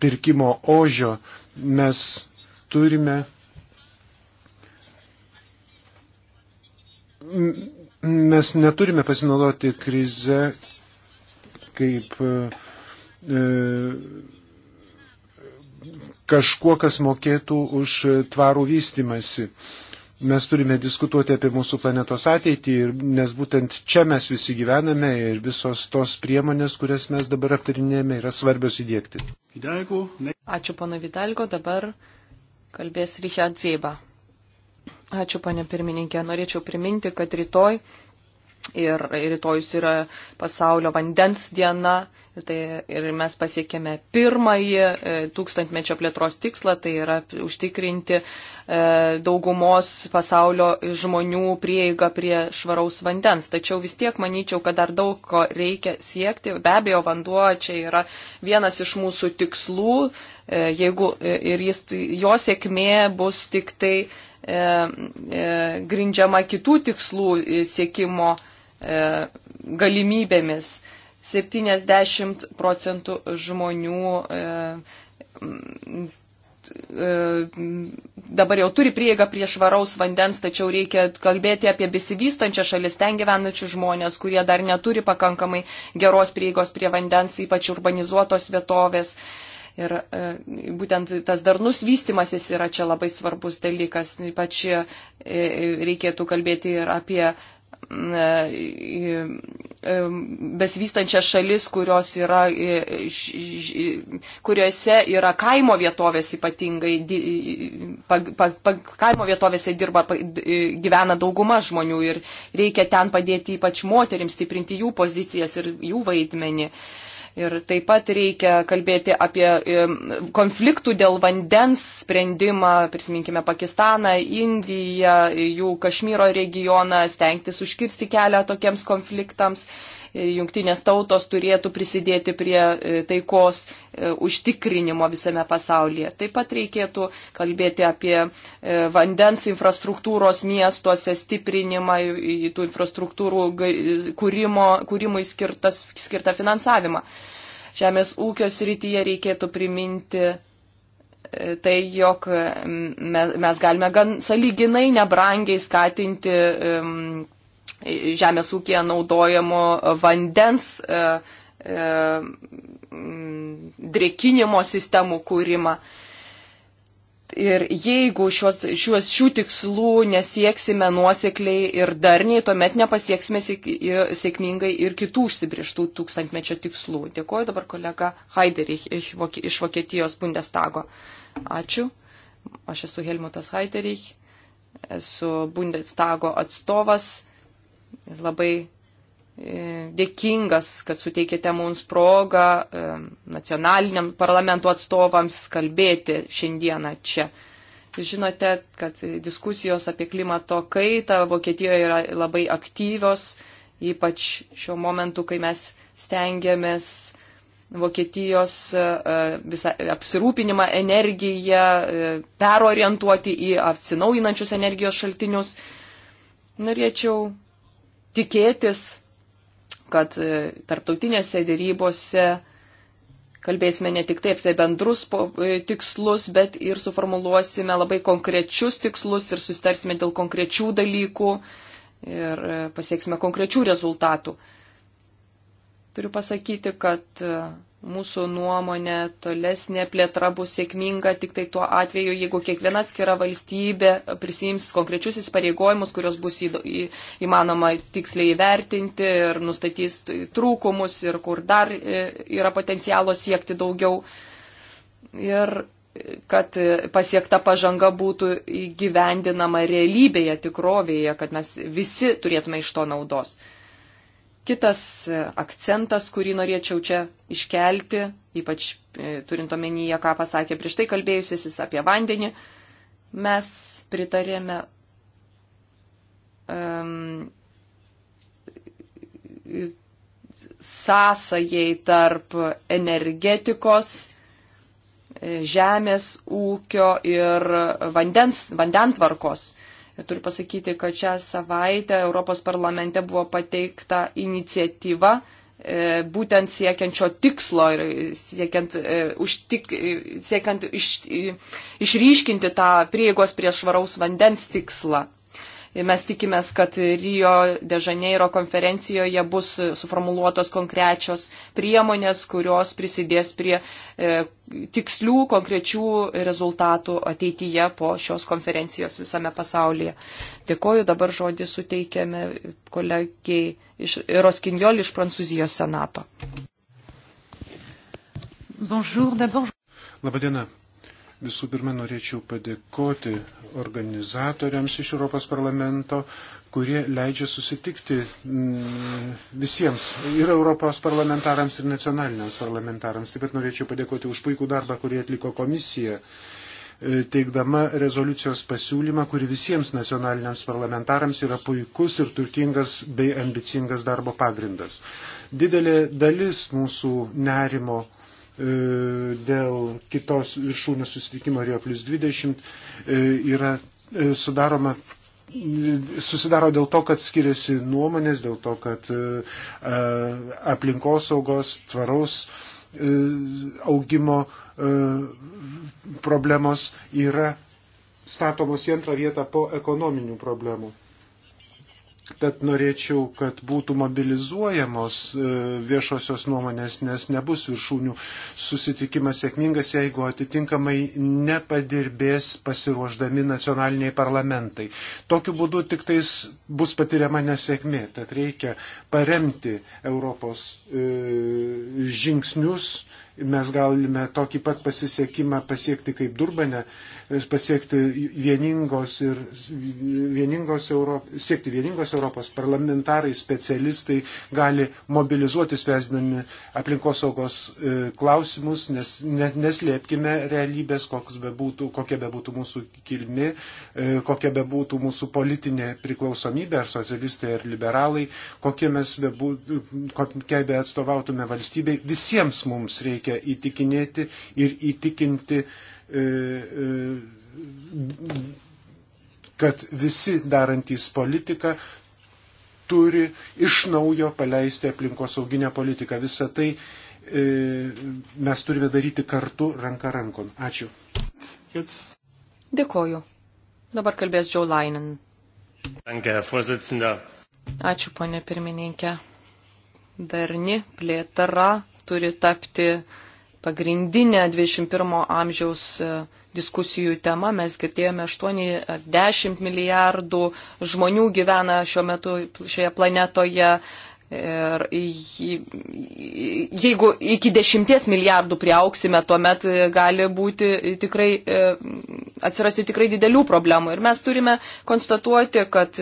pirkimo ožio. Mes turime mes neturime pasinaudoti krize kaip uh, E, kažkuo, kas mokėtų už tvarų vystimasi. Mes turime diskutuoti apie mūsų planetos ateitį, nes būtent čia mes visi gyvename ir visos tos priemonės, kurias mes dabar aptarinėjame, yra svarbios įdėkti. Ačiū pana Vitalgo, dabar kalbės Richard Zieba. Ačiū, panė pirmininkė. Norėčiau priminti, kad rytoj Ir rytojus yra pasaulio vandens diena. Ir, tai, ir mes pasiekėme pirmąjį e, tūkstantmečio plėtros tikslą, tai yra užtikrinti e, daugumos pasaulio žmonių prieigą prie švaraus vandens. Tačiau vis tiek manyčiau, kad dar daug ko reikia siekti. Be abejo, vanduo čia yra vienas iš mūsų tikslų e, jeigu, e, ir jis, jo sėkmė bus tik tai e, e, grindžiama kitų tikslų e, siekimo. E, E, galimybėmis. 70 procentų žmonių e, e, dabar jau turi prieigą prie švaraus vandens, tačiau reikia kalbėti apie besivystančią šalis, ten gyvenančių žmonės, kurie dar neturi pakankamai geros prieigos prie vandens, ypač urbanizuotos vietovės. Ir būtent tas darnus vystimasis yra čia labai svarbus dalykas, ypač reikėtų kalbėti ir apie E, e, besivystančias šalis, kurios yra, e, kuriuose yra kaimo vietovės ypatingai, pa, pa, pa, kaimo vietovėse dirba, gyvena dauguma žmonių ir reikia ten padėti ypač moterims, stiprinti jų pozicijas ir jų vaidmenį. Uh, Ir taip pat reikia kalbėti apie konfliktų dėl vandens sprendimą, prisiminkime Pakistaną, Indiją, jų Kašmyro regioną, stengtis užkirsti kelią tokiems konfliktams jungtinės tautos turėtų prisidėti prie e, taikos e, užtikrinimo visame pasaulyje. Taip pat reikėtų kalbėti apie e, vandens infrastruktūros miestuose stiprinimą, tų infrastruktūrų kūrimo, kūrimui skirtas, skirtą finansavimą. Žemės ūkio srityje reikėtų priminti tai, jog mes galime gan saliginai nebrangiai skatinti žemės ūkėje naudojamo vandens e, e, drėkinimo sistemų kūrimą. Ir jeigu šios, šios, šių tikslų nesieksime nuosekliai ir darniai, tuomet nepasieksime sėkmingai ir kitų užsibrieštų tūkstantmečio tikslų. Dėkuoju dabar kolega Haiderich iš Vokietijos Bundestago. Ačiū. Aš esu Helmutas Haiderich, esu Bundestago atstovas labai e, dėkingas, kad suteikėte mums progą e, nacionaliniam parlamento atstovams kalbėti šiandieną čia. Žinote, kad diskusijos apie klimato kaitą Vokietijoje yra labai aktyvios, ypač šiuo momentu, kai mes stengiamės Vokietijos e, visą apsirūpinimą energiją perorientuoti į atsinaujinančius energijos šaltinius. Norėčiau tikėtis, kad e, tarptautinėse dėrybose kalbėsime ne tik taip apie bendrus e, tikslus, bet ir suformuluosime labai konkrečius tikslus ir sustarsime dėl konkrečių dalykų ir e, pasieksime konkrečių rezultatų. Turiu pasakyti, kad mūsų nuomonė tolesnė plėtra bus sėkminga tik tai tuo atveju, jeigu kiekviena atskira valstybė prisims konkrečius įsipareigojimus, kurios bus į, į, įmanoma tiksliai įvertinti ir nustatys trūkumus ir kur dar e, yra potencialo siekti daugiau. Ir kad pasiekta pažanga būtų įgyvendinama realybėje, tikrovėje, kad mes visi turėtume iš to naudos. Uh, Kitas akcentas, kurį norėčiau čia iškelti, ypač e, turint omenyje, ką pasakė prieš tai kalbėjusiasis apie vandenį, mes pritarėme um, sąsajai tarp energetikos, e, žemės ūkio ir vandens, vandentvarkos. Uh, Ir turiu pasakyti, kad šią savaitę Europos parlamente buvo pateikta iniciatyva e, būtent siekiančio tikslo ir siekiant, e, užtik, e, siekiant iš, išryškinti tą prieigos prie švaraus vandens tikslą. Mes tikimės, kad Rio de Žaneiro konferencijoje bus suformuluotos konkrečios priemonės, kurios prisidės prie e, tikslių, konkrečių rezultatų ateityje po šios konferencijos visame pasaulyje. Dėkoju, dabar žodį suteikėme kolegiai iš Roskinjol iš Prancūzijos senato. Bonjour, Labadiena. Visų pirma, norėčiau padėkoti organizatoriams iš Europos parlamento, kurie leidžia susitikti mm, visiems ir Europos parlamentarams, ir nacionaliniams parlamentarams. Taip pat norėčiau padėkoti už puikų darbą, kurį atliko komisija, e, teikdama rezoliucijos pasiūlymą, kuri visiems nacionaliniams parlamentarams yra puikus ir turtingas bei ambicingas darbo pagrindas. Didelė dalis mūsų nerimo E, dėl kitos viršūnės susitikimo Rio plus 20 e, yra e, sudaroma susidaro dėl to, kad skiriasi nuomonės, dėl to, kad aplinkosaugos, tvaraus augimo problemos yra statomos į antrą vietą po ekonominių problemų. Tad norėčiau, kad būtų mobilizuojamos e, viešosios nuomonės, nes nebus viršūnių susitikimas sėkmingas, jeigu atitinkamai nepadirbės pasiruoždami nacionaliniai parlamentai. Tokiu būdu tik tais bus patiriama nesėkmė. Tad reikia paremti Europos e, žingsnius. Mes galime tokį pat pasisekimą pasiekti kaip Durbane, pasiekti vieningos ir vieningos Europos, siekti vieningos Europos parlamentarai, specialistai gali mobilizuoti spręsdami aplinkosaugos e, klausimus, nes ne, neslėpkime realybės, bebūtų, kokia bebūtų mūsų kilmi, e, kokia bebūtų mūsų politinė priklausomybė, ar socialistai, ar liberalai, kokie mes bebūtų, kokia be atstovautume valstybei, visiems mums reikia įtikinėti ir įtikinti E, e, kad visi darantys politiką turi iš naujo paleisti aplinkosauginę politiką. Visą tai e, mes turime daryti kartu ranka rankon. Ačiū. Dėkoju. Dabar kalbės Džiau Lainin. Ačiū, ponė pirmininkė. Darni plėtra turi tapti pagrindinė 21 amžiaus e, diskusijų tema. Mes girdėjome 8 ar 10 milijardų žmonių gyvena šiuo metu šioje planetoje. Ir jeigu iki dešimties milijardų priauksime, tuomet e, gali būti tikrai, e, atsirasti tikrai didelių problemų. Ir mes turime konstatuoti, kad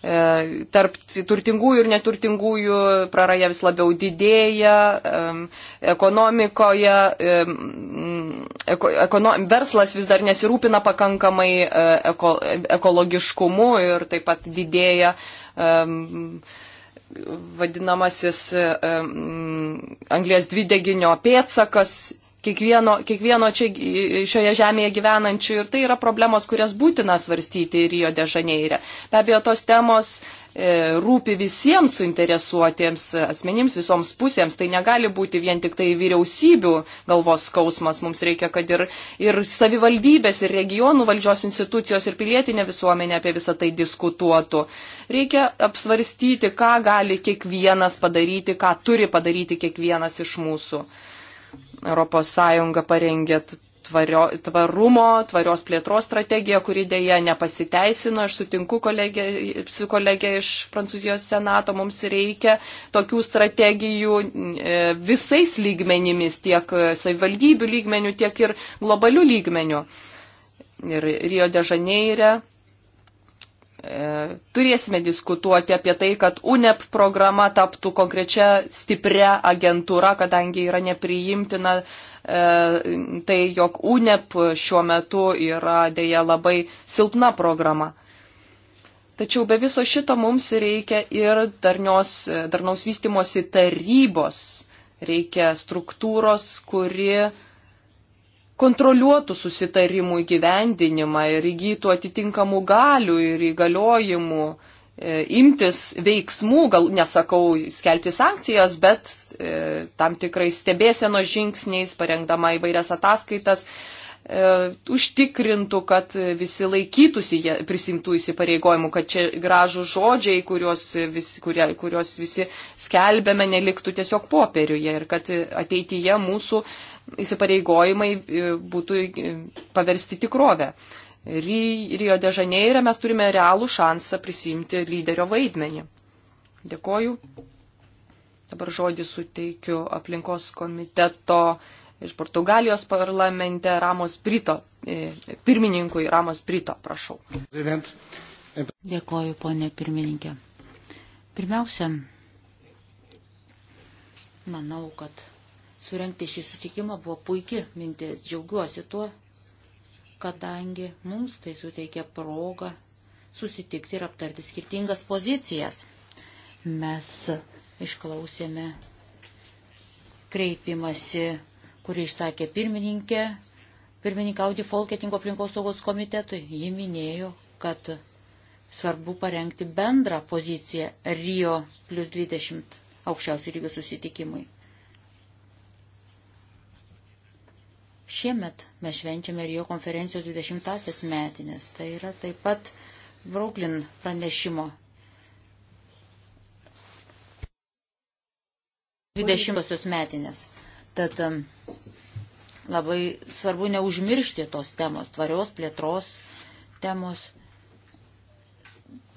E, tarp turtingųjų ir neturtingųjų praraja vis labiau didėja, ekonomikoje, ekono, verslas vis dar nesirūpina pakankamai e, eko, ekologiškumu ir taip pat didėja vadinamasis anglės dvideginio pėtsakas kiekvieno, kiekvieno čia, šioje žemėje gyvenančių ir tai yra problemos, kurias būtina svarstyti Rio de Žaneire. Be abejo, tos temos e, rūpi visiems suinteresuotiems asmenims, visoms pusėms. Tai negali būti vien tik tai vyriausybių galvos skausmas. Mums reikia, kad ir, ir savivaldybės, ir regionų valdžios institucijos, ir pilietinė visuomenė apie visą tai diskutuotų. Reikia apsvarstyti, ką gali kiekvienas padaryti, ką turi padaryti kiekvienas iš mūsų. ES parengė tvario, tvarumo, tvarios plėtros strategiją, kuri dėja nepasiteisino. Aš sutinku kolegė, su kolegė iš Prancūzijos senato, mums reikia tokių strategijų e, visais lygmenimis, tiek savivaldybių lygmenių, tiek ir globalių lygmenių. Ir Rio de Žaneire E, turėsime diskutuoti apie tai, kad UNEP programa taptų konkrečia stipria agentūra, kadangi yra nepriimtina e, tai, jog UNEP šiuo metu yra dėja labai silpna programa. Tačiau be viso šito mums reikia ir darnios, e, darnaus vystimosi tarybos, reikia struktūros, kuri kontroliuotų susitarimų įgyvendinimą ir įgytų atitinkamų galių ir įgaliojimų e, imtis veiksmų, gal nesakau skelbti sankcijas, bet e, tam tikrai stebėsenos žingsniais, parengdama įvairias ataskaitas, e, užtikrintų, kad visi laikytųsi prisimtų įsipareigojimų, kad čia gražų žodžiai, kuriuos visi, kurie, kuriuos visi skelbėme, neliktų tiesiog popieriuje ir kad ateityje mūsų įsipareigojimai e, būtų e, paversti tikrovę. Rio de Žaneire mes turime realų šansą prisimti lyderio vaidmenį. Dėkoju. Dabar žodį suteikiu aplinkos komiteto iš Portugalijos parlamente Ramos Brito, e, pirmininkui Ramos Brito, prašau. Dėkoju, ponė pirmininkė. Pirmiausia, manau, kad surenkti šį sutikimą buvo puikia mintis. Džiaugiuosi tuo, kadangi mums tai suteikia progą susitikti ir aptarti skirtingas pozicijas. Mes išklausėme kreipimasi, kurį išsakė pirmininkė, pirmininkauti Folketingo aplinkos saugos komitetui. Ji minėjo, kad svarbu parengti bendrą poziciją Rio plus 20 aukščiausių lygių susitikimui. Šiemet mes švenčiame ir jo konferencijos 20-asias metinės. Tai yra taip pat Brooklyn pranešimo 20-osios metinės. Tad um, labai svarbu neužmiršti tos temos, tvarios plėtros temos.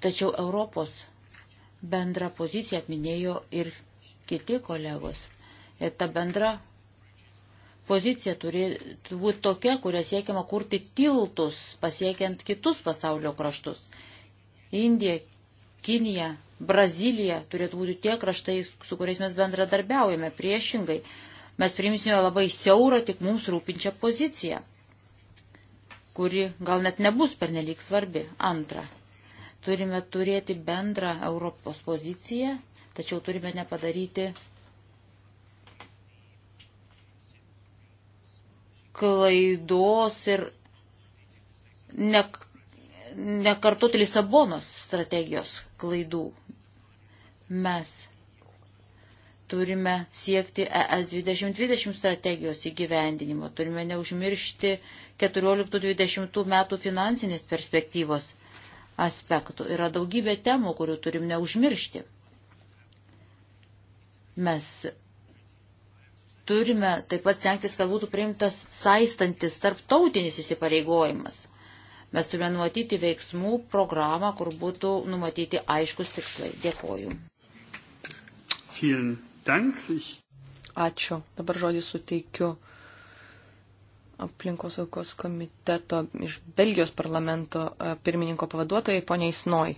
Tačiau Europos bendrą poziciją minėjo ir kiti kolegos. Ir ta bendra pozicija turi būti tokia, kuria siekiama kurti tiltus, pasiekiant kitus pasaulio kraštus. Indija, Kinija, Brazilija turėtų būti tie kraštai, su kuriais mes bendradarbiaujame priešingai. Mes priimsime labai siaurą, tik mums rūpinčią poziciją, kuri gal net nebus pernelyg svarbi. Antra, turime turėti bendrą Europos poziciją, tačiau turime nepadaryti klaidos ir ne, nekartoti Lisabonos strategijos klaidų. Mes turime siekti ES 2020 strategijos įgyvendinimo, turime neužmiršti 14-20 metų finansinės perspektyvos aspektų. Yra daugybė temų, kurių turim neužmiršti. Mes turime taip pat stengtis, kad būtų priimtas saistantis tarptautinis įsipareigojimas. Mes turime numatyti veiksmų programą, kur būtų numatyti aiškus tikslai. Dėkoju. Ačiū. Dabar žodį suteikiu aplinkosaugos komiteto iš Belgijos parlamento e, pirmininko pavaduotojai, ponia Isnoj.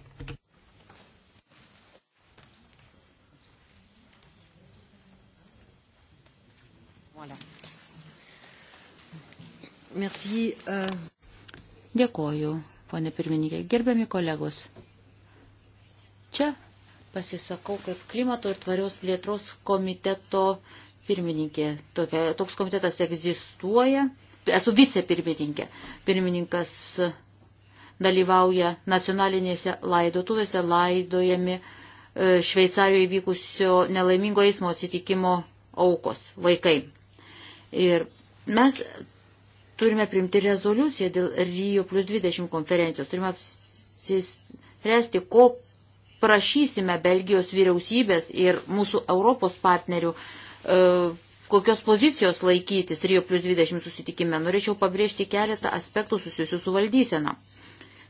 Merci. Uh... Dėkoju, ponė pirmininkė. Gerbiami kolegos. Čia pasisakau kaip klimato ir tvarios plėtros komiteto pirmininkė. Tokia, toks komitetas egzistuoja. Esu vicepirmininkė. Pirmininkas dalyvauja nacionalinėse laidotuvėse laidojami e, Šveicarijoje vykusio nelaimingo eismo atsitikimo aukos, vaikai. Ir mes Turime primti rezoliuciją dėl Rio plus 20 konferencijos. Turime apsispręsti, ko prašysime Belgijos vyriausybės ir mūsų Europos partnerių, e, kokios pozicijos laikytis Rio plus 20 susitikime. Norėčiau pabrėžti keletą aspektų susijusių su valdysena.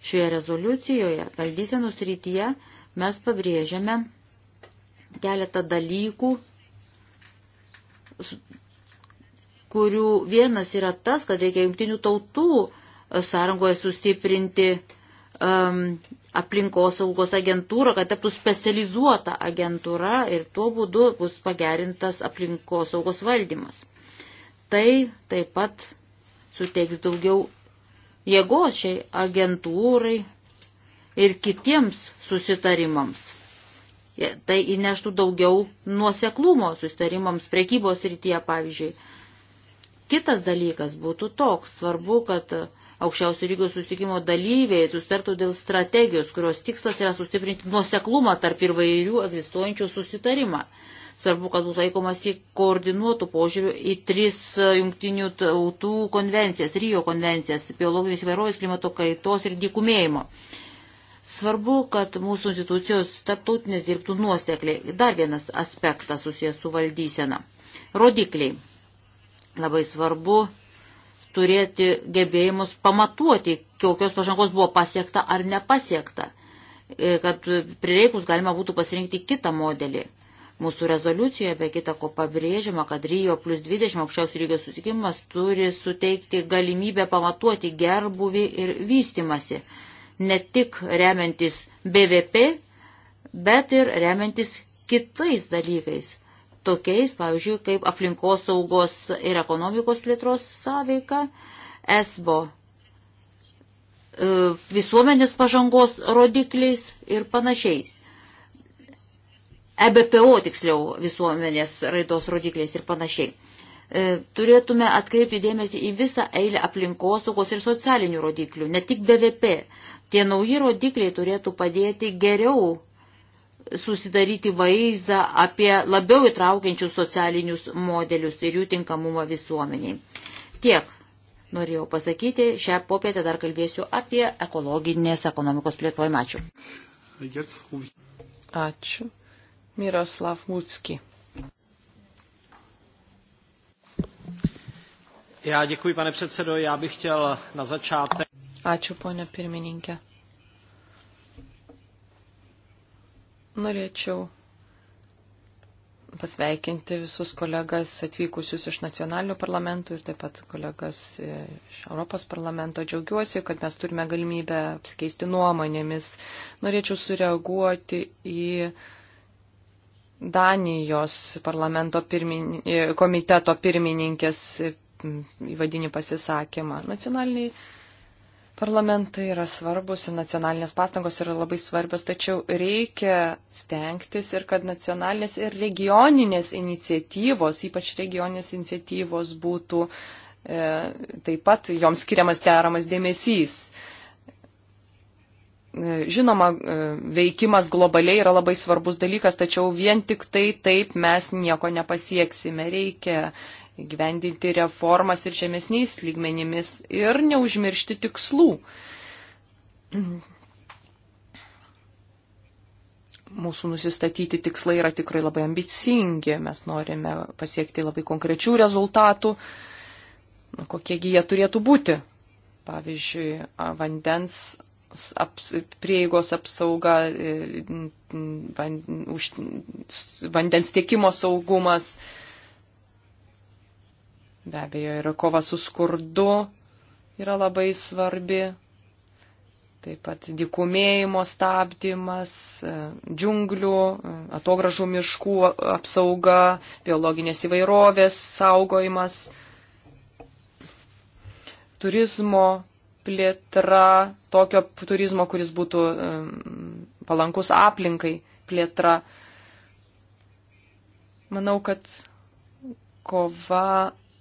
Šioje rezoliucijoje valdysenos rytyje mes pabrėžiame keletą dalykų, kurių vienas yra tas, kad reikia jungtinių tautų e, sąrangoje sustiprinti um, aplinkos saugos agentūrą, kad taptų specializuota agentūra ir tuo būdu bus pagerintas aplinkos saugos valdymas. Tai taip pat suteiks daugiau jėgos šiai agentūrai ir kitiems susitarimams. Tai įneštų daugiau nuoseklumo susitarimams prekybos rytyje, pavyzdžiui. Kitas dalykas būtų toks, svarbu, kad aukščiausių lygių susitikimo dalyviai susitartų dėl strategijos, kurios tikslas yra sustiprinti nuoseklumą tarp įvairių egzistuojančių susitarimą. Svarbu, kad būtų laikomasi koordinuotų požiūrių į tris jungtinių tautų konvencijas, Rio konvencijas, biologinės įvairovės, klimato kaitos ir dykumėjimo. Svarbu, kad mūsų institucijos tarptautinės dirbtų nuosekliai. Dar vienas aspektas susijęs su valdysena. Rodikliai Labai svarbu turėti gebėjimus pamatuoti, kokios pažangos buvo pasiekta ar nepasiekta, e, kad prireikus galima būtų pasirinkti kitą modelį. Mūsų rezoliucijoje be kita ko pabrėžiama, kad Rio plus 20 aukščiausių lygio susitikimas turi suteikti galimybę pamatuoti gerbuvį ir vystimasi, ne tik remiantis BVP, bet ir remiantis kitais dalykais tokiais, pavyzdžiui, kaip aplinkos saugos ir ekonomikos plėtros sąveika, esbo e, visuomenės pažangos rodikliais ir panašiais. EBPO tiksliau visuomenės raidos rodikliais ir panašiai. E, turėtume atkreipti dėmesį į visą eilę aplinkosaugos ir socialinių rodiklių, ne tik BVP. Tie nauji rodikliai turėtų padėti geriau susidaryti vaizdą apie labiau įtraukiančius socialinius modelius ir jų tinkamumą visuomeniai. Tiek norėjau pasakyti, šią popietę dar kalbėsiu apie ekologinės ekonomikos plėtojimą. Ačiū. Ačiū. Miroslav Mutski. Já děkuji, pane předsedo. Já bych chtěl na začátek. Ačiū, ponia pirmininkė. Norėčiau pasveikinti visus kolegas atvykusius iš nacionalinių parlamentų ir taip pat kolegas iš Europos parlamento. Džiaugiuosi, kad mes turime galimybę apsikeisti nuomonėmis. Norėčiau sureaguoti į Danijos parlamento pirmin... komiteto pirmininkės įvadinį pasisakymą. Nacionaliniai Parlamentai yra svarbus ir nacionalinės pastangos yra labai svarbios, tačiau reikia stengtis ir kad nacionalinės ir regioninės iniciatyvos, ypač regioninės iniciatyvos būtų e, taip pat joms skiriamas deramas dėmesys. E, žinoma, e, veikimas globaliai yra labai svarbus dalykas, tačiau vien tik tai taip mes nieko nepasieksime. Reikia gyvendinti reformas ir žemesniais lygmenimis ir neužmiršti tikslų. Mūsų nusistatyti tikslai yra tikrai labai ambicingi, mes norime pasiekti labai konkrečių rezultatų, kokiegi jie turėtų būti. Pavyzdžiui, vandens aps, prieigos apsauga, e, van, už, vandens tiekimo saugumas, Be abejo, ir kova su skurdu yra labai svarbi. Taip pat dikumėjimo stabdymas, e, džiunglių, e, atogražų miškų apsauga, biologinės įvairovės saugojimas, turizmo plėtra, tokio turizmo, kuris būtų e, palankus aplinkai plėtra. Manau, kad kova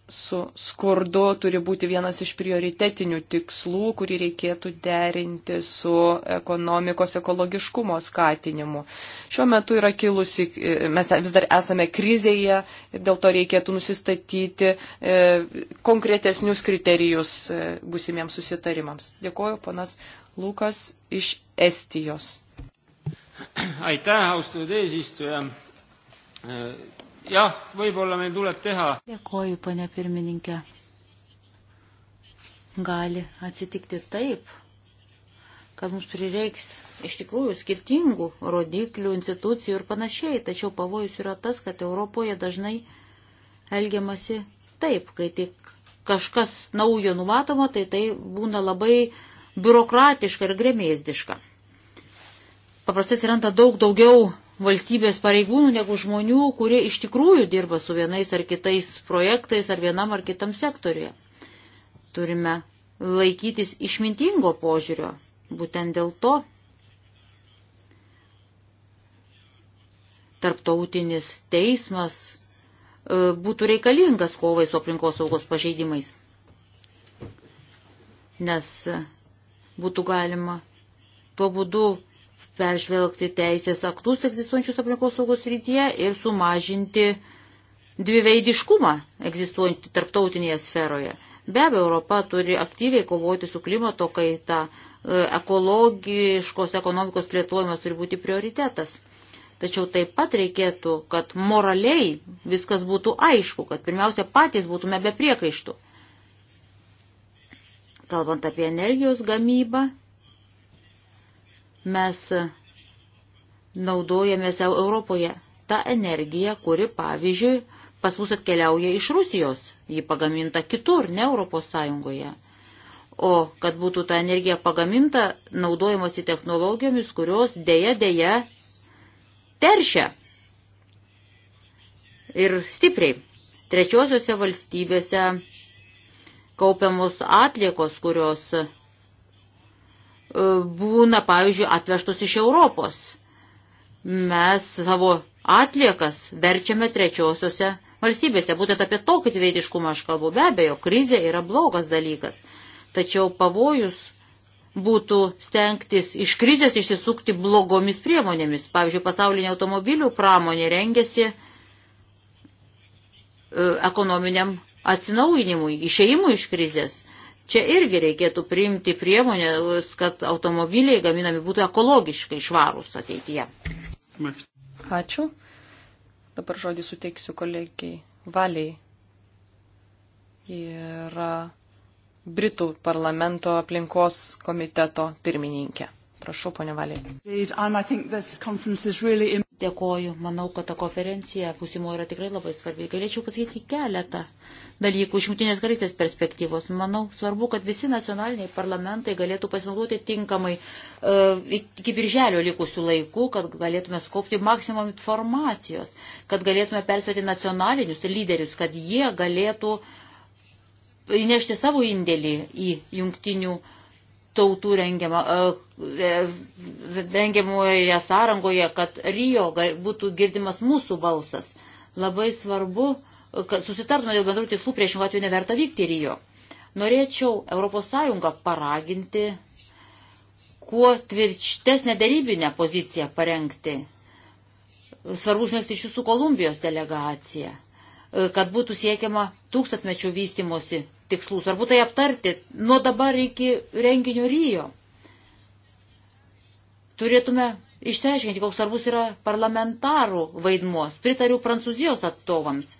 su skurdu turi būti vienas iš prioritetinių tikslų, kurį reikėtų derinti su ekonomikos ekologiškumo skatinimu. Šiuo metu yra kilusi, mes vis dar esame krizėje ir dėl to reikėtų nusistatyti e, konkretesnius kriterijus e, būsimiems susitarimams. Dėkuoju, ponas Lukas iš Estijos. Aitäh, austatud eesistuja jah, võib-olla meil tuleb teha. dėkoju, pane pirmininkė. gali atsitikti taip, kad mums prireiks iš tikrųjų skirtingų rodiklių, institucijų ir panašiai, tačiau pavojus yra tas, kad Europoje dažnai elgiamasi taip, kai tik kažkas naujo numatoma, tai tai būna labai biurokratiška ir gremėzdiška. Paprastai atsiranda daug daugiau valstybės pareigūnų negu žmonių, kurie iš tikrųjų dirba su vienais ar kitais projektais ar vienam ar kitam sektoriuje. Turime laikytis išmintingo požiūrio. Būtent dėl to tarptautinis teismas e, būtų reikalingas kovai su aplinkos saugos pažeidimais. Nes e, būtų galima tuo būdu peržvelgti teisės aktus egzistuojančius aplinkos saugos rytyje ir sumažinti dviveidiškumą egzistuojantį tarptautinėje sferoje. Be abejo, Europa turi aktyviai kovoti su klimato kaita, e, ekologiškos ekonomikos plėtojimas turi būti prioritetas. Tačiau taip pat reikėtų, kad moraliai viskas būtų aišku, kad pirmiausia patys būtume be priekaištų. Kalbant apie energijos gamybą, mes naudojame savo Europoje tą energiją, kuri, pavyzdžiui, pas mus atkeliauja iš Rusijos. Ji pagaminta kitur, ne Europos Sąjungoje. O kad būtų ta energija pagaminta, naudojamosi technologijomis, kurios dėja dėja teršia. Ir stipriai. Trečiosiuose valstybėse kaupiamos atliekos, kurios būna, pavyzdžiui, atvežtos iš Europos. Mes savo atliekas verčiame trečiosiuose valstybėse. Būtent apie tokį dviejdiškumą aš kalbu. Be abejo, krizė yra blogas dalykas. Tačiau pavojus būtų stengtis iš krizės išsisukti blogomis priemonėmis. Pavyzdžiui, pasaulinė automobilių pramonė rengiasi e, ekonominiam atsinaujinimui, išeimui iš krizės. Čia irgi reikėtų priimti priemonės, kad automobiliai gaminami būtų ekologiškai švarūs ateityje. Ačiū. Dabar žodį suteiksiu kolegiai Valiai. Yra Britų parlamento aplinkos komiteto pirmininkė. Prašau, ponė Valiai. Um, Dėkoju. Manau, kad ta konferencija būsimo yra tikrai labai svarbi. Galėčiau pasakyti keletą dalykų iš jungtinės karalystės perspektyvos. Manau, svarbu, kad visi nacionaliniai parlamentai galėtų pasinaudoti tinkamai e, iki birželio likusių laikų, kad galėtume skopti maksimum informacijos, kad galėtume perspėti nacionalinius lyderius, kad jie galėtų įnešti savo indėlį į jungtinių tautų rengiamą, e, e, rengiamoje sąrangoje, kad Rijo būtų girdimas mūsų balsas. Labai svarbu, kad susitartume dėl bendrų tikslų, priešingų atveju neverta vykti į Rijo. Norėčiau ES paraginti kuo tvirtesnę darybinę poziciją parengti. Svarbu užmėgsti iš jūsų Kolumbijos delegaciją, kad būtų siekiama tūkstantmečių vystimosi tikslų. Svarbu tai aptarti nuo dabar iki renginio Rijo. Turėtume išsiaiškinti, koks svarbus yra parlamentarų vaidmuos. Pritariu prancūzijos atstovams.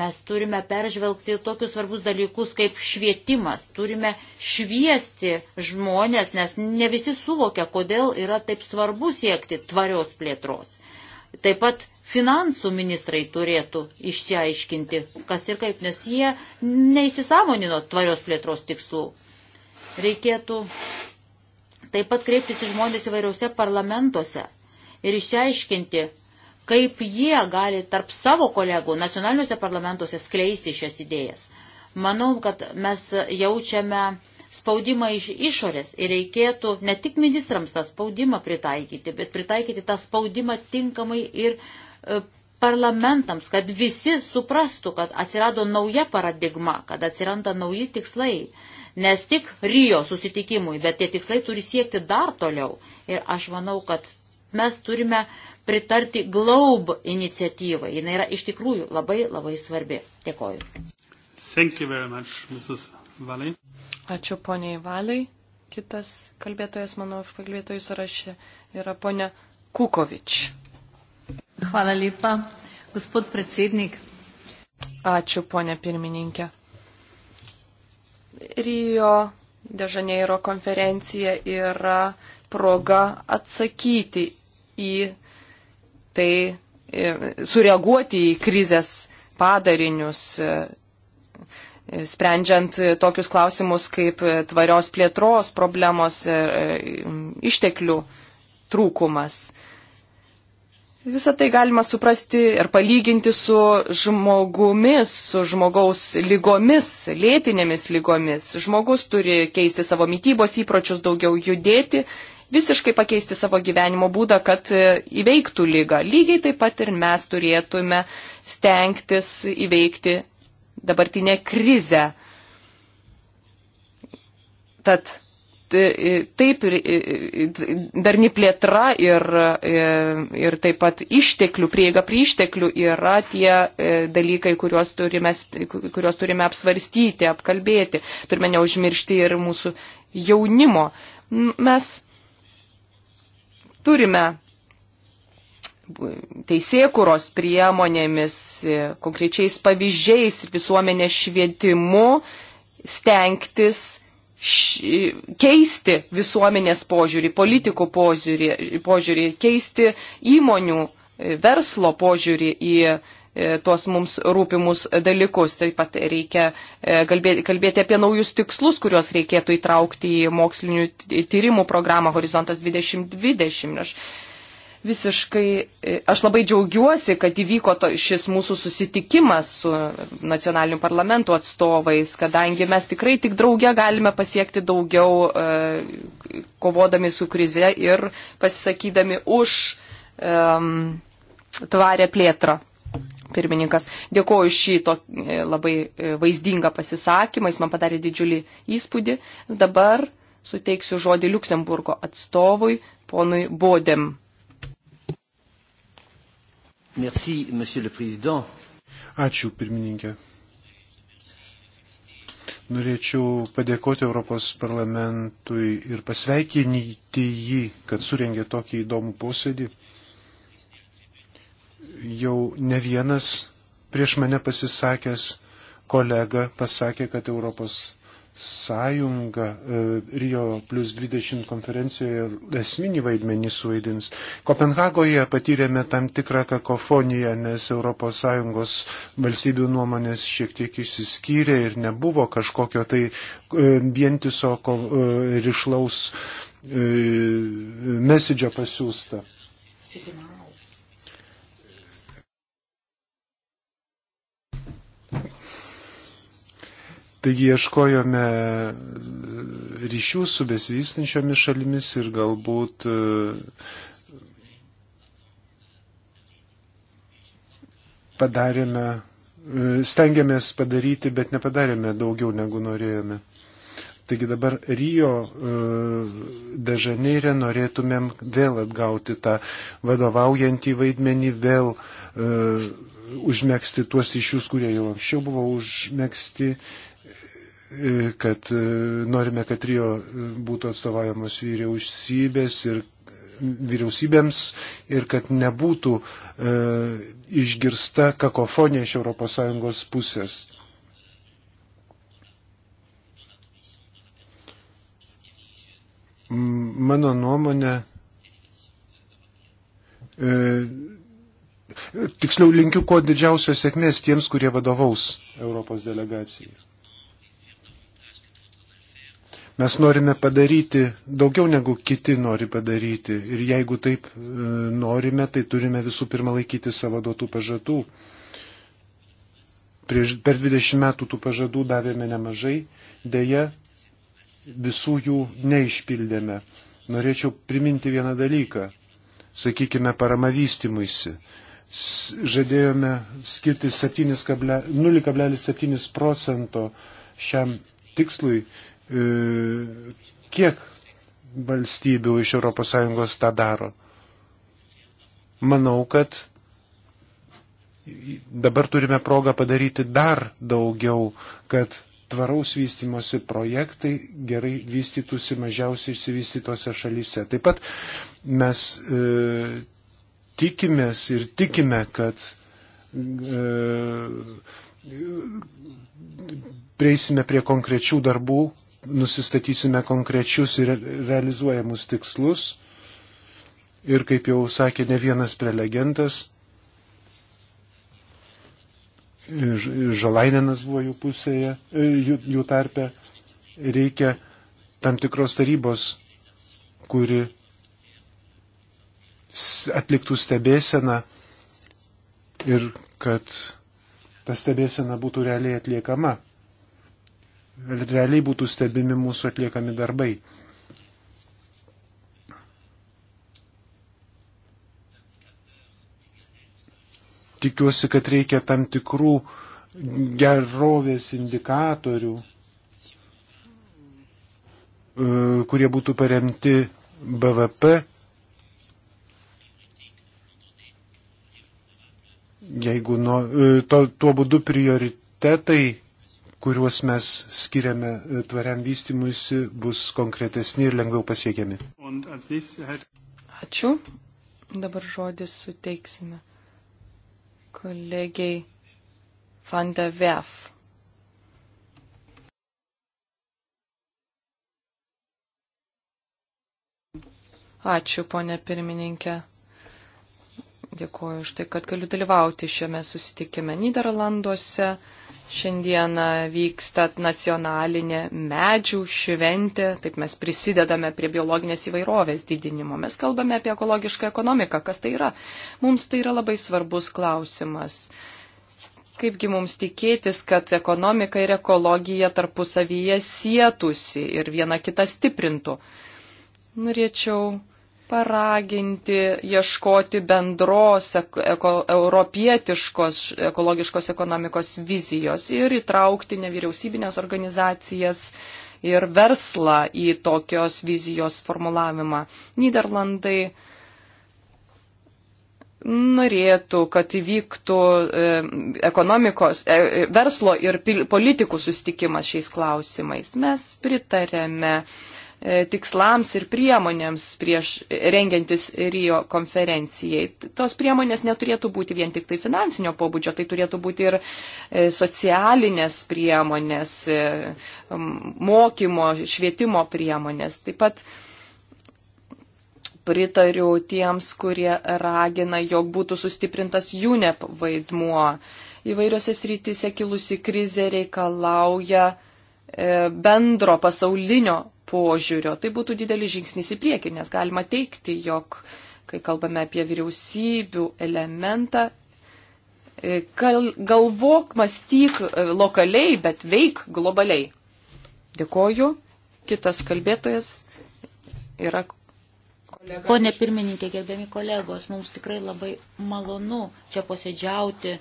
Mes turime peržvelgti tokius svarbus dalykus kaip švietimas. Turime šviesti žmonės, nes ne visi suvokia, kodėl yra taip svarbu siekti tvarios plėtros. Taip pat finansų ministrai turėtų išsiaiškinti, kas ir kaip, nes jie neįsisamonino tvarios plėtros tikslų. Reikėtų taip pat kreiptis į žmonės įvairiausiose parlamentuose ir išsiaiškinti, kaip jie gali tarp savo kolegų nacionaliniuose parlamentuose skleisti šias idėjas. Manau, kad mes jaučiame spaudimą iš išorės ir reikėtų ne tik ministrams tą spaudimą pritaikyti, bet pritaikyti tą spaudimą tinkamai ir e, parlamentams, kad visi suprastų, kad atsirado nauja paradigma, kad atsiranda nauji tikslai. Nes tik Rijo susitikimui, bet tie tikslai turi siekti dar toliau. Ir aš manau, kad mes turime uh, pritarti Globe iniciatyvai. Jis yra iš tikrųjų labai labai svarbi. Dėkoju. Much, Ačiū poniai Valiai. Kitas kalbėtojas mano kalbėtojų sąraše yra ponia Kukovič. Hvala lepa, gospod predsednik. Ačiū, ponė pirmininkė. Rio Dežaneiro konferencija yra proga atsakyti į tai e, sureaguoti į krizės padarinius, e, e, sprendžiant tokius klausimus kaip tvarios plėtros problemos ir išteklių trūkumas. Visą tai galima suprasti ir palyginti su žmogumis, su žmogaus lygomis, lėtinėmis lygomis. Žmogus turi keisti savo mytybos įpročius, daugiau judėti visiškai pakeisti savo gyvenimo būdą, kad e, įveiktų lygą. Lygiai taip pat ir mes turėtume stengtis įveikti dabartinę krizę. Tad e, taip e, darni plėtra ir, ir taip pat išteklių, prieiga prie išteklių yra tie dalykai, kuriuos turime, kuriuos turime apsvarstyti, apkalbėti. Turime neužmiršti ir mūsų jaunimo. Mes turime teisėkuros priemonėmis, e, konkrečiais pavyzdžiais ir visuomenės švietimu stengtis š... E, keisti visuomenės požiūrį, politikų požiūrį, požiūrį keisti įmonių, e, verslo požiūrį į E, tuos mums rūpimus dalykus. Taip pat reikia kalbėti, e, kalbėti apie naujus tikslus, kuriuos reikėtų įtraukti į mokslinių tyrimų programą Horizontas 2020. Aš visiškai, e, aš labai džiaugiuosi, kad įvyko to, šis mūsų susitikimas su nacionaliniu parlamentu atstovais, kadangi mes tikrai tik drauge galime pasiekti daugiau, kovodami su krize ir pasisakydami už um, tvarę plėtrą. Pirmininkas, dėkoju šito e, labai e, vaizdingą pasisakymą, jis man padarė didžiulį įspūdį. Dabar suteiksiu žodį Luksemburgo atstovui, ponui Bodem. Merci, Ačiū, pirmininkė. Norėčiau padėkoti Europos parlamentui ir pasveikinti jį, kad surengė tokį įdomų posėdį jau ne vienas prieš mane pasisakęs kolega pasakė, kad Europos sąjunga e, Rio plus 20 konferencijoje esminį vaidmenį suvaidins. Kopenhagoje patyrėme tam tikrą kakofoniją, nes ES valstybių nuomonės šiek tiek išsiskyrė ir nebuvo kažkokio tai e, vientiso ir e, išlaus mesidžio pasiūsta. Signal. Taigi ieškojome ryšių su besivystančiomis šalimis ir galbūt e, padarėme, e, stengiamės padaryti, bet nepadarėme daugiau negu norėjome. Taigi dabar Rijo e, dežaneirė norėtumėm vėl atgauti tą vadovaujantį vaidmenį, vėl užmėgsti tuos ryšius, kurie jau anksčiau buvo užmėgsti kad e, norime, kad Rio būtų atstovaujamos vyriausybės ir vyriausybėms ir kad nebūtų e, išgirsta kakofonė iš ES pusės. Mano nuomonė, e, tiksliau linkiu kuo didžiausios sėkmės tiems, kurie vadovaus Europos delegacijai. Mes norime padaryti daugiau negu kiti nori padaryti. Ir jeigu taip e, norime, tai turime visų pirma laikyti savo duotų pažadų. Prieš, per 20 metų tų pažadų davėme nemažai, dėja visų jų neišpildėme. Norėčiau priminti vieną dalyką. Sakykime, parama vystimuisi. Žadėjome skirti 0,7 procento šiam tikslui, E, kiek valstybių iš ES tą daro? Manau, kad dabar turime progą padaryti dar daugiau, kad tvaraus vystimosi projektai gerai vystytųsi mažiausiai išsivystytose šalyse. Taip pat mes e, tikimės ir tikime, kad e, prieisime prie konkrečių darbų, nusistatysime konkrečius ir realizuojamus tikslus. Ir kaip jau sakė ne vienas prelegentas, Žalaininas buvo jų pusėje, e, jų, jų tarpe, reikia tam tikros tarybos, kuri atliktų stebėseną ir kad ta stebėsena būtų realiai atliekama realiai būtų stebimi mūsų atliekami darbai. Tikiuosi, kad reikia tam tikrų gerovės indikatorių, e, kurie būtų paremti BVP. Jeigu nuo, e, to, tuo būdu prioritetai kuriuos mes skiriame e, tvariam vystimuisi, bus konkretesni ir lengviau pasiekiami. Ačiū. Dabar žodį suteiksime kolegiai Van der Werf. Ačiū, ponė pirmininkė. Dėkuoju už tai, kad galiu dalyvauti šiame susitikime Niderlanduose. Šiandieną vyksta nacionalinė medžių šventė, taip mes prisidedame prie biologinės įvairovės didinimo. Mes kalbame apie ekologišką ekonomiką. Kas tai yra? Mums tai yra labai svarbus klausimas. Kaipgi mums tikėtis, kad ekonomika ir ekologija tarpusavyje sėtųsi ir viena kitą stiprintų? Norėčiau paraginti ieškoti bendros eko, europietiškos ekologiškos ekonomikos vizijos ir įtraukti nevyriausybinės organizacijas ir verslą į tokios vizijos formulavimą. Niderlandai norėtų, kad įvyktų e, ekonomikos, e, verslo ir politikų sustikimas šiais klausimais. Mes pritarėme E, tikslams ir priemonėms prieš e, rengiantis Rio konferencijai. Tos priemonės neturėtų būti vien tik tai finansinio pobūdžio, tai turėtų būti ir e, socialinės priemonės, mokymo, švietimo priemonės. Taip pat pritariu tiems, kurie ragina, jog būtų sustiprintas UNEP vaidmuo. Įvairiose srityse kilusi krizė reikalauja bendro pasaulinio požiūrio. Tai būtų didelis žingsnis į priekį, nes galima teikti, jog, kai kalbame apie vyriausybių elementą, e, galvok, mąstyk e, lokaliai, bet veik globaliai. Dėkoju. Kitas kalbėtojas yra kolega. Pone pirmininkė, gerbiami kolegos, mums tikrai labai malonu čia posėdžiauti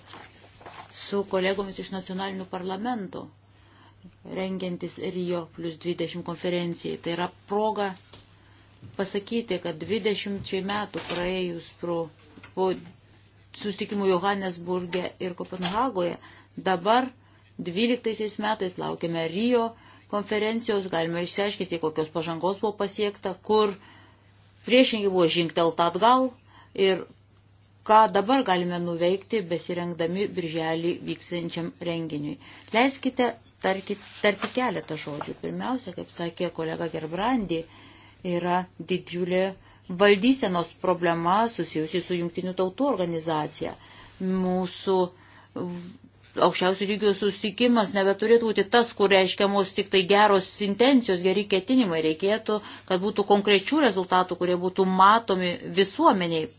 su kolegomis iš nacionalinių parlamentų rengiantis Rio plus 20 konferencijai. Tai yra proga pasakyti, kad 20 metų praėjus pro, po sustikimų Johannesburgė ir Kopenhagoje, dabar 12 metais laukiame Rio konferencijos, galime išsiaiškinti, kokios pažangos buvo pasiekta, kur priešingai buvo žingtelta atgal ir ką dabar galime nuveikti besirengdami birželį vyksiančiam renginiui. Leiskite tarti keletą žodžių. Pirmiausia, kaip sakė kolega Gerbrandi, yra didžiulė valdysenos problema susijusi su jungtinių tautų organizacija. Mūsų aukščiausių lygių susitikimas nebeturėtų būti tas, kur reiškiamos tik tai geros intencijos, geri ketinimai. Reikėtų, kad būtų konkrečių rezultatų, kurie būtų matomi visuomeniai.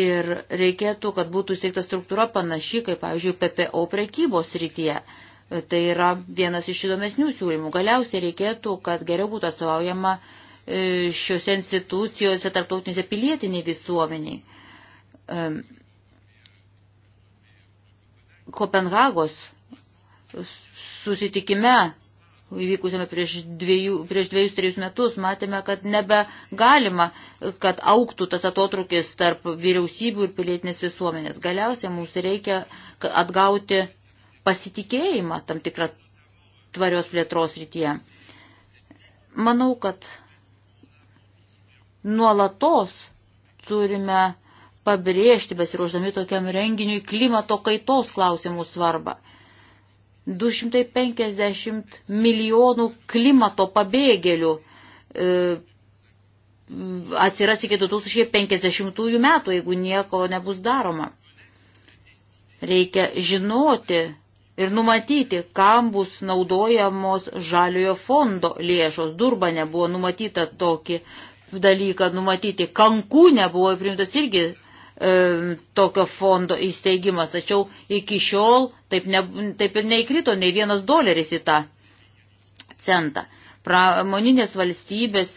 Ir reikėtų, kad būtų įsteigta struktūra panaši, kaip, pavyzdžiui, PPO prekybos rytyje. Tai yra vienas iš įdomesnių siūlymų. Galiausiai reikėtų, kad geriau būtų atstovaujama e, šiuose institucijose tarptautinėse pilietiniai visuomeniai. E, Kopenhagos susitikime įvykusiame prieš, dviejų, prieš dviejus, trejus metus, matėme, kad nebegalima, kad auktų tas atotrukis tarp vyriausybių ir pilietinės visuomenės. Galiausiai mums reikia atgauti pasitikėjimą tam tikrą tvarios plėtros rytyje. Manau, kad nuolatos turime pabrėžti, besiruoždami tokiam renginiui, klimato kaitos klausimų svarbą. 250 milijonų klimato pabėgėlių e, atsiras iki 2050 metų, jeigu nieko nebus daroma. Reikia žinoti, ir numatyti, kam bus naudojamos žaliojo fondo lėšos. Durbane buvo numatyta tokį dalyką numatyti. Kankūne buvo priimtas irgi e, tokio fondo įsteigimas, tačiau iki šiol taip, ne, taip ir neįkrito nei vienas doleris į tą centą. Pramoninės valstybės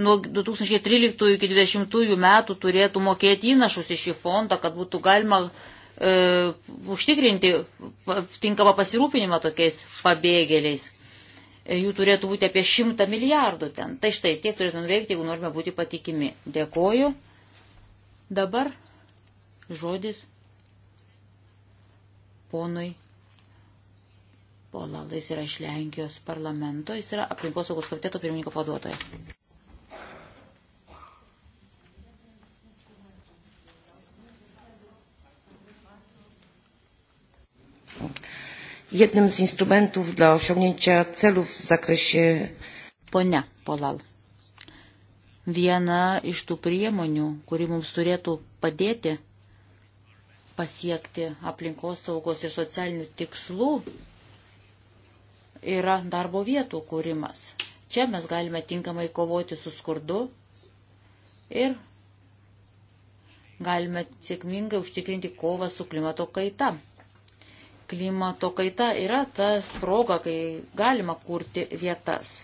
nuo 2013 iki 2020 metų turėtų mokėti įnašus į šį fondą, kad būtų galima E, užtikrinti tinkamą pasirūpinimą tokiais pabėgėliais. E, jų turėtų būti apie šimtą milijardų ten. Tai štai tiek turėtume veikti, jeigu norime būti patikimi. Dėkoju. Dabar žodis ponui Polalais yra iš Lenkijos parlamento, jis yra aplinkosaugos komiteto pirmininko paduotojas. jednym z instrumentów dla osiągnięcia celów w zakresie. Pone Polal, viena iš tų priemonių, kuri mums turėtų padėti pasiekti aplinkos saugos ir socialinių tikslų, yra darbo vietų kūrimas. Čia mes galime tinkamai kovoti su skurdu ir galime sėkmingai užtikrinti kovą su klimato kaita klimato kaita yra tas proga, kai galima kurti vietas.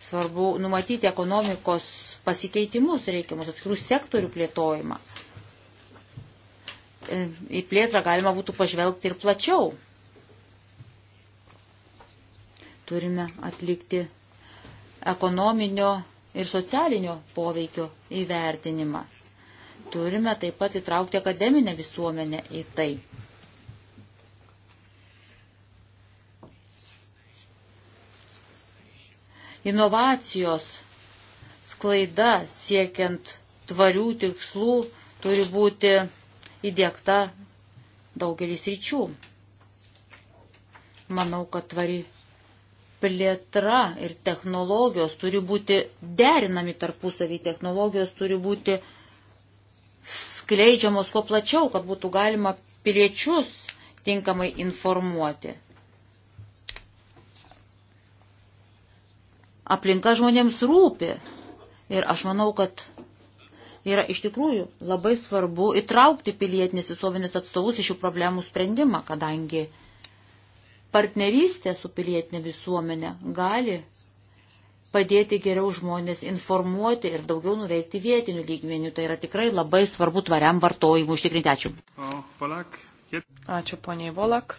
Svarbu numatyti ekonomikos pasikeitimus reikiamus, atskirų sektorių plėtojimą. E, į plėtrą galima būtų pažvelgti ir plačiau. Turime atlikti ekonominio ir socialinio poveikio įvertinimą. Turime taip pat įtraukti akademinę visuomenę į tai. Inovacijos sklaida siekiant tvarių tikslų turi būti įdėkta daugelis ryčių. Manau, kad tvari plėtra ir technologijos turi būti derinami tarpusavį, technologijos turi būti skleidžiamos kuo plačiau, kad būtų galima piliečius tinkamai informuoti. aplinka žmonėms rūpi. Ir aš manau, kad yra iš tikrųjų labai svarbu įtraukti pilietinės visuomenės atstovus į šių problemų sprendimą, kadangi partnerystė su pilietinė visuomenė gali padėti geriau žmonės informuoti ir daugiau nuveikti vietinių lygmenių. Tai yra tikrai labai svarbu tvariam vartojimui užtikrinti. Ačiū. Ačiū poniai Volak.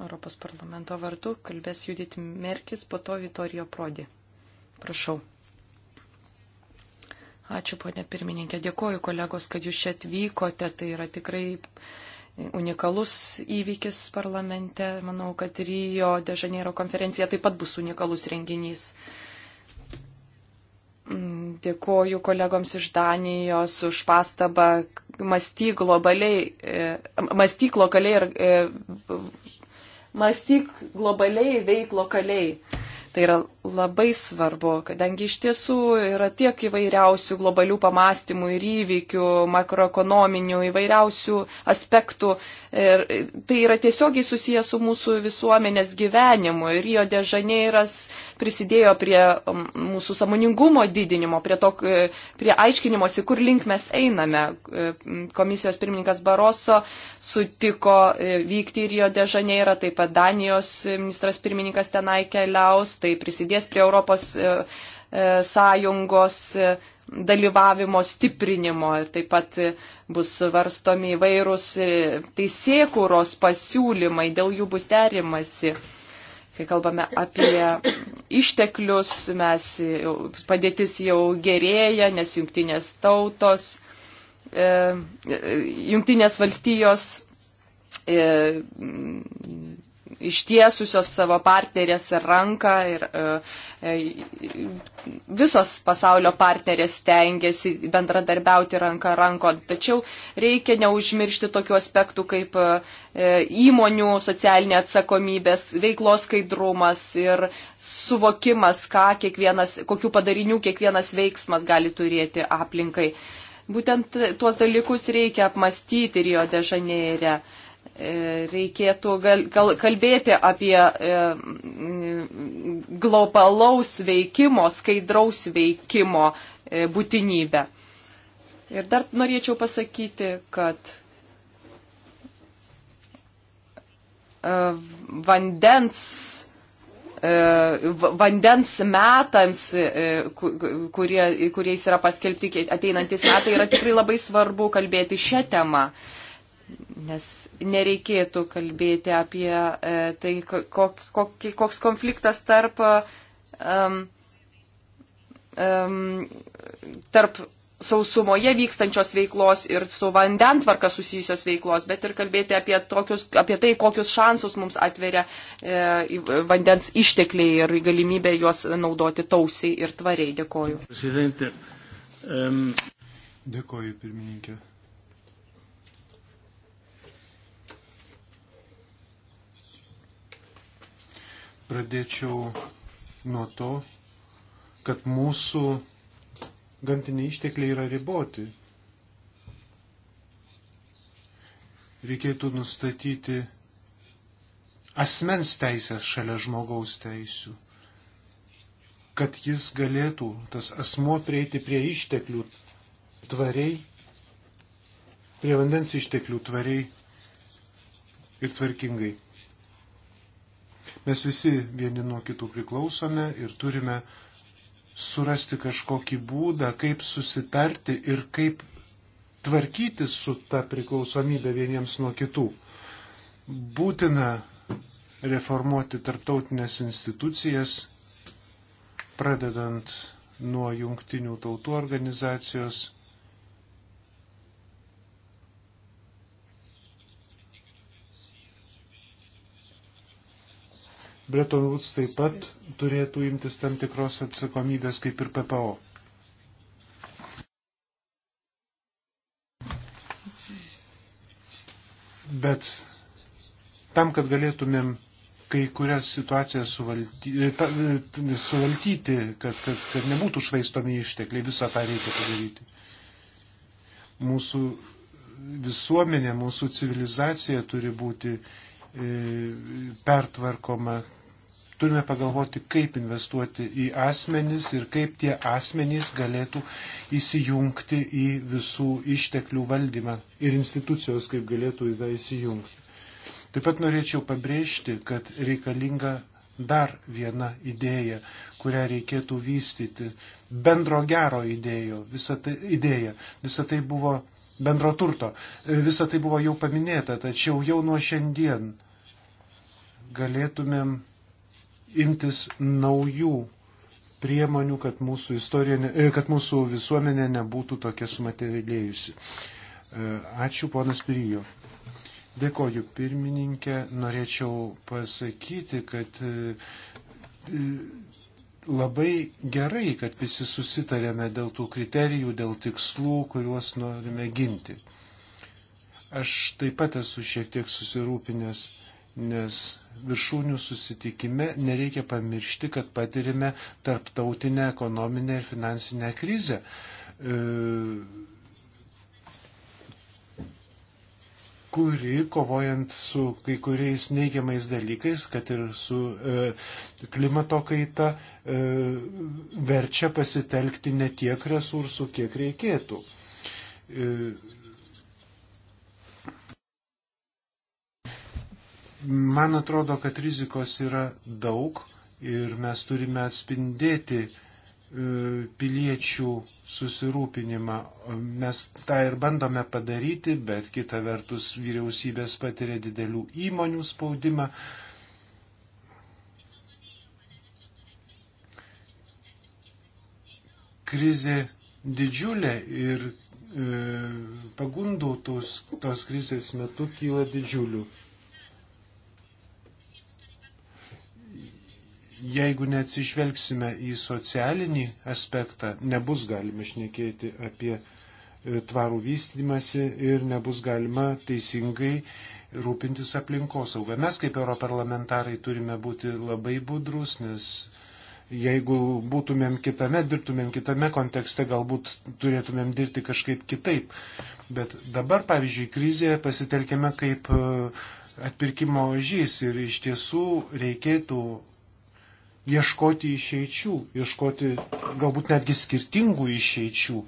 Europos parlamento vardu kalbės Judith Merkis, po to Vitorijo Prodi. Prašau. Ačiū, ponė pirmininkė. Dėkoju, kolegos, kad jūs čia atvykote. Tai yra tikrai unikalus įvykis parlamente. Manau, kad Rijo Dežaneiro konferencija taip pat bus unikalus renginys. Dėkoju kolegoms iš Danijos už pastabą, mąstyk globaliai, e, mąstyk lokaliai ir e, Mąstyk globaliai, veik lokaliai. Tai yra labai svarbu, kadangi iš tiesų yra tiek įvairiausių globalių pamastymų ir įvykių, makroekonominių įvairiausių aspektų. Ir tai yra tiesiogiai susijęs su mūsų visuomenės gyvenimu. Ir jo dežanėras prisidėjo prie um, mūsų samoningumo didinimo, prie, to, e, prie aiškinimosi, kur link mes einame. E, komisijos pirmininkas Baroso sutiko e, vykti į Rio dežanėrą, taip pat Danijos ministras pirmininkas tenai keliaus. Tai prisidėjo prisidės prie Europos e, e, sąjungos e, dalyvavimo stiprinimo ir taip pat bus varstomi įvairūs teisėkūros pasiūlymai, dėl jų bus derimasi. Kai kalbame apie išteklius, mes, padėtis jau gerėja, nes jungtinės tautos, jungtinės valstijos ištiesusios savo partnerės ranką ir e, e visos pasaulio partnerės tengiasi bendradarbiauti ranką ranko. Tačiau reikia neužmiršti tokių aspektų kaip e, e, įmonių socialinė atsakomybės, veiklos skaidrumas ir suvokimas, kokių padarinių kiekvienas veiksmas gali turėti aplinkai. Būtent tuos dalykus reikia apmastyti Rio de Žaneire. E, reikėtų gal, gal, kalbėti apie e, globalaus veikimo, skaidraus veikimo e, būtinybę. Ir dar norėčiau pasakyti, kad e, vandens, e, vandens metams, e, kurie, kuriais yra paskelbti ateinantis metai, yra tikrai labai svarbu kalbėti šią temą. E, nes nereikėtų kalbėti apie e, tai, kok, kok, koks konfliktas tarp, um, um, tarp sausumoje vykstančios veiklos ir su vandentvarka susijusios veiklos, bet ir kalbėti apie, tokius, apie tai, kokius šansus mums atveria e, vandens ištekliai ir galimybė juos naudoti tausiai ir tvariai. Dėkoju. Presidente, um... Dėkoju, pirmininkė. Pradėčiau nuo to, kad mūsų gamtiniai ištekliai yra riboti. Reikėtų nustatyti asmens teisės šalia žmogaus teisių, kad jis galėtų, tas asmo prieiti prie išteklių tvariai, prie vandens išteklių tvariai ir tvarkingai. Mes visi vieni nuo kitų priklausome ir turime surasti kažkokį būdą, kaip susitarti ir kaip tvarkytis su ta priklausomybė vieniems nuo kitų. Būtina reformuoti tarptautinės institucijas, pradedant nuo jungtinių tautų organizacijos Bretton Woods taip pat turėtų imtis tam tikros atsakomybės kaip ir PPO. Bet tam, kad galėtumėm kai kurias situacijas suvaldyti, e, ta, e, suvaldyti kad, kad, kad nebūtų švaistomi ištekliai, visą tą reikia padaryti. Mūsų visuomenė, mūsų civilizacija turi būti e, pertvarkoma, Turime pagalvoti, kaip investuoti į asmenis ir kaip tie asmenys galėtų įsijungti į visų išteklių valdymą ir institucijos, kaip galėtų į tą įsijungti. Taip pat norėčiau pabrėžti, kad reikalinga dar viena idėja, kurią reikėtų vystyti. Bendro gero idėjo, visa tai, idėja. Visa tai buvo bendro turto. Visa tai buvo jau paminėta, tačiau jau nuo šiandien galėtumėm imtis naujų priemonių, kad mūsų, istorija, e, kad mūsų visuomenė nebūtų tokia sumaterialėjusi. E, ačiū, ponas Pirijo. Dėkoju, pirmininkė. Norėčiau pasakyti, kad e, labai gerai, kad visi susitarėme dėl tų kriterijų, dėl tikslų, kuriuos norime ginti. Aš taip pat esu šiek tiek susirūpinęs nes viršūnių susitikime nereikia pamiršti, kad patirime tarptautinę ekonominę ir finansinę krizę. E, kuri, kovojant su kai kuriais neigiamais dalykais, kad ir su e, klimato kaita, e, verčia pasitelkti ne tiek resursų, kiek reikėtų. E, Man atrodo, kad rizikos yra daug ir mes turime atspindėti e, piliečių susirūpinimą. Mes tą ir bandome padaryti, bet kita vertus vyriausybės patiria didelių įmonių spaudimą. Krizė didžiulė ir e, pagundų tos, tos krizės metu kyla didžiulių jeigu neatsižvelgsime į socialinį aspektą, nebus galima šnekėti apie e, tvarų vystymasi ir nebus galima teisingai rūpintis aplinkosaugą. Mes kaip europarlamentarai turime būti labai budrus, nes jeigu būtumėm kitame, dirbtumėm kitame kontekste, galbūt turėtumėm dirbti kažkaip kitaip. Bet dabar, pavyzdžiui, krizėje pasitelkėme kaip e, atpirkimo žys ir iš tiesų reikėtų ieškoti išeičių, ieškoti galbūt netgi skirtingų išeičių.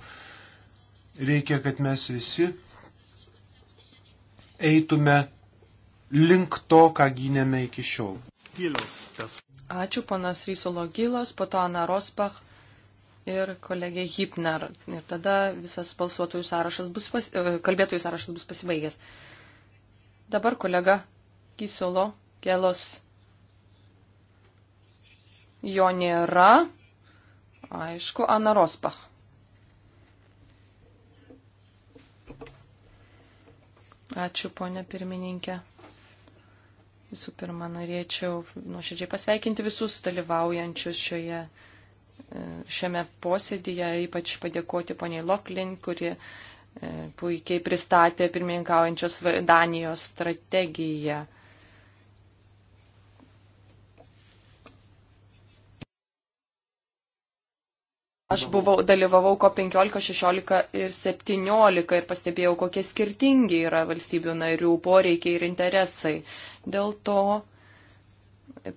Reikia, kad mes visi eitume link to, ką gynėme iki šiol. Ačiū, panas Rysolo Gilas, po to Ana Rospach ir kolegė Hipner. Ir tada visas balsuotojų sąrašas bus, pas, e, kalbėtojų sąrašas bus pasibaigęs. Dabar kolega Kisolo Gelos jo nėra. Aišku, Ana Rospach. Ačiū, ponė pirmininkė. Visų pirma, norėčiau nuoširdžiai pasveikinti visus dalyvaujančius šioje, e, šiame posėdėje, ypač padėkoti poniai Loklin, kuri e, puikiai pristatė pirmininkaujančios Danijos strategiją. Aš buvau, dalyvavau ko 15, 16 ir 17 ir pastebėjau, kokie skirtingi yra valstybių narių poreikiai ir interesai. Dėl to,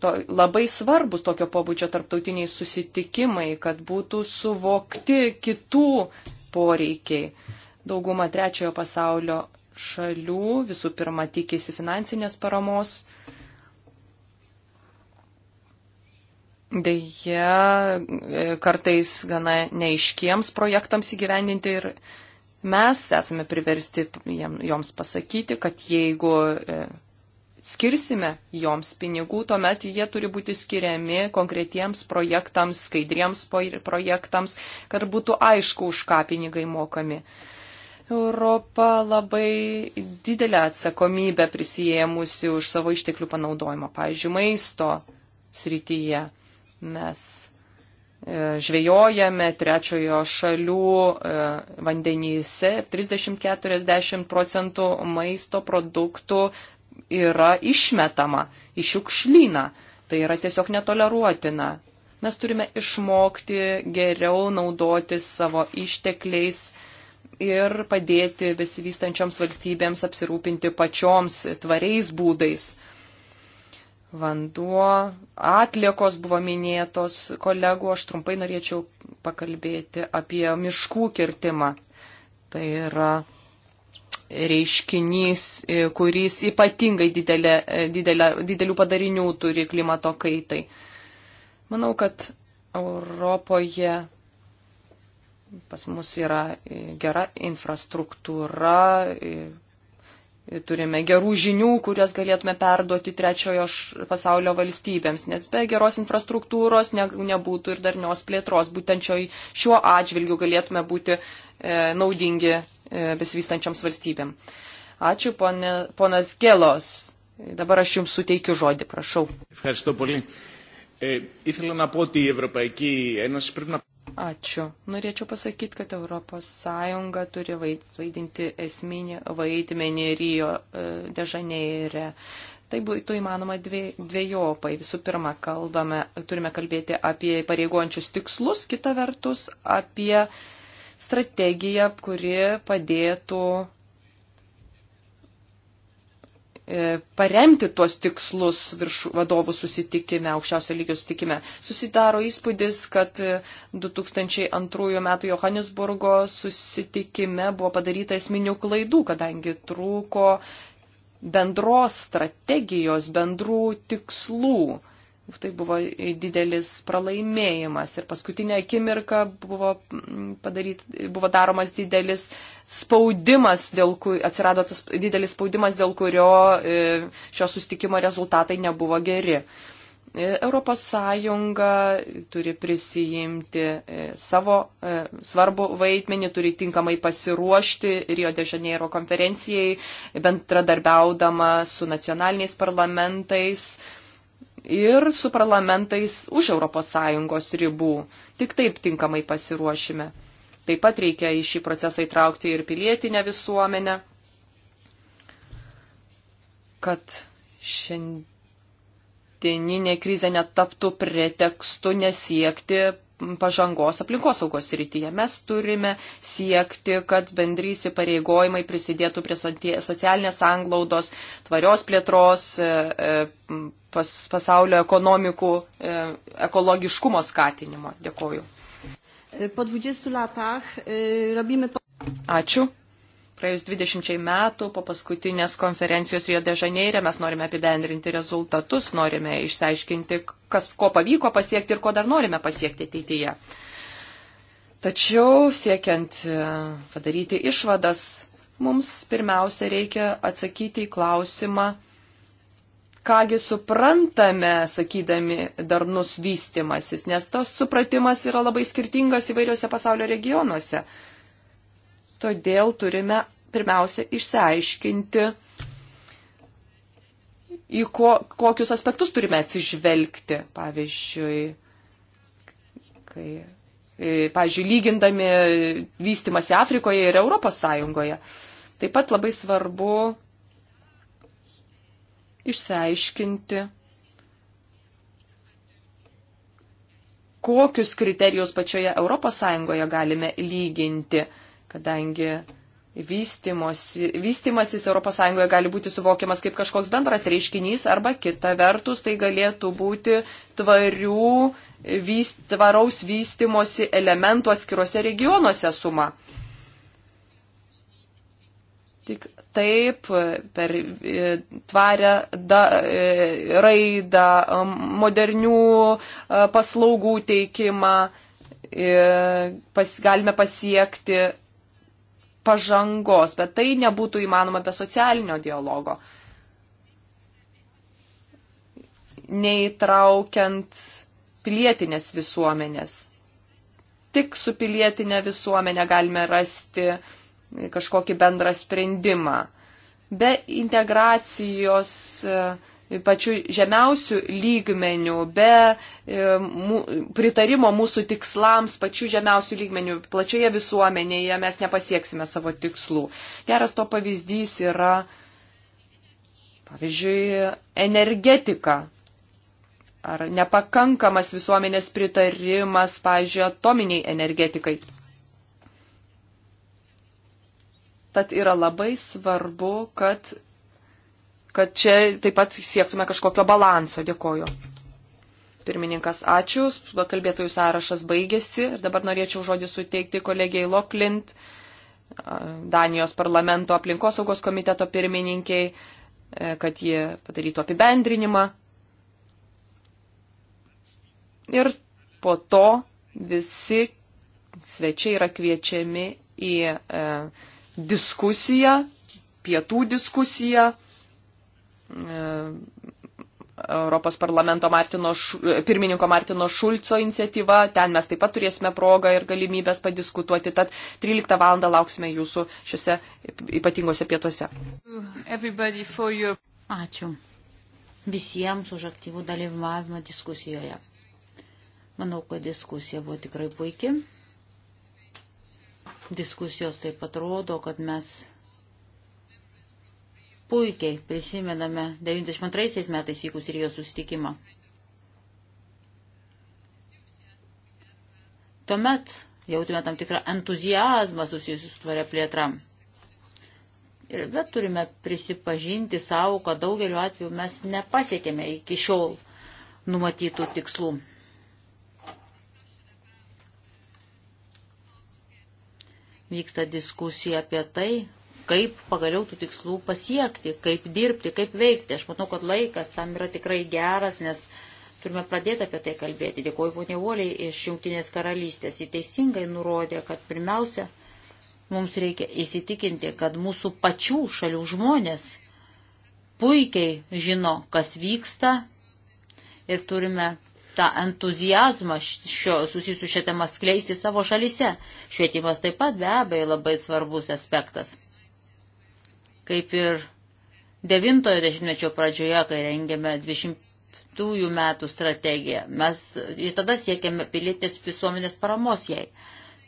to labai svarbus tokio pobūdžio tarptautiniai susitikimai, kad būtų suvokti kitų poreikiai. Dauguma trečiojo pasaulio šalių visų pirma tikėsi finansinės paramos dėje kartais gana neiškiems projektams įgyvendinti ir mes esame priversti joms pasakyti, kad jeigu e, skirsime joms pinigų, tuomet jie turi būti skiriami konkretiems projektams, skaidriems projektams, kad būtų aišku, už ką pinigai mokami. Europa labai didelę atsakomybę prisijėmusi už savo išteklių panaudojimą, pavyzdžiui, maisto srityje Mes e, žvejojame trečiojo šalių e, vandenyse ir 30-40 procentų maisto produktų yra išmetama į šiukšlyną. Tai yra tiesiog netoleruotina. Mes turime išmokti geriau naudotis savo ištekliais ir padėti besivystančioms valstybėms apsirūpinti pačioms tvariais būdais vanduo, atliekos buvo minėtos kolegų, aš trumpai norėčiau pakalbėti apie miškų kirtimą. Tai yra reiškinys, e, kuris ypatingai didelė, e, didelė, didelių padarinių turi klimato kaitai. Manau, kad Europoje pas mus yra gera infrastruktūra, e, turime gerų žinių, kurias galėtume perduoti trečiojo pasaulio valstybėms, nes be geros infrastruktūros ne, nebūtų ir darnios plėtros. Būtent šio, šiuo atžvilgiu galėtume būti e, naudingi e, besivystančiams valstybėm. Ačiū, pone, ponas Gelos. Dabar aš jums suteikiu žodį, prašau. Ευχαριστώ πολύ. Ε, ήθελα να πω ότι η Ευρωπαϊκή Ένωση πρέπει να... Ačiū. Norėčiau pasakyti, kad ES turi vaidinti esminį vaidmenį Rijo e, dežanėje. Tai būtų tai įmanoma dviejopai. Visų pirma, kalbame, turime kalbėti apie pareigojančius tikslus, kita vertus apie strategiją, kuri padėtų E, paremti tuos tikslus virš vadovų susitikime, aukščiausio lygio susitikime. Susidaro įspūdis, kad 2002 e, m. Johannesburgo susitikime buvo padaryta esminių klaidų, kadangi trūko bendros strategijos, bendrų tikslų tai buvo didelis pralaimėjimas ir paskutinę akimirką buvo, padaryt, buvo daromas didelis spaudimas, dėl kur atsirado tas didelis spaudimas, dėl kurio e, šio sustikimo rezultatai nebuvo geri. E, Europos Sąjunga turi prisijimti e, savo svarbu vaidmenį, turi tinkamai pasiruošti Rio de Janeiro konferencijai, bendradarbiaudama su nacionaliniais parlamentais ir su parlamentais už ES ribų. Tik taip tinkamai pasiruošime. Taip pat reikia į šį procesą įtraukti ir pilietinę visuomenę, kad šiandieninė krizė netaptų pretekstu nesiekti pažangos aplinkosaugos rytyje. Mes turime siekti, kad bendrysi pareigojimai prisidėtų prie socialinės anglaudos, tvarios plėtros, e, e, pas, pasaulio ekonomikų, e, ekologiškumo skatinimo. Dėkoju. Po 20 latach robimy. Ačiū. Praėjus 20 metų po paskutinės konferencijos Rio de Žaneire mes norime apibendrinti rezultatus, norime išsiaiškinti, kas, ko pavyko pasiekti ir ko dar norime pasiekti ateityje. Tačiau siekiant e, padaryti išvadas, mums pirmiausia reikia atsakyti į klausimą, kągi suprantame, sakydami darnus vystimasis, nes tas supratimas yra labai skirtingas įvairiuose pasaulio regionuose. Todėl turime pirmiausia išsiaiškinti, į ko, kokius aspektus turime atsižvelgti. Pavyzdžiui, kai, e, pavyzdžiui, lygindami vystimasi Afrikoje ir Europos Sąjungoje. Taip pat labai svarbu išsiaiškinti, kokius kriterijus pačioje Europos Sąjungoje galime lyginti kadangi vystimasis ES gali būti suvokiamas kaip kažkoks bendras reiškinys arba kita vertus tai galėtų būti tvarių, vyst, tvaraus vystimosi elementų atskiruose regionuose suma. Tik taip, per e, tvarę da, e, raidą, modernių e, paslaugų teikimą pas, galime pasiekti pažangos, bet tai nebūtų įmanoma be socialinio dialogo. Neįtraukiant pilietinės visuomenės. Tik su pilietinė visuomenė galime rasti kažkokį bendrą sprendimą. Be integracijos uh, pačiu žemiausiu lygmeniu, be e, pritarimo mūsų tikslams pačiu žemiausiu lygmeniu, plačioje visuomenėje mes nepasieksime savo tikslų. Geras to pavyzdys yra, pavyzdžiui, energetika. Ar nepakankamas visuomenės pritarimas, pavyzdžiui, atominiai energetikai. Tad yra labai svarbu, kad kad čia taip pat siektume kažkokio balanso. Dėkoju. Pirmininkas, ačiū. Kalbėtojų sąrašas baigėsi ir dabar norėčiau žodį suteikti kolegijai Loklint, Danijos parlamento aplinkosaugos komiteto pirmininkiai, e, kad ji padarytų apibendrinimą. Ir po to visi svečiai yra kviečiami į e, diskusiją, pietų diskusiją Europos parlamento Martino, pirmininko Martino Šulco iniciatyva. Ten mes taip pat turėsime progą ir galimybės padiskutuoti. Tad 13 val. lauksime jūsų šiuose ypatingose pietuose. Your... Ačiū visiems už aktyvų dalyvavimą diskusijoje. Manau, kad diskusija buvo tikrai puikia. Diskusijos taip pat rodo, kad mes puikiai prisimename 92 metais vykus ir jo susitikimą. Tuomet jautume tam tikrą entuzijazmą susijusius su tvaria plėtra. Ir bet turime prisipažinti savo, kad daugeliu atveju mes nepasiekėme iki šiol numatytų tikslų. Vyksta diskusija apie tai, kaip pagaliau tų tikslų pasiekti, kaip dirbti, kaip veikti. Aš manau, kad laikas tam yra tikrai geras, nes turime pradėti apie tai kalbėti. Dėkuoju ponė Uoliai iš Junktinės karalystės. Jis teisingai nurodė, kad pirmiausia, mums reikia įsitikinti, kad mūsų pačių šalių žmonės puikiai žino, kas vyksta ir turime tą entuzijazmą šio, susijusiu šią temą skleisti savo šalyse. Švietimas taip pat be abejo labai svarbus aspektas kaip ir devintojo dešimtmečio pradžioje, kai rengėme 20-ųjų metų strategiją. Mes ir tada siekėme pilietės visuomenės paramos jai.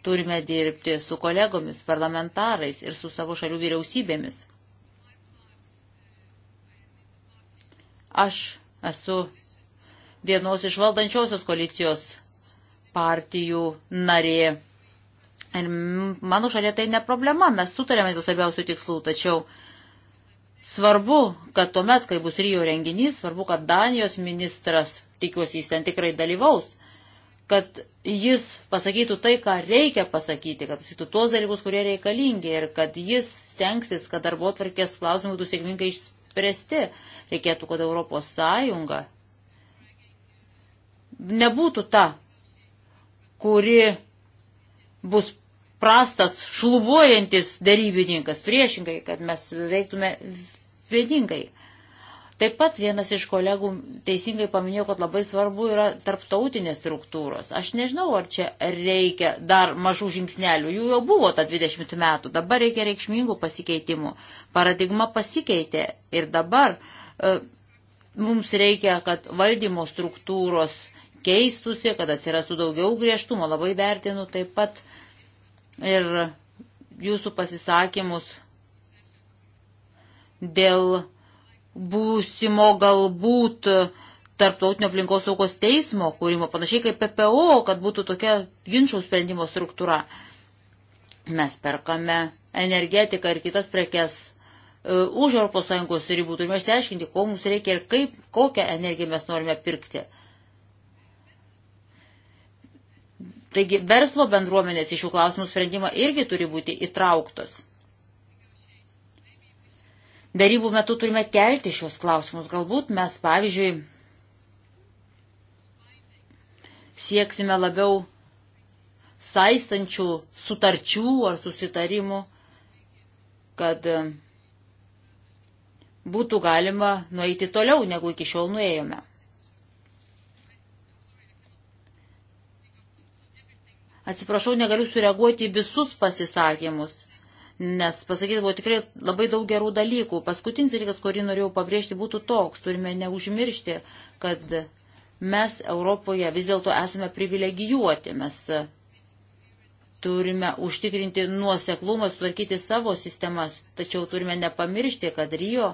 Turime dirbti su kolegomis, parlamentarais ir su savo šalių vyriausybėmis. Aš esu vienos iš valdančiosios koalicijos partijų narė. Ir mano šalia tai ne problema, mes sutarėme dėl svarbiausių tikslų, tačiau uh, Svarbu, kad tuomet, kai bus Rijo renginys, svarbu, kad Danijos ministras, tikiuosi, jis ten tikrai dalyvaus, kad jis pasakytų tai, ką reikia pasakyti, kad pasakytų tuos dalykus, kurie reikalingi ir kad jis stengsis, kad darbo tvarkės klausimai būtų sėkmingai išspręsti. Reikėtų, kad Europos Sąjunga nebūtų ta, kuri bus prastas, šlubuojantis darybininkas, priešingai, kad mes veiktume vieningai. Taip pat vienas iš kolegų teisingai paminėjo, kad labai svarbu yra tarptautinės struktūros. Aš nežinau, ar čia reikia dar mažų žingsnelių. Jų jau buvo ta 20 metų. Dabar reikia reikšmingų pasikeitimų. Paradigma pasikeitė ir dabar e, mums reikia, kad valdymo struktūros keistųsi, kad atsirastų daugiau griežtumo. Labai vertinu taip pat ir jūsų pasisakymus dėl būsimo galbūt tarptautinio aplinkos saugos teismo kūrimo, panašiai kaip PPO, kad būtų tokia ginčių sprendimo struktūra. Mes perkame energetiką ir kitas prekes e, už ES ribų turime išsiaiškinti, ko mums reikia ir kaip, kokią energiją mes norime pirkti. Taigi verslo bendruomenės į šių klausimų sprendimą irgi turi būti įtrauktos. Darybų metu turime kelti šios klausimus. Galbūt mes, pavyzdžiui, sieksime labiau saistančių sutarčių ar susitarimų, kad e, būtų galima nueiti toliau, negu iki šiol nuėjome. Atsiprašau, negaliu sureaguoti į visus pasisakymus, nes pasakyti buvo tikrai labai daug gerų dalykų. Paskutinis dalykas, kurį norėjau pabrėžti, būtų toks. Turime neužmiršti, kad mes Europoje vis dėlto esame privilegijuoti. Mes turime užtikrinti nuoseklumą, sutvarkyti savo sistemas. Tačiau turime nepamiršti, kad Rio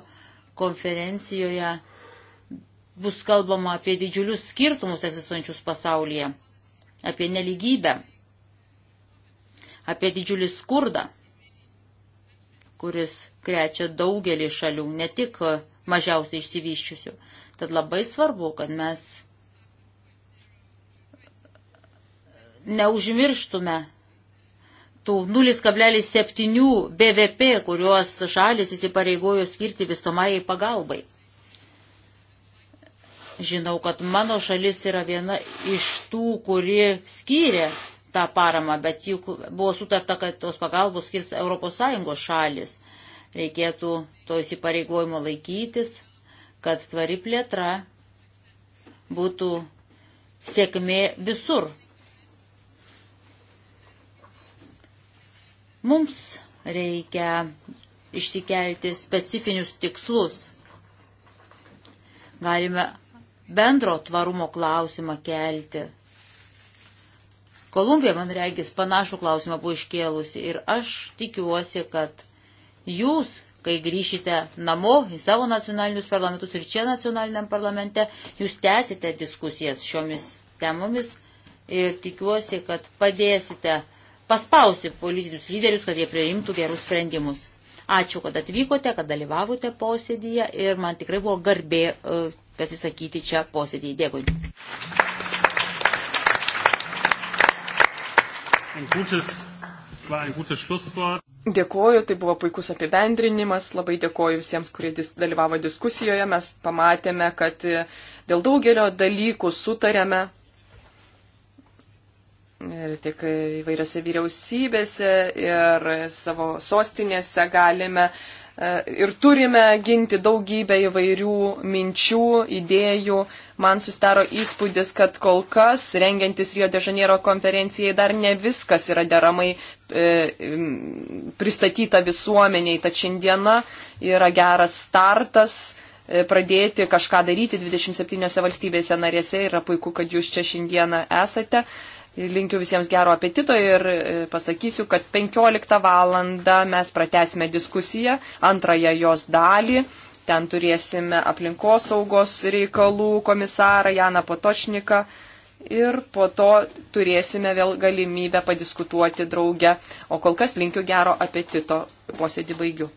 konferencijoje bus kalbama apie didžiulius skirtumus egzistuojančius pasaulyje, apie neligybę apie didžiulį skurdą, kuris krečia daugelį šalių, ne tik mažiausiai išsivyščiusių. Tad labai svarbu, kad mes neužmirštume tų 0,7 BVP, kuriuos šalis įsipareigojo skirti visomai pagalbai. Žinau, kad mano šalis yra viena iš tų, kuri skyrė tą paramą, bet juk buvo sutarta, kad tos pagalbos skirs ES šalis. Reikėtų to įsipareigojimo laikytis, kad tvari plėtra būtų sėkmė visur. Mums reikia išsikelti specifinius tikslus. Galime bendro tvarumo klausimą kelti Kolumbija, man reikės, panašų klausimą buvo iškėlusi ir aš tikiuosi, kad jūs, kai grįšite namo į savo nacionalinius parlamentus ir čia nacionaliniam parlamente, jūs tęsite diskusijas šiomis temomis ir tikiuosi, kad padėsite paspausti politinius lyderius, kad jie priimtų gerus sprendimus. Ačiū, kad atvykote, kad dalyvavote posėdyje ir man tikrai buvo garbė e, pasisakyti čia posėdyje. Dėkui. Dėkoju, tai buvo puikus apibendrinimas, labai dėkoju visiems, kurie dis dalyvavo diskusijoje, mes pamatėme, kad e, dėl daugelio dalykų sutarėme. Ir tiek e, įvairiose vyriausybėse ir savo sostinėse galime uh, E, ir turime ginti daugybę įvairių minčių, idėjų. Man sustaro įspūdis, kad kol kas, rengiantis Rio de Janeiro konferencijai, dar ne viskas yra deramai e, pristatyta visuomeniai, tačiau šiandiena yra geras startas e, pradėti kažką daryti 27 valstybėse narėse. Yra puiku, kad jūs čia šiandieną esate. Linkiu visiems gero apetito ir e, pasakysiu, kad 15 val. mes pratesime diskusiją, antrąją jos dalį. Ten turėsime aplinkosaugos reikalų komisarą Janą Potočniką ir po to turėsime vėl galimybę padiskutuoti draugę. O kol kas linkiu gero apetito. Posėdį baigiu.